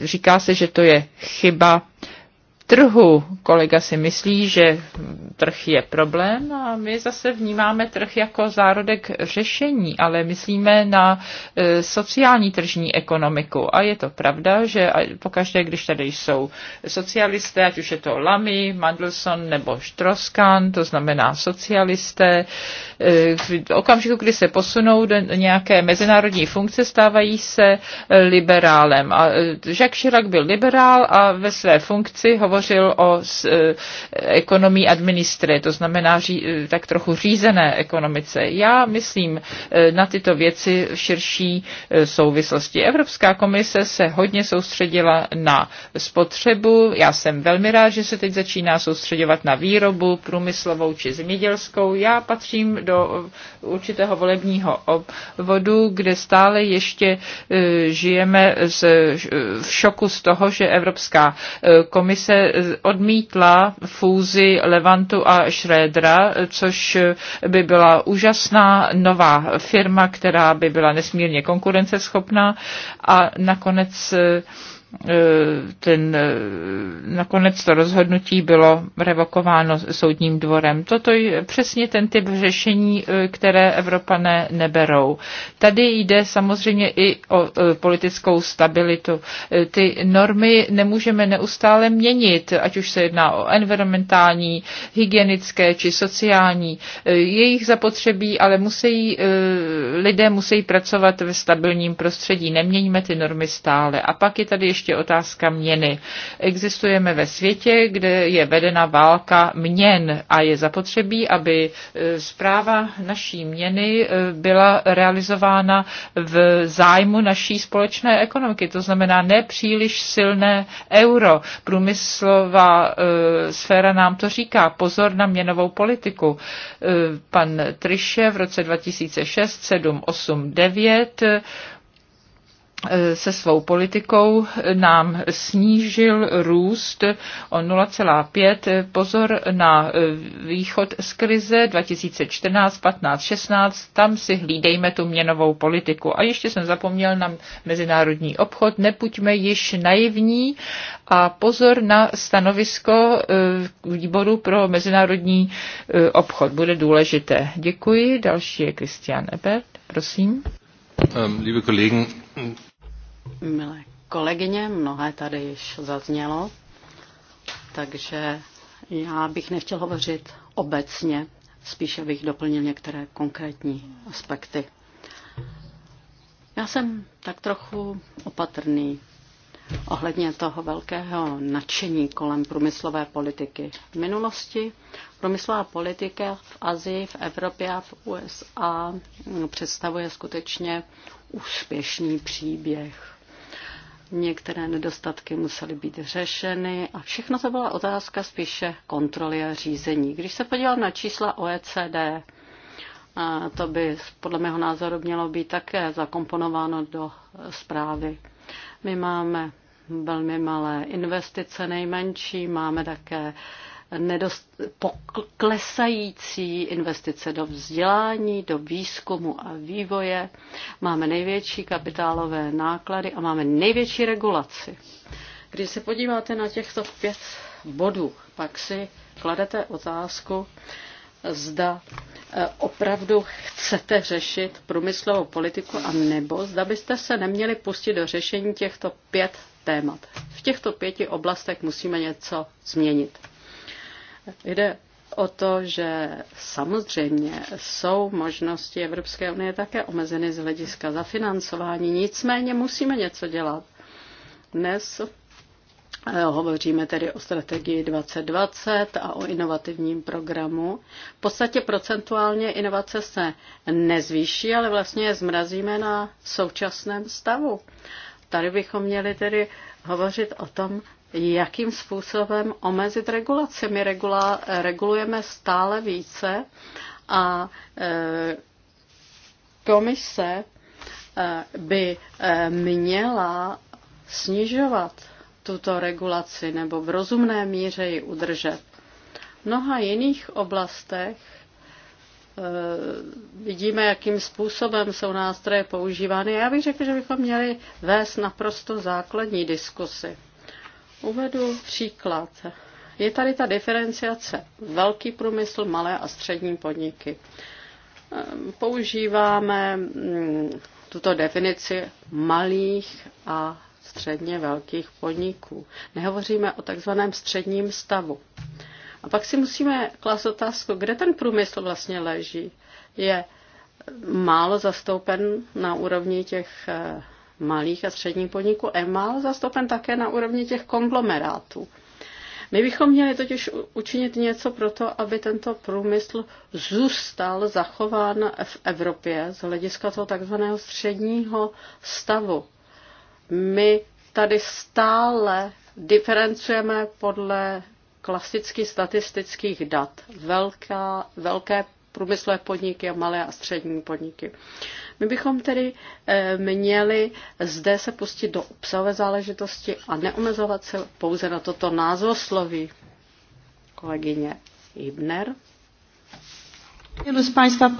Říká se, že to je chyba trhu. Kolega si myslí, že trh je problém a my zase vnímáme trh jako zárodek řešení, ale myslíme na e, sociální tržní ekonomiku. A je to pravda, že pokaždé, když tady jsou socialisté, ať už je to Lamy, Mandelson nebo Štroskan, to znamená socialisté, e, v okamžiku, kdy se posunou do nějaké mezinárodní funkce, stávají se liberálem. A e, Jacques Chirac byl liberál a ve své funkci hovořil hovořil o e, ekonomii administry, to znamená e, tak trochu řízené ekonomice. Já myslím e, na tyto věci v širší souvislosti. Evropská komise se hodně soustředila na spotřebu. Já jsem velmi rád, že se teď začíná soustředovat na výrobu průmyslovou či zemědělskou. Já patřím do určitého volebního obvodu, kde stále ještě žijeme z, v šoku z toho, že Evropská komise odmítla fúzi Levantu a Schrödera, což by byla úžasná nová firma, která by byla nesmírně konkurenceschopná a nakonec E, ten, e, nakonec to rozhodnutí bylo revokováno soudním dvorem. Toto je přesně ten typ řešení, e, které Evropané neberou. Tady jde samozřejmě i o politickou stabilitu. Ty normy nemůžeme neustále měnit, ať už se jedná o environmentální, hygienické či sociální. Jejich zapotřebí, ale musí, lidé musí pracovat ve stabilním prostředí. Neměníme ty normy stále. A pak je tady ještě ještě otázka měny. Existujeme ve světě, kde je vedena válka měn a je zapotřebí, aby e, zpráva naší měny e, byla realizována v zájmu naší společné ekonomiky. To znamená nepříliš silné euro. Průmyslová e, sféra nám to říká. Pozor na měnovou politiku. Pan Triše v roce 2006, 7, 8, 9 Eh, se svou politikou eh, nám snížil růst o 0,5. Eh, pozor na východ z krize 2014, 15, 16. Tam si hlídejme tu měnovou politiku. A ještě jsem zapomněl na mezinárodní obchod. Nepuďme již naivní a pozor na stanovisko výboru pro mezinárodní obchod. Bude důležité. Děkuji. Další je Christian Ebert. Prosím. Um, liebe Kollegen, Milé kolegyně, mnohé tady již zaznělo, takže já bych nechtěl hovořit obecně, spíše bych doplnil některé konkrétní aspekty. Já jsem tak trochu opatrný ohledně toho velkého nadšení kolem průmyslové politiky. V minulosti průmyslová politika v Azii, v Evropě a v USA představuje skutečně úspěšný příběh některé nedostatky musely být řešeny a všechno to byla otázka spíše kontroly a řízení. Když se podívám na čísla OECD, a to by podle mého názoru mělo být také zakomponováno do zprávy. My máme velmi malé investice nejmenší, máme také nedost, poklesající investice do vzdělání, do výzkumu a vývoje. Máme největší kapitálové náklady a máme největší regulaci. Když se podíváte na těchto pět bodů, pak si kladete otázku, zda eh, opravdu chcete řešit průmyslovou politiku a nebo zda byste se neměli pustit do řešení těchto pět témat. V těchto pěti oblastech musíme něco změnit. Jde o to, že samozřejmě jsou možnosti Evropské unie také omezeny z hlediska zafinancování, nicméně musíme něco dělat. Dnes eh, Hovoříme tedy o strategii 2020 a o inovativním programu. V podstatě procentuálně inovace se nezvýší, ale vlastně je zmrazíme na současném stavu. Tady bychom měli tedy hovořit o tom, jakým způsobem omezit regulaci. My regula, regulujeme stále více a e, komise e, by e, měla snižovat tuto regulaci nebo v rozumné míře ji udržet. V mnoha jiných oblastech e, vidíme, jakým způsobem jsou nástroje používány. Já bych řekl, že bychom měli vést naprosto základní diskusy. Uvedu příklad. Je tady ta diferenciace velký průmysl, malé a střední podniky. Ehm, používáme mm, tuto definici malých a středně velkých podniků. Nehovoříme o takzvaném středním stavu. A pak si musíme klást otázku, kde ten průmysl vlastně leží. Je málo zastoupen na úrovni těch eh, malých a středních podniků EMAL zastoupen také na úrovni těch konglomerátů. My bychom měli totiž učinit něco pro to, aby tento průmysl zůstal zachován v Evropě z hlediska toho takzvaného středního stavu. My tady stále diferencujeme podle klasických statistických dat. Velká, velké průmyslové podniky a malé a střední podniky. My bychom tedy eh, měli zde se pustit do obsahové záležitosti a neomezovat se pouze na toto názvosloví. Kolegyně Ibner. Wielu z Państwa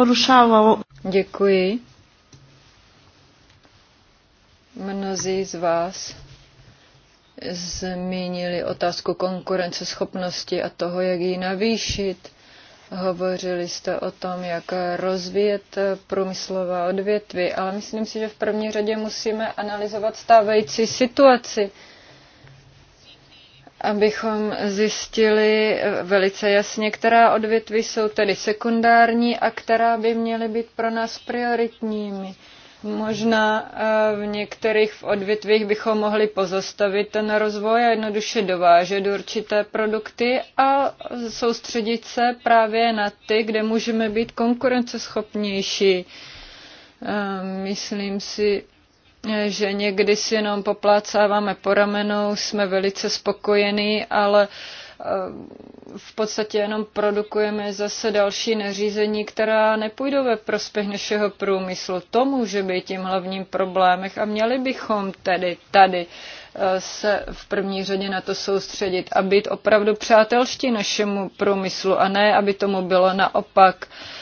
Děkuji. Mnozí z vás zmínili otázku konkurenceschopnosti a toho, jak ji navýšit. Hovořili jste o tom, jak rozvíjet průmyslová odvětví, ale myslím si, že v první řadě musíme analyzovat stávající situaci, abychom zjistili velice jasně, která odvětví jsou tedy sekundární a která by měly být pro nás prioritními. Možná eh, v některých v odvětvích bychom mohli pozastavit ten rozvoj a jednoduše dovážet určité produkty a soustředit se právě na ty, kde můžeme být konkurenceschopnější. Eh, myslím si, že někdy si jenom poplácáváme po ramenou, jsme velice spokojení, ale uh, v podstatě jenom produkujeme zase další nařízení, která nepůjdou ve prospěch našeho průmyslu. To může být tím hlavním problémech a měli bychom tedy tady eh, se v první řadě na to soustředit a být opravdu přátelští našemu průmyslu a ne, aby tomu bylo naopak. Uh,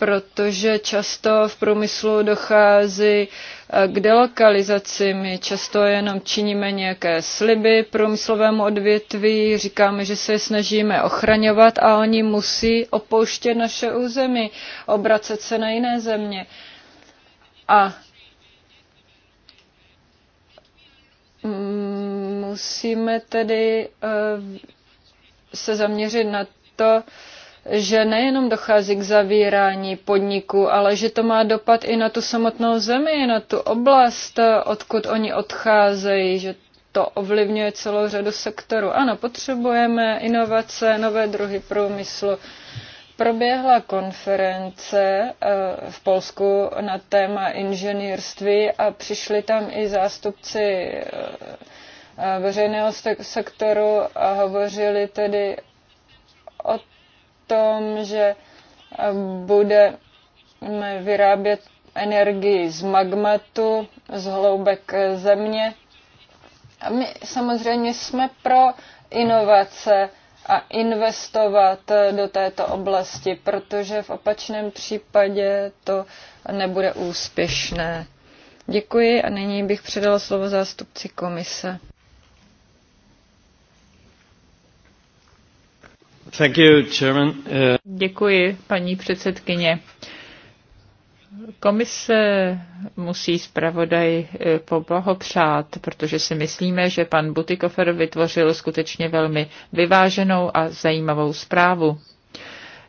protože často v průmyslu dochází eh, k delokalizaci. My často jenom činíme nějaké sliby průmyslovému odvětví, říkáme, že se snažíme ochraňovat a oni musí opouštět naše území, obracet se na jiné země. A mm, musíme tedy eh, se zaměřit na to, že nejenom dochází k zavírání podniku, ale že to má dopad i na tu samotnou zemi, na tu oblast, odkud oni odcházejí, že to ovlivňuje celou řadu sektorů. Ano, potřebujeme inovace, nové druhy průmyslu. Proběhla konference eh, v Polsku na téma inženýrství a přišli tam i zástupci eh, eh, veřejného sektoru a hovořili tedy o tom, že eh, budeme vyrábět energii z magmatu, z hloubek eh, země. A my samozřejmě jsme pro inovace a investovat eh, do této oblasti, protože v opačném případě to nebude úspěšné. Děkuji a nyní bych předala slovo zástupci komise. Thank you, Chairman. Uh, Děkuji, paní předsedkyně. Komise musí zpravodaj eh, poblahopřát, protože si myslíme, že pan Butikofer vytvořil skutečně velmi vyváženou a zajímavou zprávu.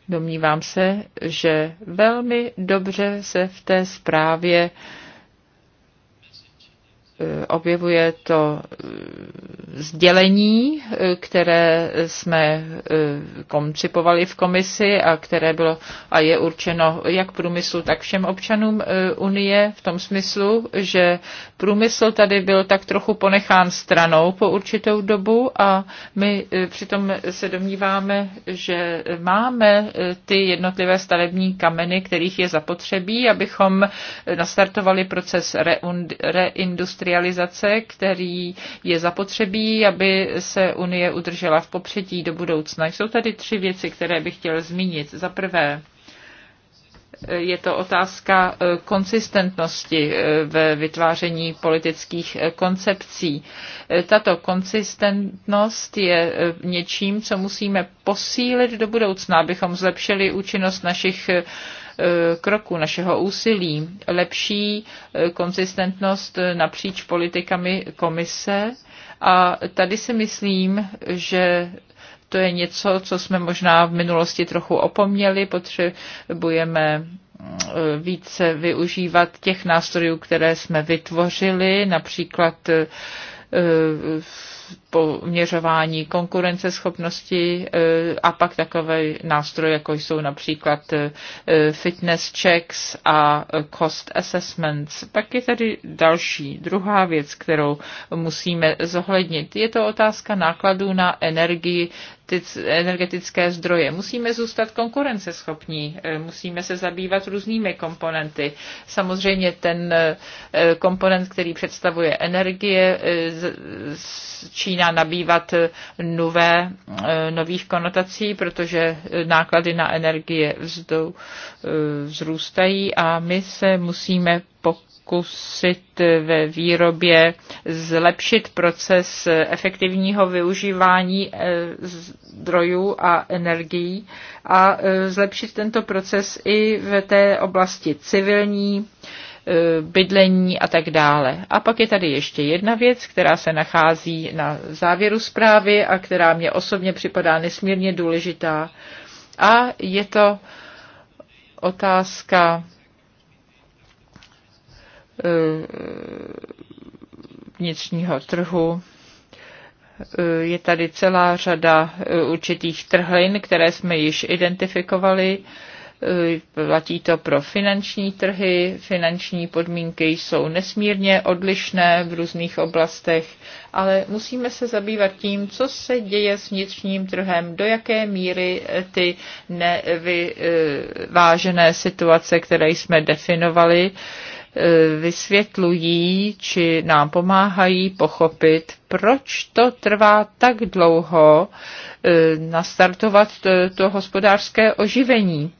Domnívám se, že velmi dobře se v té zprávě uh, Eh, objevuje to eh, sdělení, eh, které jsme koncipovali v komisi a které bylo a je určeno jak průmyslu, tak všem občanům Unie v tom smyslu, že průmysl tady byl tak trochu ponechán stranou po určitou dobu a my přitom se domníváme, že máme ty jednotlivé stavební kameny, kterých je zapotřebí, abychom nastartovali proces reindustrializace industrializace, který je zapotřebí, aby se Unie udržela v popředí do budoucna. Jsou tady tři věci, které bych chtěl zmínit. Za prvé, je to otázka e, konsistentnosti e, ve vytváření politických e, koncepcí. Tato konsistentnost je něčím, co musíme posílit do budoucna, abychom zlepšili účinnost našich Eh, kroku, našeho úsilí, lepší eh, konzistentnost eh, napříč politikami komise. A tady si myslím, že to je něco, co jsme možná v minulosti trochu opomněli, potřebujeme více využívat těch nástrojů, které jsme vytvořili, například v poměřování konkurenceschopnosti eh, a pak takové nástroje, jako jsou například eh, fitness checks a cost assessments. Pak je tady další, druhá věc, kterou musíme zohlednit. Je to otázka nákladů na energii, energetické zdroje. Musíme zůstat konkurenceschopní, eh, musíme se zabývat různými komponenty. Samozřejmě ten komponent, který představuje energie, začíná nabývat eh, nové, eh, nových konotací, protože eh, náklady na energie vzdou, vzrůstají a my se musíme pokusit ve výrobě zlepšit proces efektivního využívání zdrojů a energií a zlepšit tento proces i v té oblasti civilní, E, bydlení a tak dále. A pak je tady ještě jedna věc, která se nachází na závěru zprávy a která mě osobně připadá nesmírně důležitá. A je to otázka e, vnitřního trhu. E, je tady celá řada určitých trhlin, které jsme již identifikovali Eh, platí to pro finanční trhy, finanční podmínky jsou nesmírně odlišné v různých oblastech, ale musíme se zabývat tím, co se děje s vnitřním trhem, do jaké míry eh, ty nevyvážené situace, které jsme definovali, eh, vysvětlují či nám pomáhají pochopit, proč to trvá tak dlouho eh, nastartovat to, to hospodářské oživení.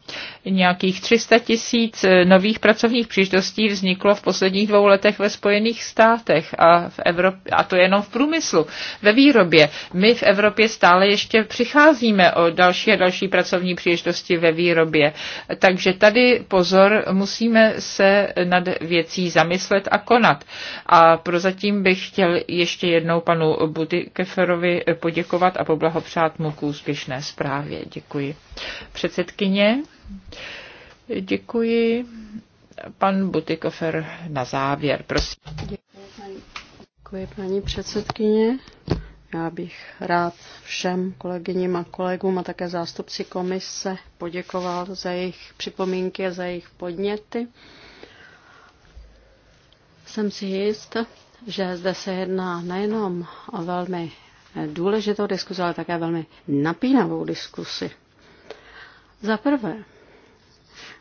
Nějakých 300 tisíc eh, nových pracovních příležitostí vzniklo v posledních dvou letech ve Spojených státech a, v Evropě, a to jenom v průmyslu, ve výrobě. My v Evropě stále ještě přicházíme o další a další pracovní příležitosti ve výrobě. Takže tady pozor, musíme se nad věcí zamyslet a konat. A prozatím bych chtěl ještě jednou panu Budikeferovi poděkovat a poblahopřát mu k úspěšné zprávě. Děkuji. Předsedkyně, děkuji. Pan Butikofer na závěr, prosím. Děkuji paní, děkuji, paní předsedkyně. Já bych rád všem kolegyním a kolegům a také zástupci komise poděkoval za jejich připomínky a za jejich podněty. Jsem si jist, že zde se jedná nejenom o velmi důležitou diskuzi, ale také velmi napínavou diskusi. Za prvé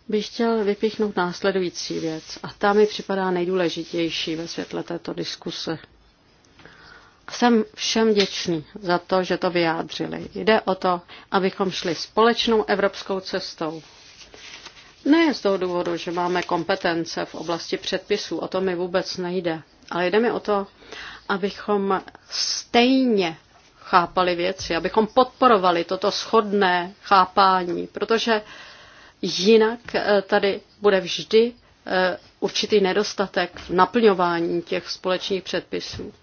bych chtěl vypíchnout následující věc a ta mi připadá nejdůležitější ve světle této diskuse. Jsem všem děčný za to, že to vyjádřili. Jde o to, abychom šli společnou evropskou cestou. Ne z toho důvodu, že máme kompetence v oblasti předpisů, o to mi vůbec nejde ale jde mi o to, abychom stejně chápali věci, abychom podporovali toto schodné chápání, protože jinak eh, tady bude vždy eh, určitý nedostatek v naplňování těch společných předpisů.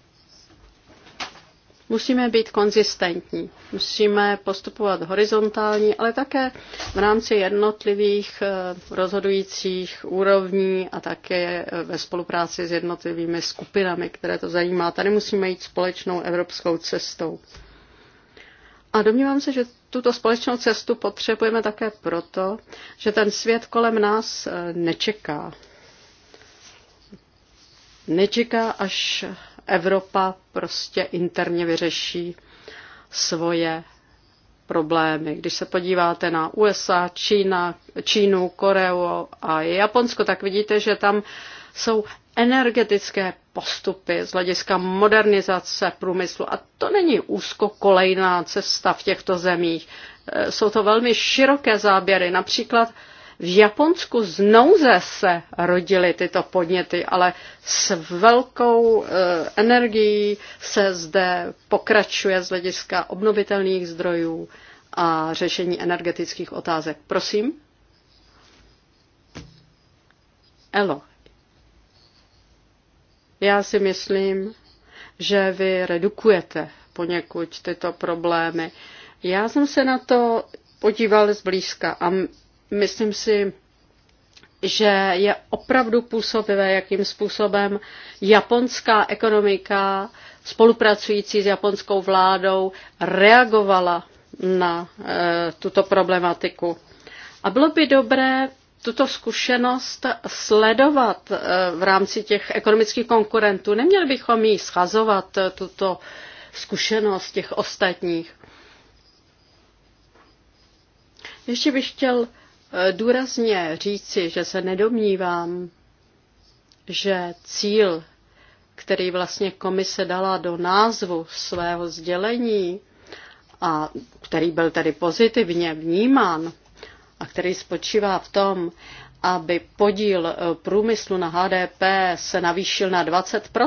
Musíme být konzistentní, musíme postupovat horizontálně, ale také v rámci jednotlivých eh, rozhodujících úrovní a také eh, ve spolupráci s jednotlivými skupinami, které to zajímá. Tady musíme jít společnou evropskou cestou. A domnívám se, že tuto společnou cestu potřebujeme také proto, že ten svět kolem nás eh, nečeká. Nečeká, až Evropa prostě interně vyřeší svoje problémy. Když se podíváte na USA, Čína, Čínu, Koreu a Japonsko, tak vidíte, že tam jsou energetické postupy z hlediska modernizace průmyslu. A to není úzkokolejná cesta v těchto zemích. E, jsou to velmi široké záběry. Například v Japonsku z nouze se rodily tyto podněty, ale s velkou eh, energií se zde pokračuje z hlediska obnovitelných zdrojů a řešení energetických otázek. Prosím. Elo. Já si myslím, že vy redukujete poněkud tyto problémy. Já jsem se na to podíval zblízka a Myslím si, že je opravdu působivé, jakým způsobem japonská ekonomika spolupracující s japonskou vládou reagovala na e, tuto problematiku. A bylo by dobré tuto zkušenost sledovat eh, v rámci těch ekonomických konkurentů. Neměli bychom jí schazovat eh, tuto zkušenost těch ostatních. Ještě bych chtěl důrazně říci, že se nedomnívám, že cíl, který vlastně komise dala do názvu svého sdělení a který byl tedy pozitivně vnímán a který spočívá v tom, aby podíl eh, průmyslu na HDP se navýšil na 20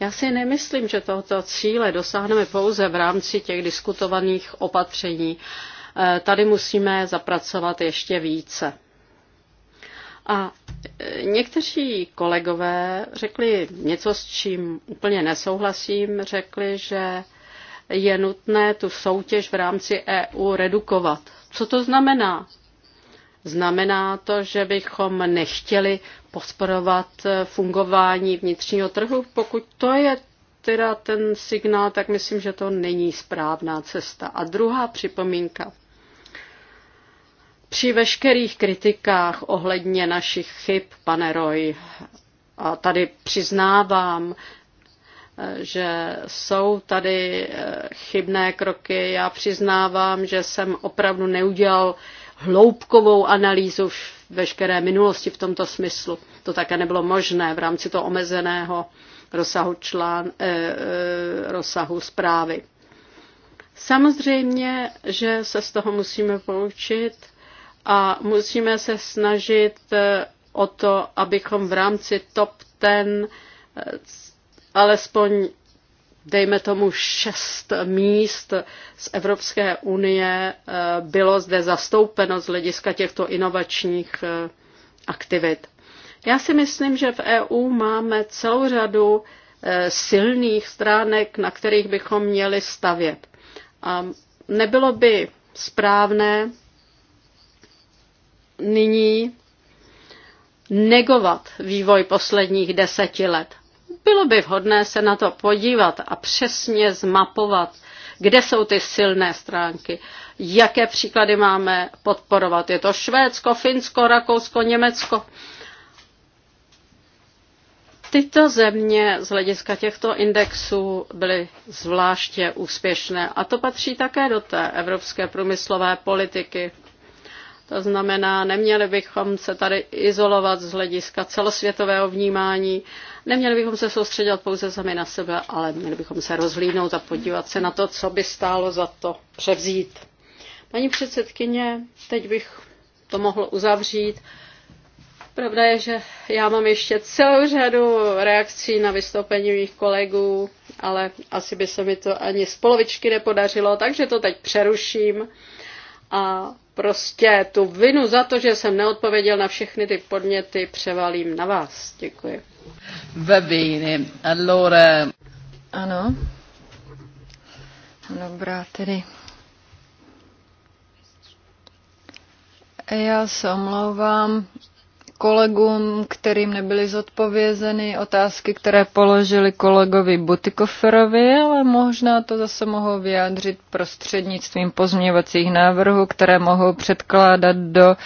Já si nemyslím, že tohoto cíle dosáhneme pouze v rámci těch diskutovaných opatření. Uh, Eh, tady musíme zapracovat ještě více. A eh, někteří kolegové řekli něco, s čím úplně nesouhlasím, řekli, že je nutné tu soutěž v rámci EU redukovat. Co to znamená? Znamená to, že bychom nechtěli podporovat eh, fungování vnitřního trhu? Pokud to je teda ten signál, tak myslím, že to není správná cesta. A druhá připomínka. Při veškerých kritikách ohledně našich chyb, pane Roy, a tady přiznávám, že jsou tady eh, chybné kroky. Já přiznávám, že jsem opravdu neudělal hloubkovou analýzu veškeré minulosti v tomto smyslu. To také nebylo možné v rámci toho omezeného rozsahu, člán, eh, eh rozsahu zprávy. Samozřejmě, že se z toho musíme poučit a musíme se snažit eh, o to, abychom v rámci top ten eh, alespoň dejme tomu šest míst z Evropské unie eh, bylo zde zastoupeno z hlediska těchto inovačních aktivit. Já si myslím, že v EU máme celou řadu silných stránek, na kterých bychom měli stavět. A nebylo by správné, nyní negovat vývoj posledních deseti let. Bylo by vhodné se na to podívat a přesně zmapovat, kde jsou ty silné stránky, jaké příklady máme podporovat. Je to Švédsko, Finsko, Rakousko, Německo. Tyto země z hlediska těchto indexů byly zvláště úspěšné a to patří také do té evropské průmyslové politiky. To znamená, neměli bychom se tady izolovat z hlediska celosvětového vnímání, neměli bychom se soustředit pouze sami na sebe, ale měli bychom se rozhlídnout a podívat se na to, co by stálo za to převzít. Paní předsedkyně, teď bych to mohl uzavřít. Pravda je, že já mám ještě celou řadu reakcí na vystoupení mých kolegů, ale asi by se mi to ani z polovičky nepodařilo, takže to teď přeruším a prostě tu vinu za to, že jsem neodpověděl na všechny ty podněty, převalím na vás. Děkuji. Va bene, allora... Ano. Dobrá, tedy. Já se omlouvám, kolegům, kterým nebyly zodpovězeny otázky, které položili kolegovi Butikoferovi, ale možná to zase mohou vyjádřit prostřednictvím pozměvacích návrhů, které mohou předkládat do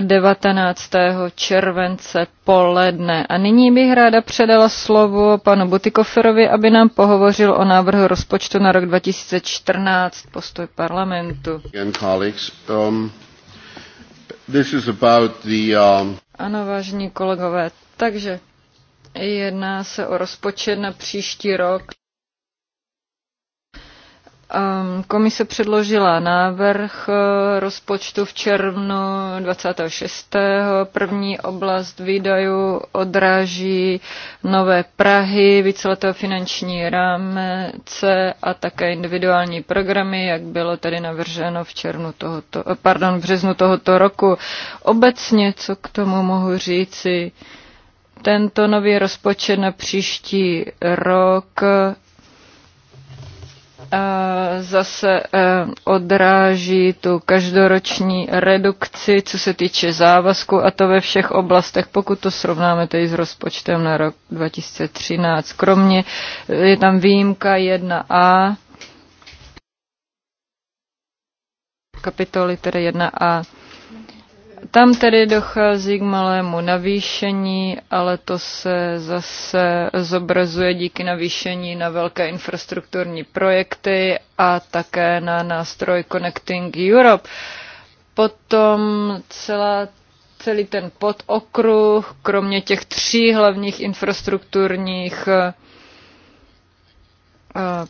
19. Eh, července poledne. A nyní bych ráda předala slovo panu Butikoferovi, aby nám pohovořil o návrhu rozpočtu na rok 2014, postoj parlamentu. Again, This is about the, um... Ano, vážení kolegové, takže jedná se o rozpočet na příští rok. Ehm, komise předložila návrh eh, rozpočtu v červnu 26. První oblast výdajů odráží nové Prahy, víceletého finanční rámce a také individuální programy, jak bylo tady navrženo v červnu tohoto, eh, pardon, v březnu tohoto roku. Obecně, co k tomu mohu říci, tento nový rozpočet na příští rok zase e, odráží tu každoroční redukci, co se týče závazku a to ve všech oblastech, pokud to srovnáme tedy s rozpočtem na rok 2013. Kromě e, je tam výjimka 1a, kapitoly tedy 1a. Tam tedy dochází k malému navýšení, ale to se zase zobrazuje díky navýšení na velké infrastrukturní projekty a také na nástroj Connecting Europe. Potom celá celý ten podokruh, kromě těch tří hlavních infrastrukturních eh,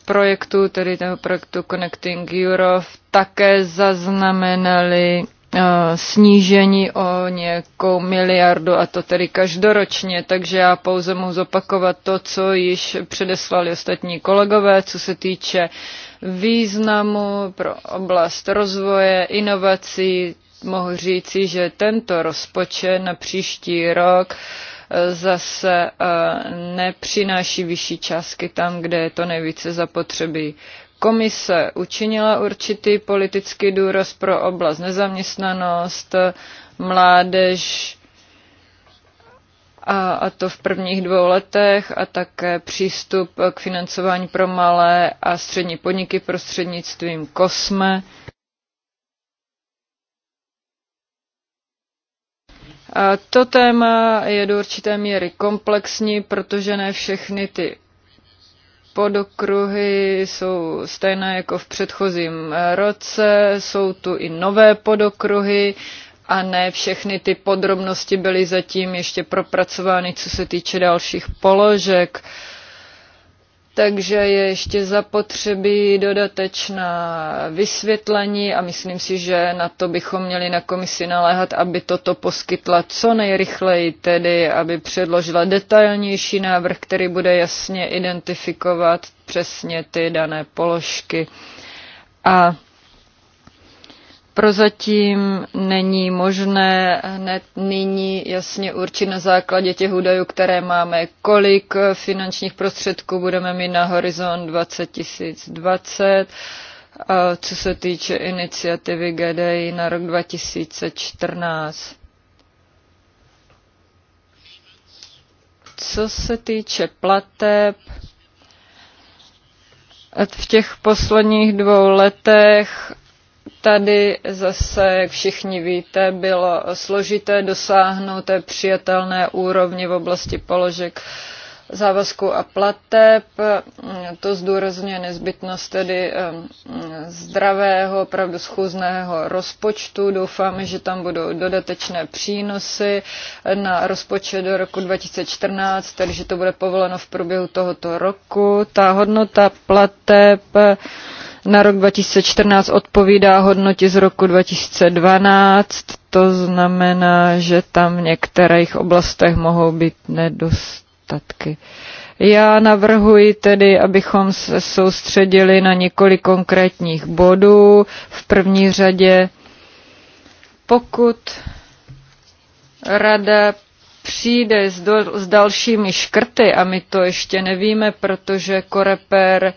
projektů, tedy toho projektu Connecting Europe, také zaznamenali Eh, snížení o nějakou miliardu a to tedy každoročně, takže já pouze mohu zopakovat to, co již předeslali ostatní kolegové, co se týče významu pro oblast rozvoje, inovací. Mohu říci, že tento rozpočet na příští rok eh, zase eh, nepřináší vyšší částky tam, kde je to nejvíce zapotřebí komise učinila určitý politický důraz pro oblast nezaměstnanost, mládež, a, a to v prvních dvou letech a také přístup k financování pro malé a střední podniky prostřednictvím COSME. A to téma je do určité míry komplexní, protože ne všechny ty podokruhy jsou stejné jako v předchozím roce, jsou tu i nové podokruhy a ne všechny ty podrobnosti byly zatím ještě propracovány, co se týče dalších položek. Uh, takže je ještě zapotřebí dodatečná vysvětlení a myslím si, že na to bychom měli na komisi naléhat, aby toto poskytla co nejrychleji, tedy aby předložila detailnější návrh, který bude jasně identifikovat přesně ty dané položky. A Prozatím není možné hned nyní jasně určit na základě těch údajů, které máme, kolik finančních prostředků budeme mít na horizont 2020, co se týče iniciativy GDI na rok 2014. Co se týče plateb, v těch posledních dvou letech Tady zase, jak všichni víte, bylo složité dosáhnout té přijatelné úrovni v oblasti položek závazku a plateb. To zdůrazňuje nezbytnost tedy zdravého, opravdu schůzného rozpočtu. Doufáme, že tam budou dodatečné přínosy na rozpočet do roku 2014, tedy že to bude povoleno v průběhu tohoto roku. Ta hodnota plateb na rok 2014 odpovídá hodnotě z roku 2012. To znamená, že tam v některých oblastech mohou být nedostatky. Já navrhuji tedy, abychom se soustředili na několik konkrétních bodů. V první řadě, pokud rada přijde s, do, s dalšími škrty, a my to ještě nevíme, protože Koreper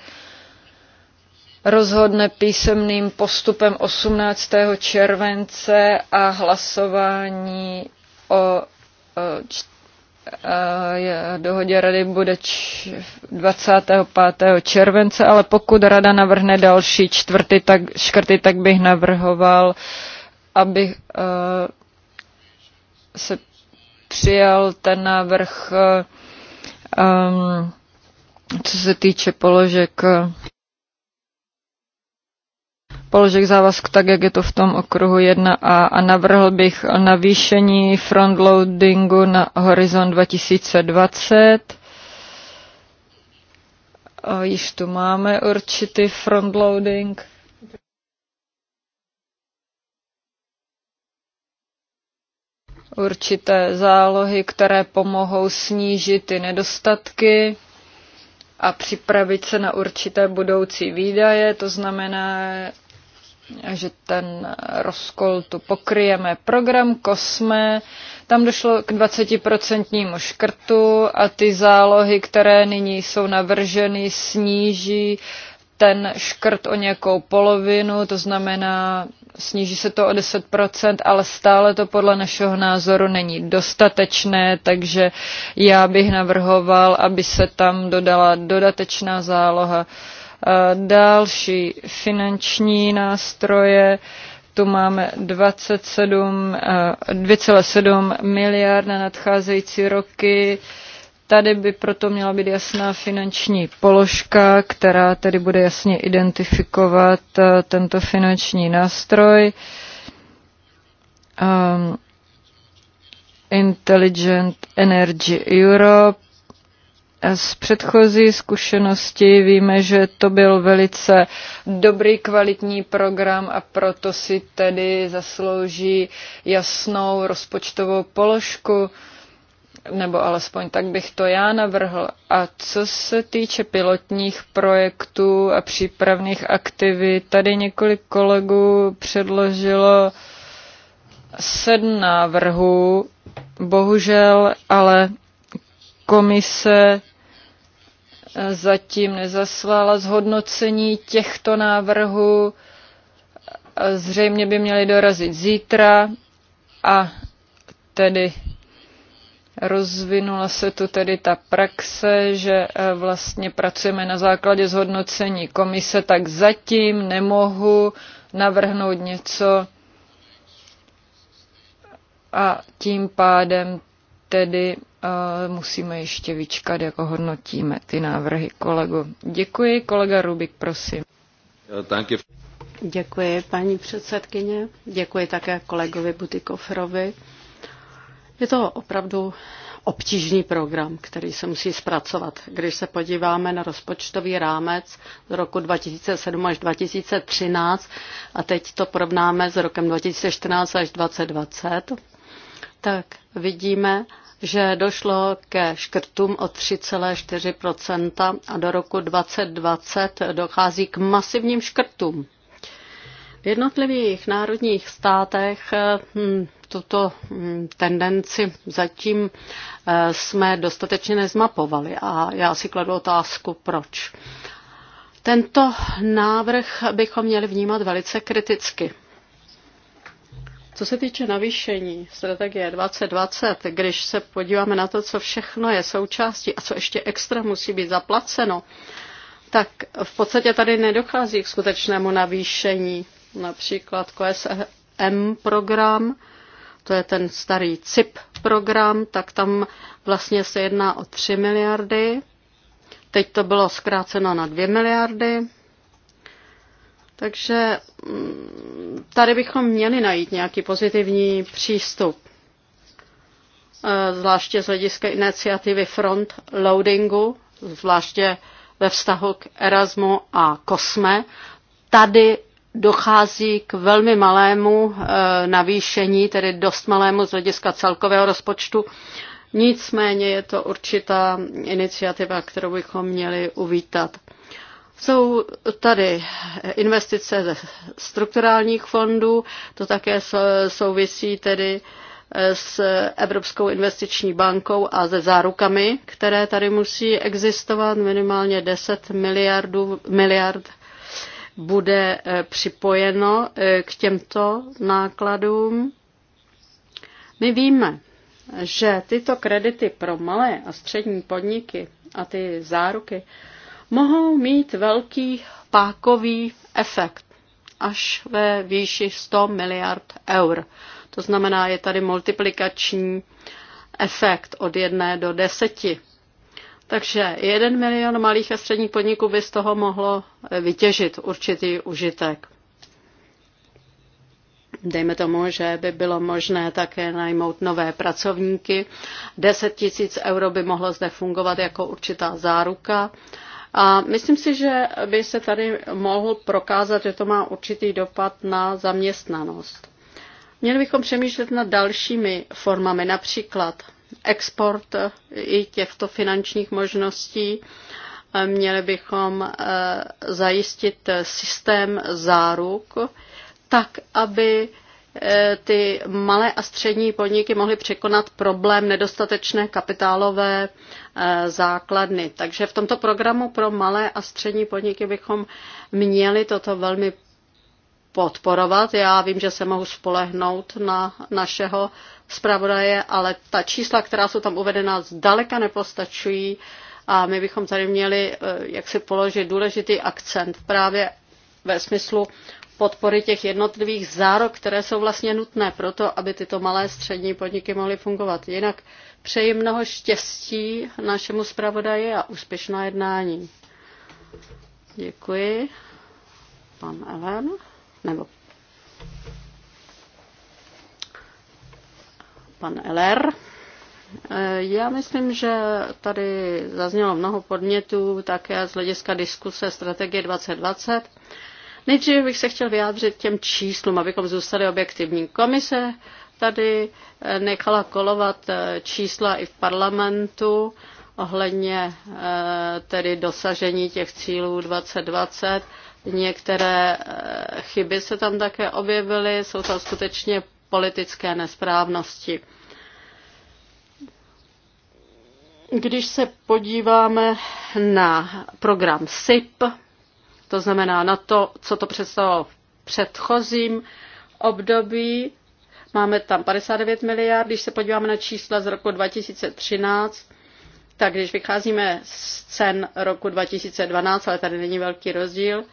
rozhodne písemným postupem 18. července a hlasování o, dohodě rady bude 25. července, ale pokud rada navrhne další čtvrty, tak, škrty, tak bych navrhoval, aby e, se přijal ten návrh, e, co se týče položek. E, položek závazku tak, jak je to v tom okruhu 1a a navrhl bych navýšení frontloadingu na horizont 2020. A již tu máme určitý frontloading. Určité zálohy, které pomohou snížit ty nedostatky a připravit se na určité budoucí výdaje, to znamená že ten rozkol tu pokryjeme. Program Kosme, tam došlo k 20% škrtu a ty zálohy, které nyní jsou navrženy, sníží ten škrt o nějakou polovinu, to znamená, sníží se to o 10%, ale stále to podle našeho názoru není dostatečné, takže já bych navrhoval, aby se tam dodala dodatečná záloha Další finanční nástroje, tu máme 27, 2,7 miliard na nadcházející roky. Tady by proto měla být jasná finanční položka, která tedy bude jasně identifikovat tento finanční nástroj. Intelligent Energy Europe z předchozí zkušenosti víme, že to byl velice dobrý kvalitní program a proto si tedy zaslouží jasnou rozpočtovou položku, nebo alespoň tak bych to já navrhl. A co se týče pilotních projektů a přípravných aktivit, tady několik kolegů předložilo sedm návrhů, bohužel ale komise zatím nezaslala zhodnocení těchto návrhů. Zřejmě by měly dorazit zítra a tedy rozvinula se tu tedy ta praxe, že e, vlastně pracujeme na základě zhodnocení komise, tak zatím nemohu navrhnout něco a tím pádem tedy uh, musíme ještě vyčkat, jako hodnotíme ty návrhy kolego. Děkuji, kolega Rubik, prosím. Děkuji, paní předsedkyně. Děkuji také kolegovi Butikoferovi. Je to opravdu obtížný program, který se musí zpracovat. Když se podíváme na rozpočtový rámec z roku 2007 až 2013 a teď to porovnáme s rokem 2014 až 2020, tak vidíme, že došlo ke škrtům o 3,4 a do roku 2020 dochází k masivním škrtům. V jednotlivých národních státech hm, tuto hm, tendenci zatím eh, jsme dostatečně nezmapovali a já si kladu otázku, proč. Tento návrh bychom měli vnímat velice kriticky. Co se týče navýšení strategie 2020, když se podíváme na to, co všechno je součástí a co ještě extra musí být zaplaceno, tak v podstatě tady nedochází k skutečnému navýšení. Například KSM program, to je ten starý CIP program, tak tam vlastně se jedná o 3 miliardy. Teď to bylo zkráceno na 2 miliardy. Takže mm, tady bychom měli najít nějaký pozitivní přístup, e, zvláště z hlediska iniciativy front loadingu, zvláště ve vztahu k Erasmu a Kosme. Tady dochází k velmi malému e, navýšení, tedy dost malému z hlediska celkového rozpočtu. Nicméně je to určitá iniciativa, kterou bychom měli uvítat. Jsou tady investice ze strukturálních fondů, to také souvisí tedy eh, s Evropskou investiční bankou a se zárukami, které tady musí existovat. Minimálně 10 miliardů, miliard bude eh, připojeno eh, k těmto nákladům. My víme, že tyto kredity pro malé a střední podniky a ty záruky mohou mít velký pákový efekt až ve výši 100 miliard eur. To znamená, je tady multiplikační efekt od jedné do deseti. Takže jeden milion malých a středních podniků by z toho mohlo vytěžit určitý užitek. Dejme tomu, že by bylo možné také najmout nové pracovníky. 10 tisíc euro by mohlo zde fungovat jako určitá záruka a myslím si, že by se tady mohl prokázat, že to má určitý dopad na zaměstnanost. Měli bychom přemýšlet nad dalšími formami, například export i těchto finančních možností. Měli bychom eh, zajistit systém záruk, tak aby Eh, ty malé a střední podniky mohly překonat problém nedostatečné kapitálové eh, základny. Takže v tomto programu pro malé a střední podniky bychom měli toto velmi podporovat. Já vím, že se mohu spolehnout na našeho zpravodaje, ale ta čísla, která jsou tam uvedena, zdaleka nepostačují a my bychom tady měli eh, jak si položit důležitý akcent právě ve smyslu podpory těch jednotlivých zárok, které jsou vlastně nutné pro to, aby tyto malé střední podniky mohly fungovat. Jinak přeji mnoho štěstí našemu zpravodaji a úspěšná jednání. Děkuji. Pan Ellen. Nebo pan Eller. Eh, já myslím, že tady zaznělo mnoho podnětů také z hlediska diskuse strategie 2020. Nejdříve bych se chtěl vyjádřit těm číslům, abychom zůstali objektivní. Komise tady eh, nechala kolovat eh, čísla i v parlamentu ohledně eh, tedy dosažení těch cílů 2020. Některé chyby se tam také objevily, jsou tam skutečně politické nesprávnosti. Když se podíváme na program SIP, to znamená na to, co to představovalo v předchozím období. Máme tam 59 miliard, když se podíváme na čísla z roku 2013, tak když vycházíme z cen roku 2012, ale tady není velký rozdíl,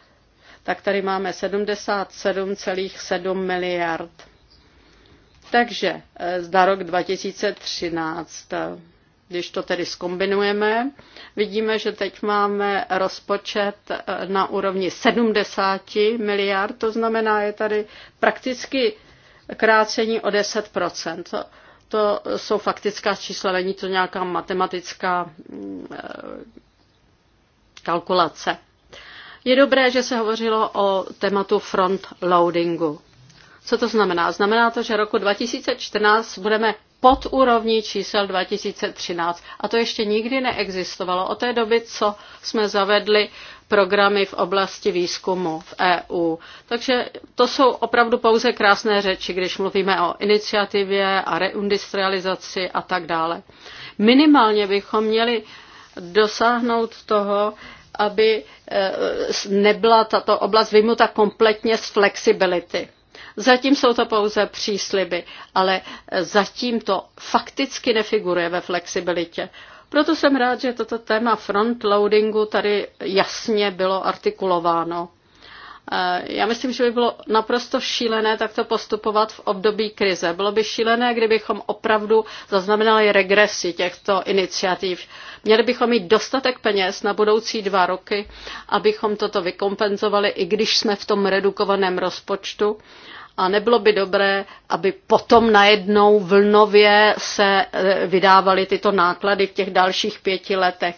tak tady máme 77,7 miliard. Takže eh, za rok 2013 když to tedy skombinujeme, vidíme, že teď máme rozpočet eh, na úrovni 70 miliard, to znamená, je tady prakticky krácení o 10 To jsou faktická čísla, není to nějaká matematická eh, kalkulace. Je dobré, že se hovořilo o tématu front loadingu. Co to znamená? Znamená to, že roku 2014 budeme pod úrovní čísel 2013. A to ještě nikdy neexistovalo. Od té doby, co jsme zavedli programy v oblasti výzkumu v EU. Takže to jsou opravdu pouze krásné řeči, když mluvíme o iniciativě a reindustrializaci a tak dále. Minimálně bychom měli dosáhnout toho, aby eh, nebyla tato oblast vymuta kompletně z flexibility. Zatím jsou to pouze přísliby, ale zatím to fakticky nefiguruje ve flexibilitě. Proto jsem rád, že toto téma frontloadingu tady jasně bylo artikulováno. Eh, já myslím, že by bylo naprosto šílené takto postupovat v období krize. Bylo by šílené, kdybychom opravdu zaznamenali regresi těchto iniciativ. Měli bychom mít dostatek peněz na budoucí dva roky, abychom toto vykompenzovali, i když jsme v tom redukovaném rozpočtu a nebylo by dobré, aby potom najednou vlnově se e, vydávaly tyto náklady v těch dalších pěti letech.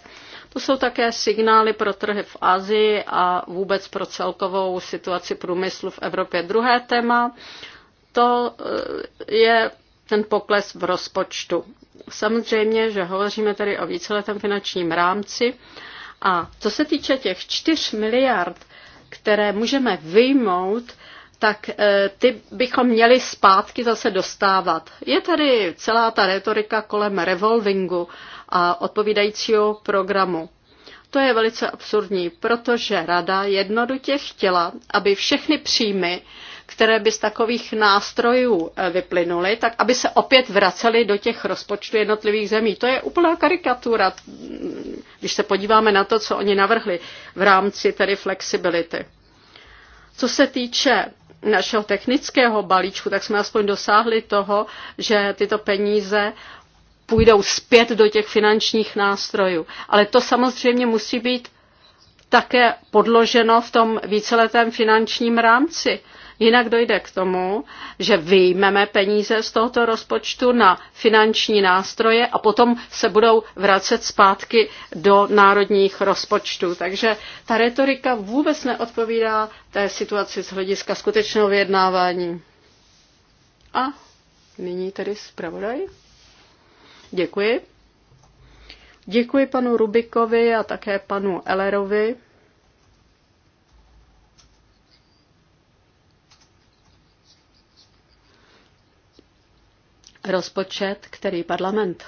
To jsou také signály pro trhy v Asii a vůbec pro celkovou situaci průmyslu v Evropě. Druhé téma, to e, je ten pokles v rozpočtu. Samozřejmě, že hovoříme tady o víceletém finančním rámci a co se týče těch 4 miliard, které můžeme vyjmout, tak eh, ty bychom měli zpátky zase dostávat. Je tady celá ta retorika kolem revolvingu a odpovídajícího programu. To je velice absurdní, protože rada jednoduše chtěla, aby všechny příjmy, které by z takových nástrojů eh, vyplynuly, tak aby se opět vracely do těch rozpočtů jednotlivých zemí. To je úplná karikatura, mm, když se podíváme na to, co oni navrhli v rámci tedy flexibility. Co se týče našeho technického balíčku, tak jsme aspoň dosáhli toho, že tyto peníze půjdou zpět do těch finančních nástrojů. Ale to samozřejmě musí být také podloženo v tom víceletém finančním rámci. Jinak dojde k tomu, že vyjmeme peníze z tohoto rozpočtu na finanční nástroje a potom se budou vracet zpátky do národních rozpočtů. Takže ta retorika vůbec neodpovídá té situaci z hlediska skutečného vyjednávání. A nyní tedy zpravodaj. Děkuji. Děkuji panu Rubikovi a také panu Ellerovi Rozpočet, který parlament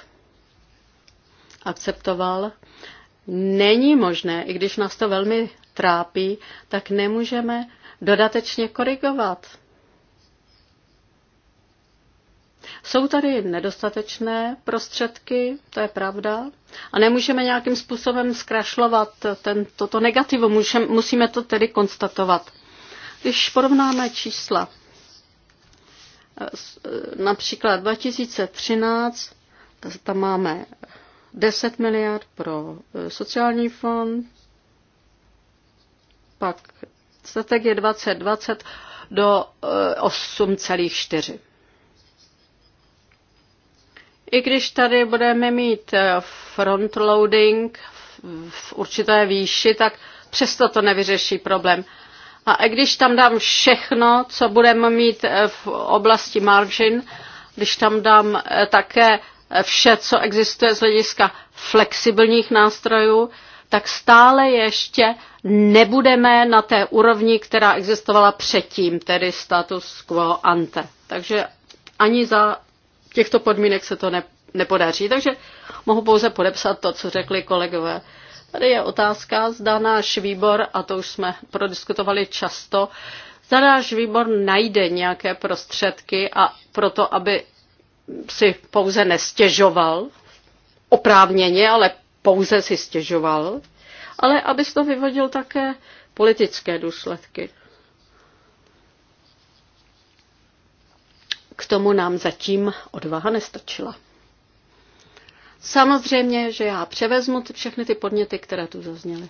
akceptoval, není možné, i když nás to velmi trápí, tak nemůžeme dodatečně korigovat. Jsou tady nedostatečné prostředky, to je pravda, a nemůžeme nějakým způsobem zkrašlovat ten, toto negativo, musíme to tedy konstatovat. Když porovnáme čísla Například 2013, tam máme 10 miliard pro eh, sociální fond, pak strategie 2020 do 8,4. Eh, I když tady budeme mít eh, frontloading v určité výši, tak přesto to nevyřeší problém. A i když tam dám všechno, co budeme mít eh, v oblasti margin, když tam dám eh, také eh, vše, co existuje z hlediska flexibilních nástrojů, tak stále ještě nebudeme na té úrovni, která existovala předtím, tedy status quo ante. Takže ani za těchto podmínek se to ne, nepodaří. Takže mohu pouze podepsat to, co řekli kolegové. Tady je otázka, zda náš výbor, a to už jsme prodiskutovali často, zda náš výbor najde nějaké prostředky a proto, aby si pouze nestěžoval oprávněně, ale pouze si stěžoval, ale aby to vyvodil také politické důsledky. K tomu nám zatím odvaha nestačila. Samozřejmě, že já převezmu všechny ty podněty, které tu zazněly.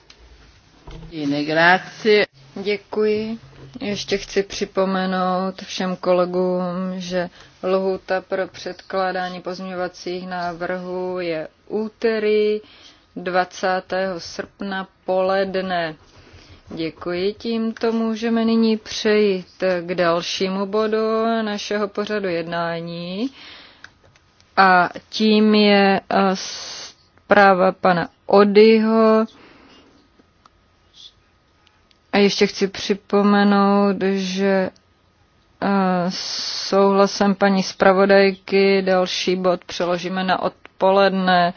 Děkuji. Ještě chci připomenout všem kolegům, že lhůta pro předkládání pozměňovacích návrhů je úterý 20. srpna poledne. Děkuji, tímto můžeme nyní přejít k dalšímu bodu našeho pořadu jednání a tím je e, zpráva pana Odyho. A ještě chci připomenout, že e, souhlasem paní zpravodajky další bod přeložíme na odpoledne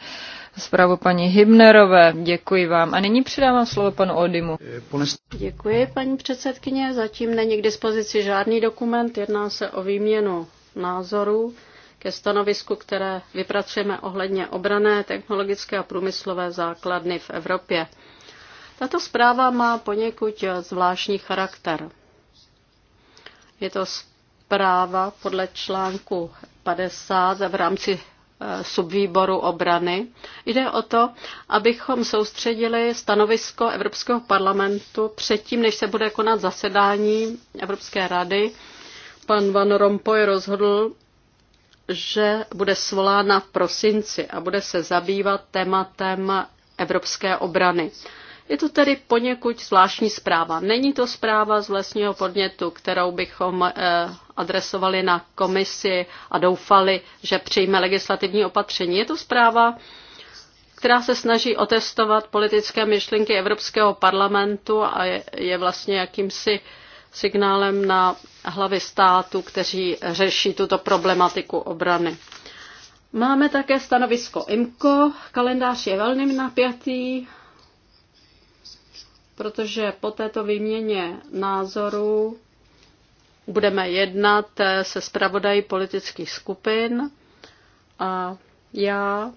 zprávu paní Hybnerové. Děkuji vám. A nyní předávám slovo panu Odimu. Děkuji, paní předsedkyně. Zatím není k dispozici žádný dokument. Jedná se o výměnu názorů ke stanovisku, které vypracujeme ohledně obrané technologické a průmyslové základny v Evropě. Tato zpráva má poněkud zvláštní charakter. Je to zpráva podle článku 50 v rámci eh, subvýboru obrany. Jde o to, abychom soustředili stanovisko Evropského parlamentu předtím, než se bude konat zasedání Evropské rady. Pan Van Rompuy rozhodl, že bude svolána v prosinci a bude se zabývat tématem evropské obrany. Je to tedy poněkud zvláštní zpráva. Není to zpráva z vlastního podnětu, kterou bychom eh, adresovali na komisi a doufali, že přijme legislativní opatření. Je to zpráva, která se snaží otestovat politické myšlenky Evropského parlamentu a je, je vlastně jakýmsi signálem na hlavy státu, kteří řeší tuto problematiku obrany. Máme také stanovisko IMCO. Kalendář je velmi napjatý, protože po této výměně názorů budeme jednat se zpravodají politických skupin a já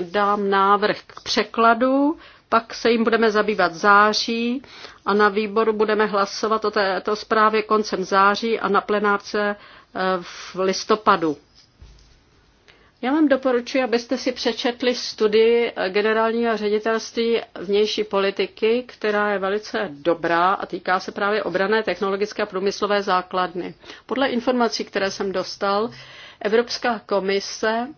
dám návrh k překladu pak se jim budeme zabývat v září a na výboru budeme hlasovat o této zprávě koncem září a na plenárce eh, v listopadu. Já vám doporučuji, abyste si přečetli studii generálního ředitelství vnější politiky, která je velice dobrá a týká se právě obrané technologické a průmyslové základny. Podle informací, které jsem dostal, Evropská komise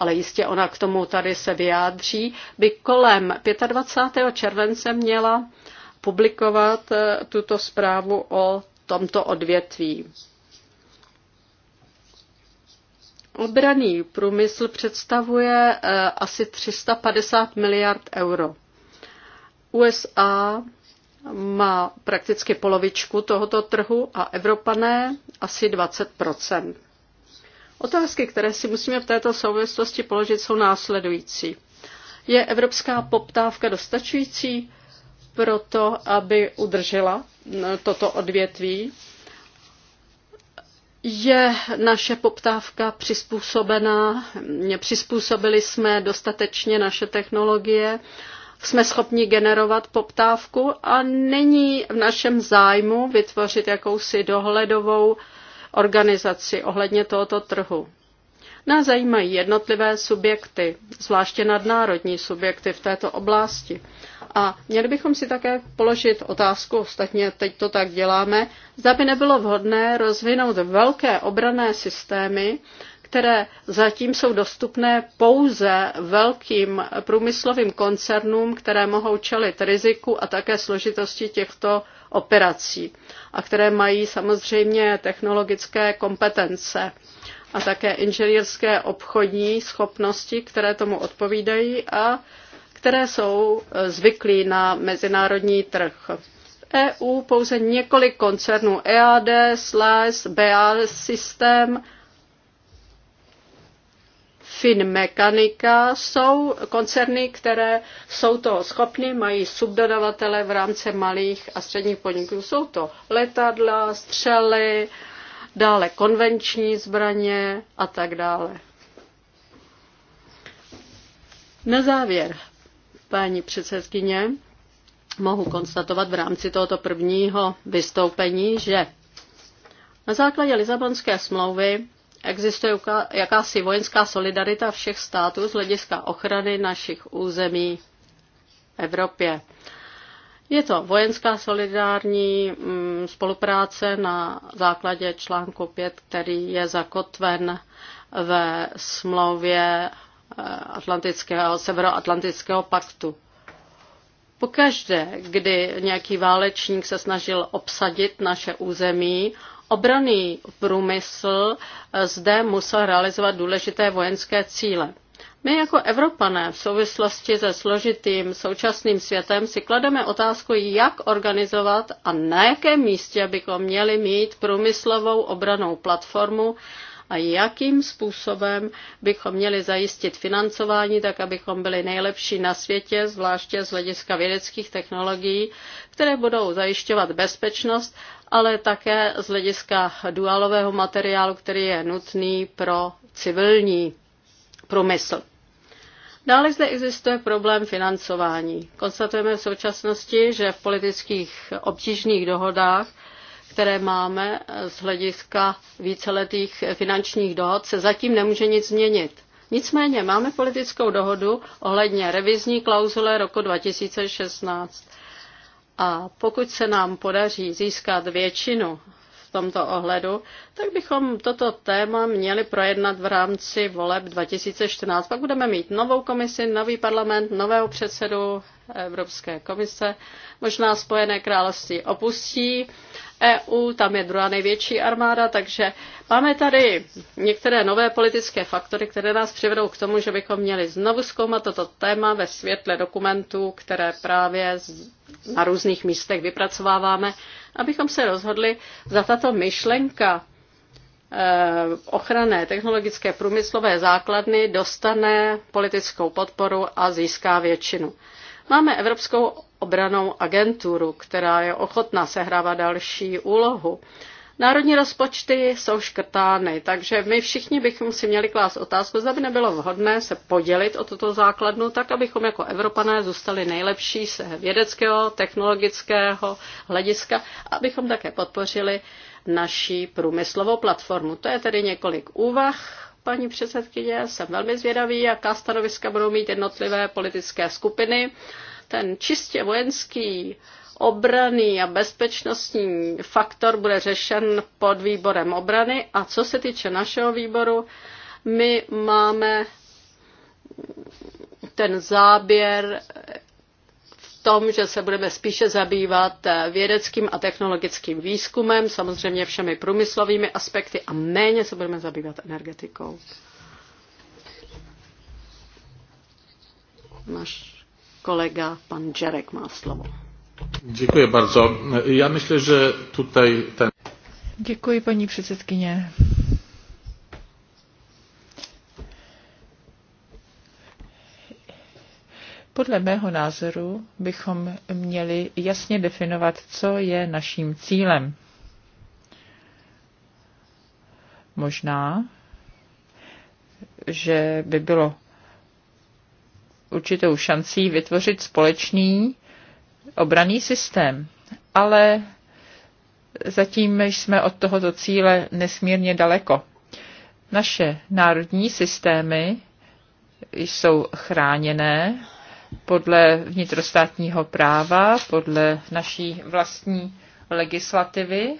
ale jistě ona k tomu tady se vyjádří, by kolem 25. července měla publikovat eh, tuto zprávu o tomto odvětví. Obraný průmysl představuje eh, asi 350 miliard euro. USA má prakticky polovičku tohoto trhu a Evropané asi 20 Otázky, které si musíme v této souvislosti položit, jsou následující. Je evropská poptávka dostačující pro to, aby udržela no, toto odvětví? Je naše poptávka přizpůsobená? Přizpůsobili jsme dostatečně naše technologie? Jsme schopni generovat poptávku a není v našem zájmu vytvořit jakousi dohledovou organizaci ohledně tohoto trhu. Nás zajímají jednotlivé subjekty, zvláště nadnárodní subjekty v této oblasti. A měli bychom si také položit otázku, ostatně teď to tak děláme, zda by nebylo vhodné rozvinout velké obrané systémy, které zatím jsou dostupné pouze velkým průmyslovým koncernům, které mohou čelit riziku a také složitosti těchto operací a které mají samozřejmě technologické kompetence a také inženýrské obchodní schopnosti, které tomu odpovídají a které jsou eh, zvyklí na mezinárodní trh. V e EU pouze několik koncernů EAD, SLAS, BAL System. Finmechanika jsou koncerny, které jsou to schopny, mají subdodavatele v rámci malých a středních podniků. Jsou to letadla, střely, dále konvenční zbraně a tak dále. Na závěr, paní předsedkyně, mohu konstatovat v rámci tohoto prvního vystoupení, že na základě Lisabonské smlouvy existuje jakási vojenská solidarita všech států z hlediska ochrany našich území v Evropě. Je to vojenská solidární mm, spolupráce na základě článku 5, který je zakotven ve smlouvě eh, Atlantického, Severoatlantického paktu. Pokaždé, kdy nějaký válečník se snažil obsadit naše území, Obraný průmysl eh, zde musel realizovat důležité vojenské cíle. My jako Evropané v souvislosti se složitým současným světem si klademe otázku, jak organizovat a na jakém místě bychom měli mít průmyslovou obranou platformu a jakým způsobem bychom měli zajistit financování, tak abychom byli nejlepší na světě, zvláště z hlediska vědeckých technologií, které budou zajišťovat bezpečnost, ale také z hlediska dualového materiálu, který je nutný pro civilní průmysl. Dále zde existuje problém financování. Konstatujeme v současnosti, že v politických obtížných dohodách které máme eh, z hlediska víceletých finančních dohod, se zatím nemůže nic změnit. Nicméně máme politickou dohodu ohledně revizní klauzule roku 2016. A pokud se nám podaří získat většinu tomto ohledu, tak bychom toto téma měli projednat v rámci voleb 2014. Pak budeme mít novou komisi, nový parlament, nového předsedu Evropské komise. Možná Spojené království opustí EU, tam je druhá největší armáda, takže máme tady některé nové politické faktory, které nás přivedou k tomu, že bychom měli znovu zkoumat toto téma ve světle dokumentů, které právě na různých místech vypracováváme abychom se rozhodli za tato myšlenka eh, ochranné technologické průmyslové základny dostane politickou podporu a získá většinu. Máme Evropskou obranou agenturu, která je ochotná sehrávat další úlohu. Národní rozpočty jsou škrtány, takže my všichni bychom si měli klást otázku, zda by nebylo vhodné se podělit o tuto základnu, tak abychom jako Evropané zůstali nejlepší z vědeckého, technologického hlediska, abychom také podpořili naší průmyslovou platformu. To je tedy několik úvah paní předsedkyně. Jsem velmi zvědavý, jaká stanoviska budou mít jednotlivé politické skupiny. Ten čistě vojenský obraný a bezpečnostní faktor bude řešen pod výborem obrany a co se týče našeho výboru, my máme ten záběr v tom, že se budeme spíše zabývat vědeckým a technologickým výzkumem, samozřejmě všemi průmyslovými aspekty a méně se budeme zabývat energetikou. Náš kolega pan Džerek má slovo. Děkuji paní předsedkyně. Podle mého názoru bychom měli jasně definovat, co je naším cílem. Možná, že by bylo určitou šancí vytvořit společný obraný systém, ale zatím jsme od tohoto cíle nesmírně daleko. Naše národní systémy jsou chráněné podle vnitrostátního práva, podle naší vlastní legislativy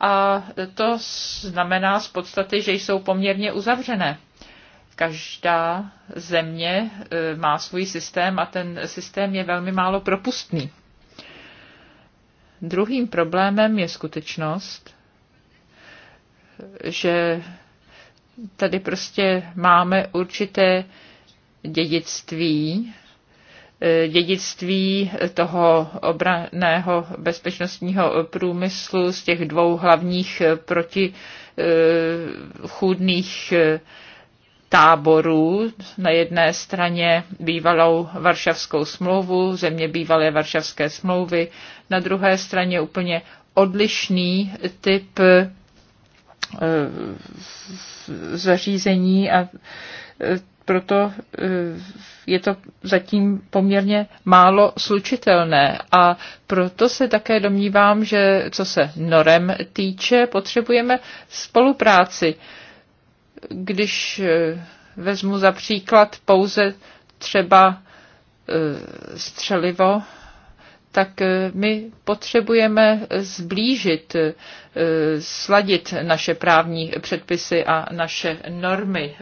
a to znamená z podstaty, že jsou poměrně uzavřené. Každá země e, má svůj systém a ten systém je velmi málo propustný. Druhým problémem je skutečnost, že tady prostě máme určité dědictví, e, dědictví toho obraného bezpečnostního průmyslu z těch dvou hlavních e, protichůdných táborů. Na jedné straně bývalou Varšavskou smlouvu, země bývalé Varšavské smlouvy, na druhé straně úplně odlišný typ eh, zařízení a eh, proto eh, je to zatím poměrně málo slučitelné a proto se také domnívám, že co se norem týče, potřebujeme spolupráci když eh, vezmu za příklad pouze třeba eh, střelivo, tak eh, my potřebujeme zblížit, sladit naše právní předpisy a naše normy.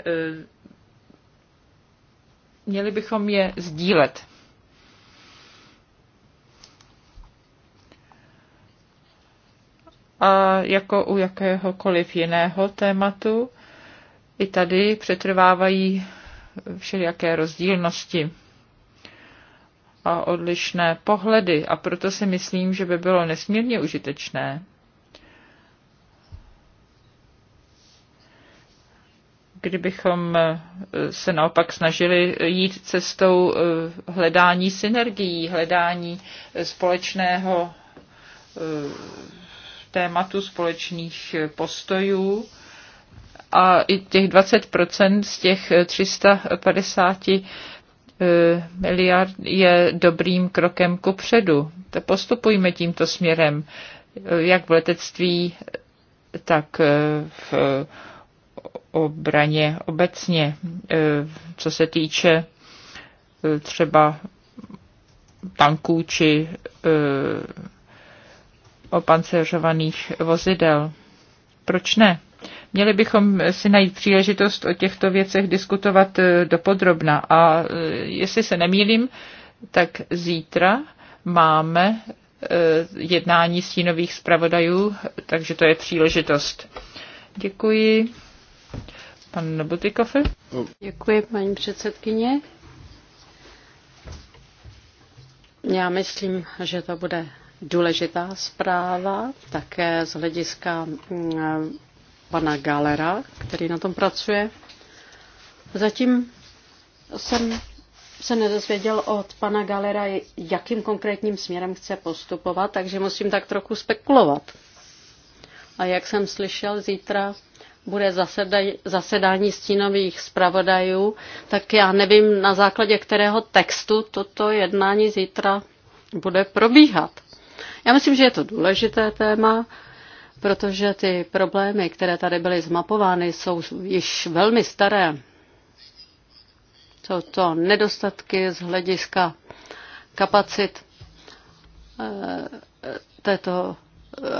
Měli bychom je sdílet. A jako u jakéhokoliv jiného tématu, i tady přetrvávají všelijaké rozdílnosti a odlišné pohledy a proto si myslím, že by bylo nesmírně užitečné, kdybychom se naopak snažili jít cestou eh, hledání synergií, hledání eh, společného eh, tématu, společných postojů a i těch 20% z těch 350 eh, miliard je dobrým krokem ku předu. To postupujme tímto směrem, jak v letectví, tak eh, v obraně obecně, eh, co se týče třeba tanků či opancerovaných vozidel. Proč ne? Měli bychom si najít příležitost o těchto věcech diskutovat eh, dopodrobna. A eh, jestli se nemýlím, tak zítra máme eh, jednání stínových zpravodajů, takže to je příležitost. Děkuji. Pan Butikofer. Děkuji, paní předsedkyně. Já myslím, že to bude důležitá zpráva také z hlediska mm, pana Galera, který na tom pracuje. Zatím jsem se nedozvěděl od pana Galera, jakým konkrétním směrem chce postupovat, takže musím tak trochu spekulovat. A jak jsem slyšel, zítra bude zasedání stínových zpravodajů, tak já nevím, na základě kterého textu toto jednání zítra bude probíhat. Já myslím, že je to důležité téma protože ty problémy, které tady byly zmapovány, jsou již velmi staré. Jsou to nedostatky z hlediska kapacit eh, této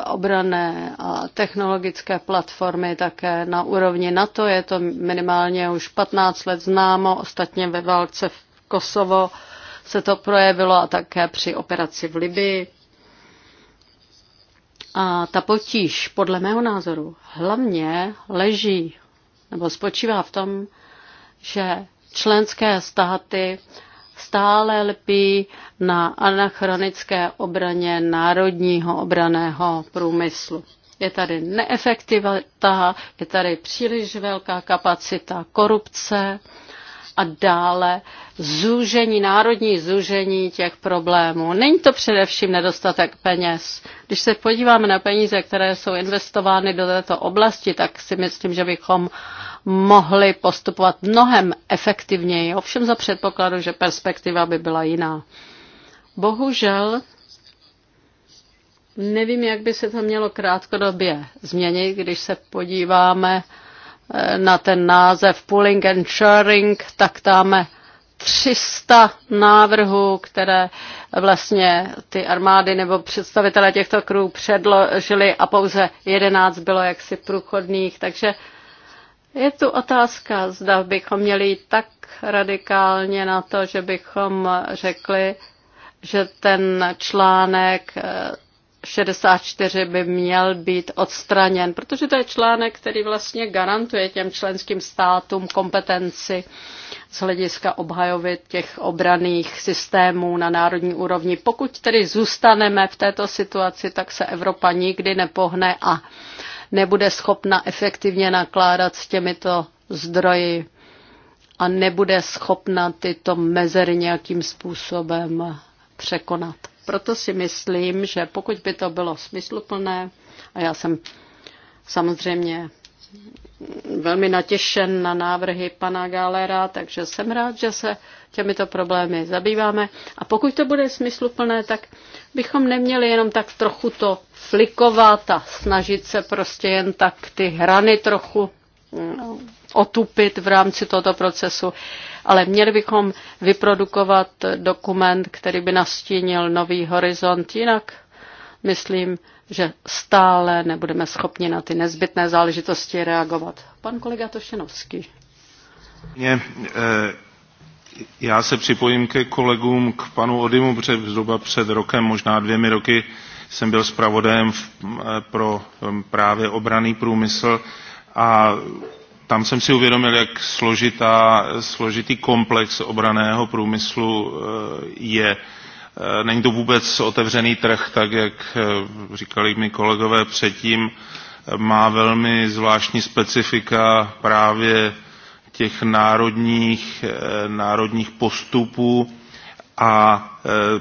obrané a technologické platformy také na úrovni NATO. Je to minimálně už 15 let známo, ostatně ve válce v Kosovo se to projevilo a také při operaci v Libii. A ta potíž, podle mého názoru, hlavně leží nebo spočívá v tom, že členské státy stále lpí na anachronické obraně národního obraného průmyslu. Je tady neefektivita, je tady příliš velká kapacita korupce, a dále zúžení, národní zúžení těch problémů. Není to především nedostatek peněz. Když se podíváme na peníze, které jsou investovány do této oblasti, tak si myslím, že bychom mohli postupovat mnohem efektivněji, ovšem za předpokladu, že perspektiva by byla jiná. Bohužel nevím, jak by se to mělo krátkodobě změnit, když se podíváme Eh, na ten název Pulling and Sharing, tak tam 300 návrhů, které vlastně ty armády nebo představitelé těchto krů předložili a pouze 11 bylo jaksi průchodných. Takže je tu otázka, zda bychom měli tak radikálně na to, že bychom řekli, že ten článek eh, 64 by měl být odstraněn, protože to je článek, který vlastně garantuje těm členským státům kompetenci z hlediska obhajovy těch obraných systémů na národní úrovni. Pokud tedy zůstaneme v této situaci, tak se Evropa nikdy nepohne a nebude schopna efektivně nakládat s těmito zdroji a nebude schopna tyto mezery nějakým způsobem překonat. Proto si myslím, že pokud by to bylo smysluplné, a já jsem samozřejmě velmi natěšen na návrhy pana Galera, takže jsem rád, že se těmito problémy zabýváme. A pokud to bude smysluplné, tak bychom neměli jenom tak trochu to flikovat a snažit se prostě jen tak ty hrany trochu otupit v rámci tohoto procesu, ale měli bychom vyprodukovat dokument, který by nastínil nový horizont, jinak myslím, že stále nebudeme schopni na ty nezbytné záležitosti reagovat. Pan kolega Tošenovský. Mě, eh, já se připojím ke kolegům, k panu Odimu, protože zhruba před rokem, možná dvěmi roky, jsem byl zpravodajem eh, pro eh, právě obraný průmysl a tam jsem si uvědomil, jak složitá, složitý komplex obraného průmyslu e, je. E, není to vůbec otevřený trh, tak jak e, říkali mi kolegové předtím, má velmi zvláštní specifika právě těch národních, národních postupů a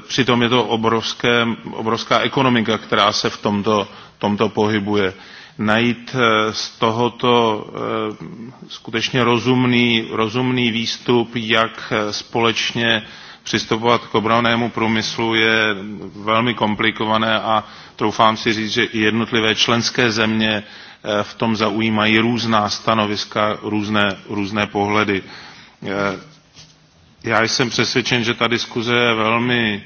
přitom je to obrovské, obrovská ekonomika, která se v tomto, tomto pohybuje najít eh, z tohoto eh, skutečně rozumný, rozumný výstup, jak eh, společně přistupovat k obranému průmyslu je velmi komplikované a troufám si říct, že i jednotlivé členské země v tom zaujímají různá stanoviska, různé, různé pohledy. Já jsem přesvědčen, že ta diskuze je velmi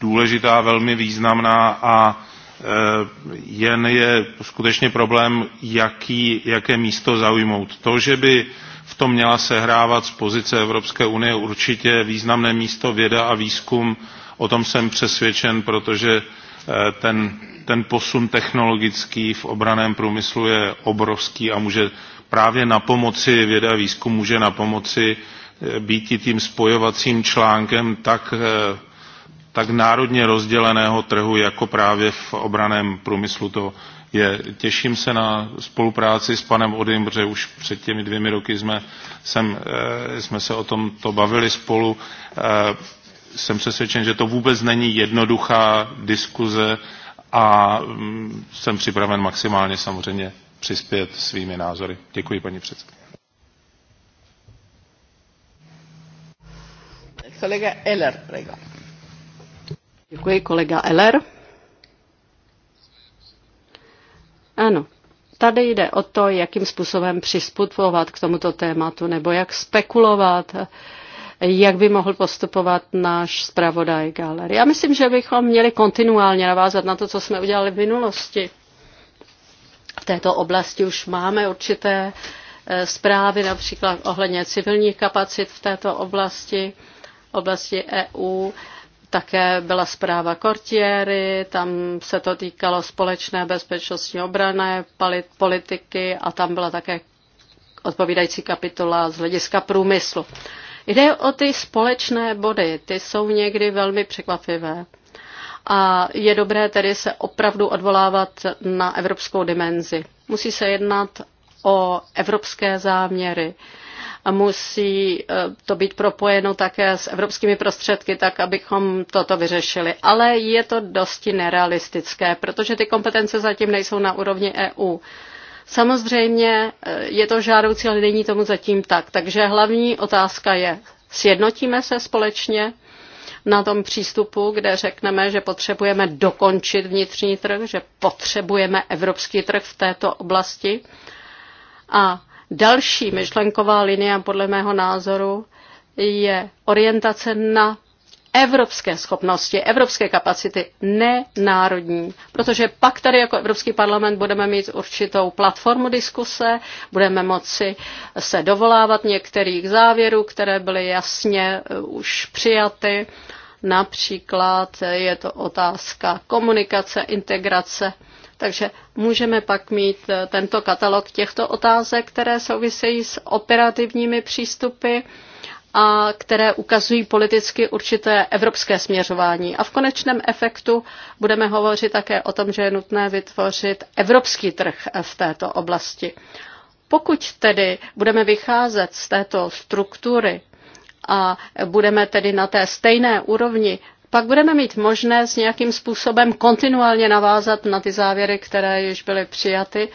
důležitá, velmi významná a Eh, jen je skutečně problém, jaký, jaké místo zaujmout. To, že by v tom měla sehrávat z pozice Evropské unie určitě významné místo věda a výzkum, o tom jsem přesvědčen, protože eh, ten, ten posun technologický v obraném průmyslu je obrovský a může právě na pomoci věda a výzkum může na pomoci eh, být i tím spojovacím článkem tak tak národně rozděleného trhu jako právě v obraném průmyslu to je. Těším se na spolupráci s panem Odym, protože už před těmi dvěmi roky jsme, sem, eh, jsme se o tom to bavili spolu. Eh, jsem přesvědčen, že to vůbec není jednoduchá diskuze a mm, jsem připraven maximálně samozřejmě přispět svými názory. Děkuji, paní předsedkyně. Kolega Eller, prego. Děkuji, kolega Eller. Ano, tady jde o to, jakým způsobem přisputovat k tomuto tématu, nebo jak spekulovat, jak by mohl postupovat náš zpravodaj Galer. Já myslím, že bychom měli kontinuálně navázat na to, co jsme udělali v minulosti. V této oblasti už máme určité e, zprávy, například ohledně civilních kapacit v této oblasti, oblasti EU. Také byla zpráva kortiéry, tam se to týkalo společné bezpečnostní obrané politiky a tam byla také odpovídající kapitola z hlediska průmyslu. Jde o ty společné body, ty jsou někdy velmi překvapivé. A je dobré tedy se opravdu odvolávat na evropskou dimenzi. Musí se jednat o evropské záměry musí eh, to být propojeno také s evropskými prostředky, tak abychom toto vyřešili. Ale je to dosti nerealistické, protože ty kompetence zatím nejsou na úrovni EU. Samozřejmě eh, je to žádoucí, ale není tomu zatím tak. Takže hlavní otázka je, sjednotíme se společně na tom přístupu, kde řekneme, že potřebujeme dokončit vnitřní trh, že potřebujeme evropský trh v této oblasti. A Další myšlenková linie, podle mého názoru, je orientace na evropské schopnosti, evropské kapacity, ne národní. Protože pak tady jako Evropský parlament budeme mít určitou platformu diskuse, budeme moci se dovolávat některých závěrů, které byly jasně eh, už přijaty. Například je to otázka komunikace, integrace takže můžeme pak mít eh, tento katalog těchto otázek, které souvisejí s operativními přístupy a které ukazují politicky určité evropské směřování. A v konečném efektu budeme hovořit také o tom, že je nutné vytvořit evropský trh v této oblasti. Pokud tedy budeme vycházet z této struktury a budeme tedy na té stejné úrovni, pak budeme mít možné s nějakým způsobem kontinuálně navázat na ty závěry, které již byly přijaty,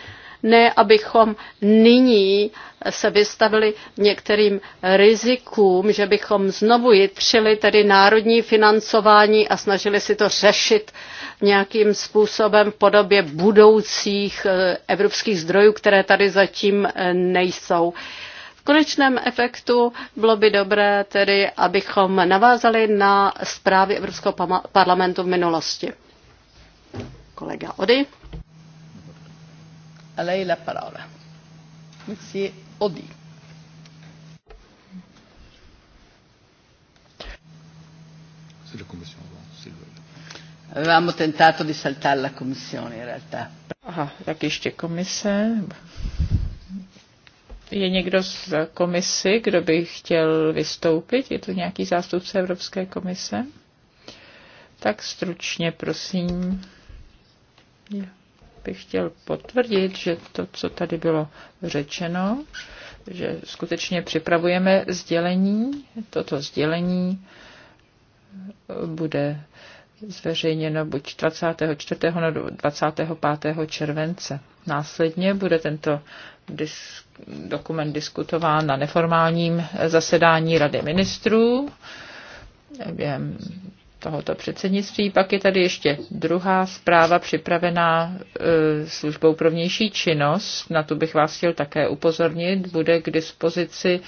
ne abychom nyní se vystavili některým rizikům, že bychom znovu jitřili tedy národní financování a snažili si to řešit nějakým způsobem v podobě budoucích eh, evropských zdrojů, které tady zatím eh, nejsou konečném efektu bylo by dobré tedy, abychom navázali na zprávy Evropského parlamentu v minulosti. Kolega Ody. A lei la parola. Monsieur Ody. Se la Commissione avance, se vuole. Avevamo tentato di saltare la Commissione in realtà. Aha, tak ještě komise. Je někdo z komisy, kdo by chtěl vystoupit? Je to nějaký zástupce Evropské komise? Tak stručně, prosím. Já bych chtěl potvrdit, že to, co tady bylo řečeno, že skutečně připravujeme sdělení. Toto sdělení bude zveřejněno buď 24. nebo 25. července. Následně bude tento dis- dokument diskutován na neformálním zasedání Rady ministrů během tohoto předsednictví. Pak je tady ještě druhá zpráva připravená e, službou pro vnější činnost. Na tu bych vás chtěl také upozornit. Bude k dispozici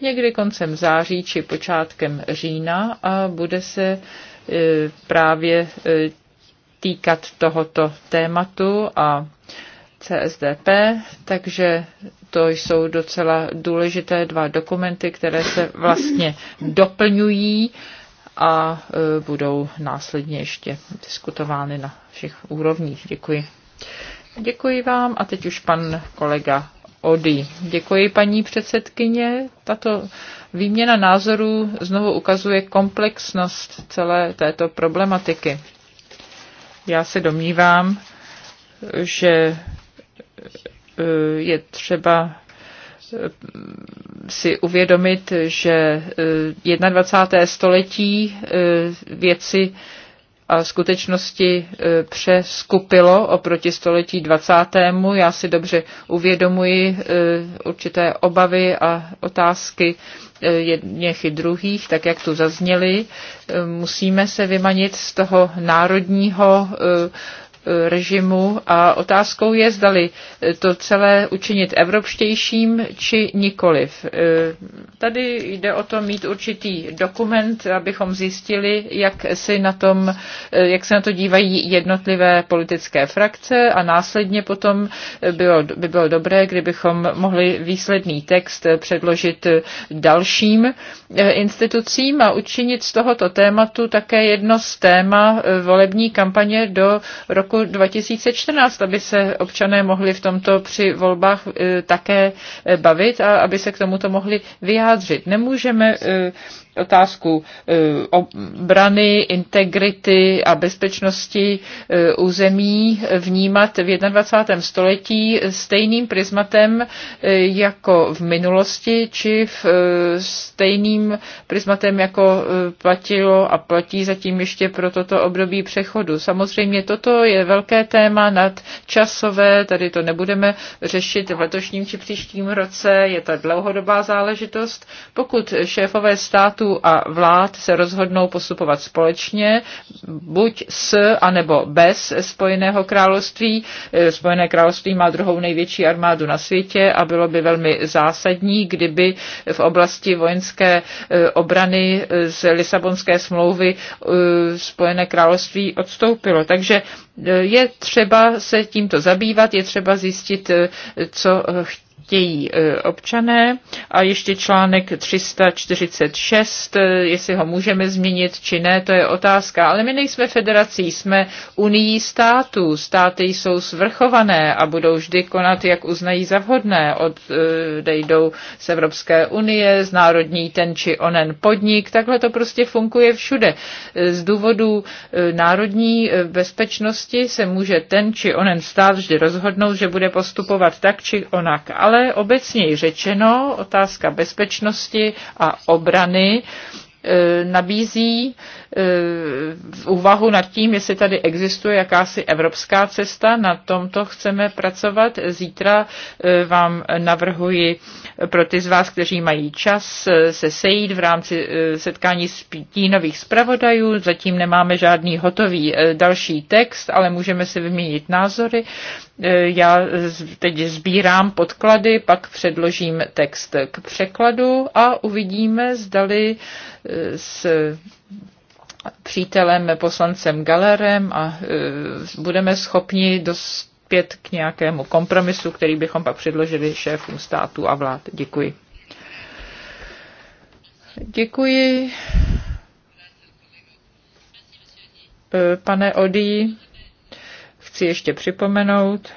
někdy koncem září či počátkem října a bude se e, právě e, týkat tohoto tématu a CSDP, takže to jsou docela důležité dva dokumenty, které se vlastně doplňují a e, budou následně ještě diskutovány na všech úrovních. Děkuji. Děkuji vám a teď už pan kolega Ody. Děkuji paní předsedkyně. Tato výměna názorů znovu ukazuje komplexnost celé této problematiky. Já se domnívám, že je třeba eh, si uvědomit, že 21. Eh, století eh, věci a skutečnosti přeskupilo oproti století 20. Já si dobře uvědomuji určité obavy a otázky jedněch i druhých, tak jak tu zazněly. Musíme se vymanit z toho národního režimu a otázkou je, zdali to celé učinit evropštějším či nikoliv. E, tady jde o to mít určitý dokument, abychom zjistili, jak, si na tom, e, jak se na to dívají jednotlivé politické frakce a následně potom bylo, by bylo dobré, kdybychom mohli výsledný text předložit dalším e, institucím a učinit z tohoto tématu také jedno z téma volební kampaně do roku roku 2014, aby se občané mohli v tomto při volbách eh, také eh, bavit a aby se k tomuto mohli vyjádřit. Nemůžeme eh, otázku eh, obrany, integrity a bezpečnosti eh, území vnímat v 21. století stejným prismatem eh, jako v minulosti, či v stejným prismatem jako platilo a platí zatím ještě pro toto období přechodu. Samozřejmě toto je velké téma nadčasové, tady to nebudeme řešit v letošním či příštím roce, je to dlouhodobá záležitost. Pokud šéfové státu států a vlád se rozhodnou postupovat společně, buď s anebo bez Spojeného království. Eh, Spojené království má druhou největší armádu na světě a bylo by velmi zásadní, kdyby v oblasti vojenské eh, obrany eh, z Lisabonské smlouvy Spojené království odstoupilo. Takže je třeba se tímto zabývat, je třeba zjistit, co chtějí chtějí e, občané. A ještě článek 346, e, jestli ho můžeme změnit či ne, to je otázka. Ale my nejsme federací, jsme unii států. Státy jsou svrchované a budou vždy konat, jak uznají za vhodné. E, odejdou z Evropské unie, z národní ten či onen podnik. Takhle to prostě funguje všude. Z důvodu národní bezpečnosti se může ten či onen stát vždy rozhodnout, že bude postupovat tak či onak. Ale ale obecněji řečeno otázka bezpečnosti a obrany Eh, nabízí eh, v úvahu nad tím, jestli tady existuje jakási evropská cesta. Na tomto chceme pracovat. Zítra eh, vám navrhuji pro ty z vás, kteří mají čas se sejít v rámci setkání s nových zpravodajů. Zatím nemáme žádný hotový další text, ale můžeme si vyměnit názory. Já teď sbírám podklady, pak předložím text k překladu a uvidíme, zdali s přítelem poslancem Galerem a e, budeme schopni dospět k nějakému kompromisu, který bychom pak předložili šéfům státu a vlád. Děkuji. Děkuji. E, pane Odí, chci ještě připomenout,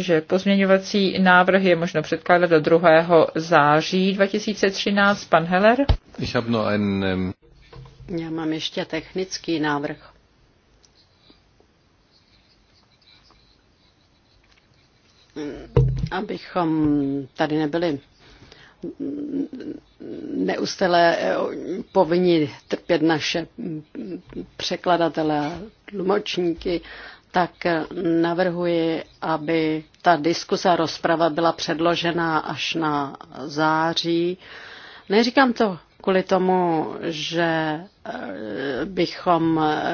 že pozměňovací návrh je možno předkládat do 2. září 2013. Pan Heller? Ich hab nur einen, ähm, Já mám ještě technický návrh. Mm, abychom tady nebyli neustále eh, povinni trpět naše mm, překladatele a tlumočníky, tak navrhuji, aby ta diskuse a rozprava byla předložena až na září. Neříkám to kvůli tomu, že eh, bychom eh,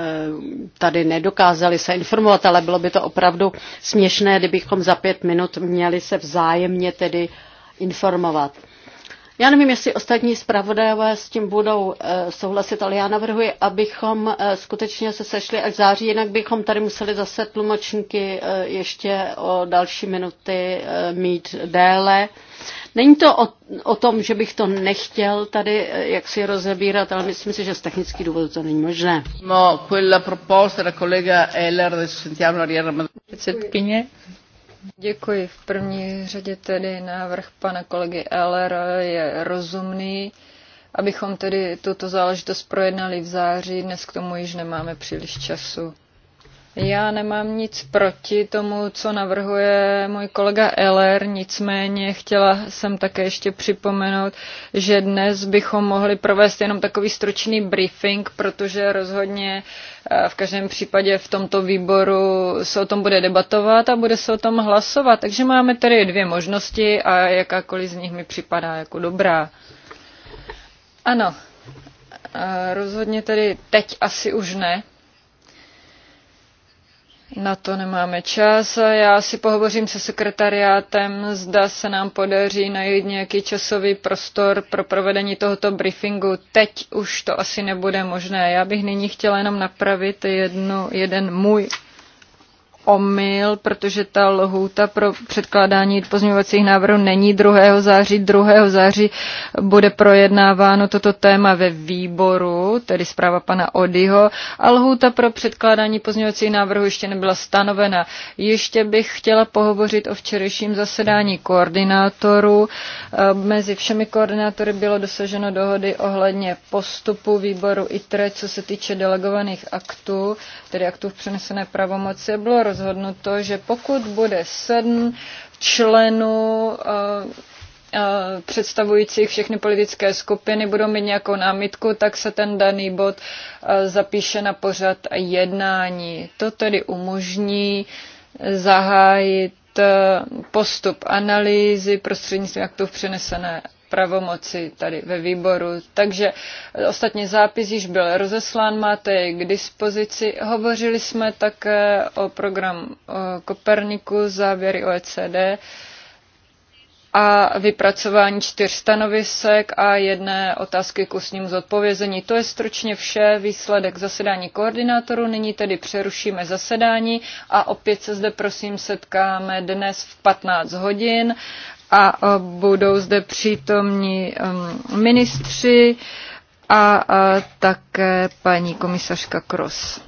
tady nedokázali se informovat, ale bylo by to opravdu směšné, kdybychom za pět minut měli se vzájemně tedy informovat. Já nevím, jestli ostatní zpravodajové s tím budou eh, souhlasit, ale já navrhuji, abychom eh, skutečně se sešli až září, jinak bychom tady museli zase tlumočníky eh, ještě o další minuty mít déle. Není to o, o tom, že bych to nechtěl tady jak si rozebírat, ale myslím si, že z technických důvodů to není možné. No, quella proposta la collega sentiamo la Děkuji. V první řadě tedy návrh pana kolegy Eller je rozumný. Abychom tedy tuto záležitost projednali v září, dnes k tomu již nemáme příliš času. Já nemám nic proti tomu, co navrhuje můj kolega Eller, nicméně chtěla jsem také ještě připomenout, že dnes bychom mohli provést jenom takový stručný briefing, protože rozhodně eh, v každém případě v tomto výboru se o tom bude debatovat a bude se o tom hlasovat. Takže máme tady dvě možnosti a jakákoliv z nich mi připadá jako dobrá. Ano, eh, rozhodně tedy teď asi už ne, na to nemáme čas. Já si pohovořím se sekretariátem, zda se nám podaří najít nějaký časový prostor pro provedení tohoto briefingu. Teď už to asi nebude možné. Já bych nyní chtěla jenom napravit jednu, jeden můj omyl, protože ta lhůta pro předkládání pozměňovacích návrhů není 2. září. 2. září bude projednáváno toto téma ve výboru, tedy zpráva pana Odyho, a lhůta pro předkládání pozměňovacích návrhů ještě nebyla stanovena. Ještě bych chtěla pohovořit o včerejším zasedání koordinátorů. Eh, mezi všemi koordinátory bylo dosaženo dohody ohledně postupu výboru ITRE, co se týče delegovaných aktů, tedy aktů v přenesené pravomoci. Bylo rozhodnuto, že pokud bude sedm členů eh, eh, představujících všechny politické skupiny budou mít nějakou námitku, tak se ten daný bod eh, zapíše na pořad jednání. To tedy umožní zahájit postup analýzy prostřednictvím aktů v přenesené pravomoci tady ve výboru. Takže ostatně zápis již byl rozeslán, máte jej k dispozici. Hovořili jsme také o program Koperniku, závěry OECD a vypracování čtyř stanovisek a jedné otázky k ústnímu zodpovězení. To je stručně vše, výsledek zasedání koordinátorů. Nyní tedy přerušíme zasedání a opět se zde prosím setkáme dnes v 15 hodin a budou zde přítomní um, ministři a také paní komisařka Kros.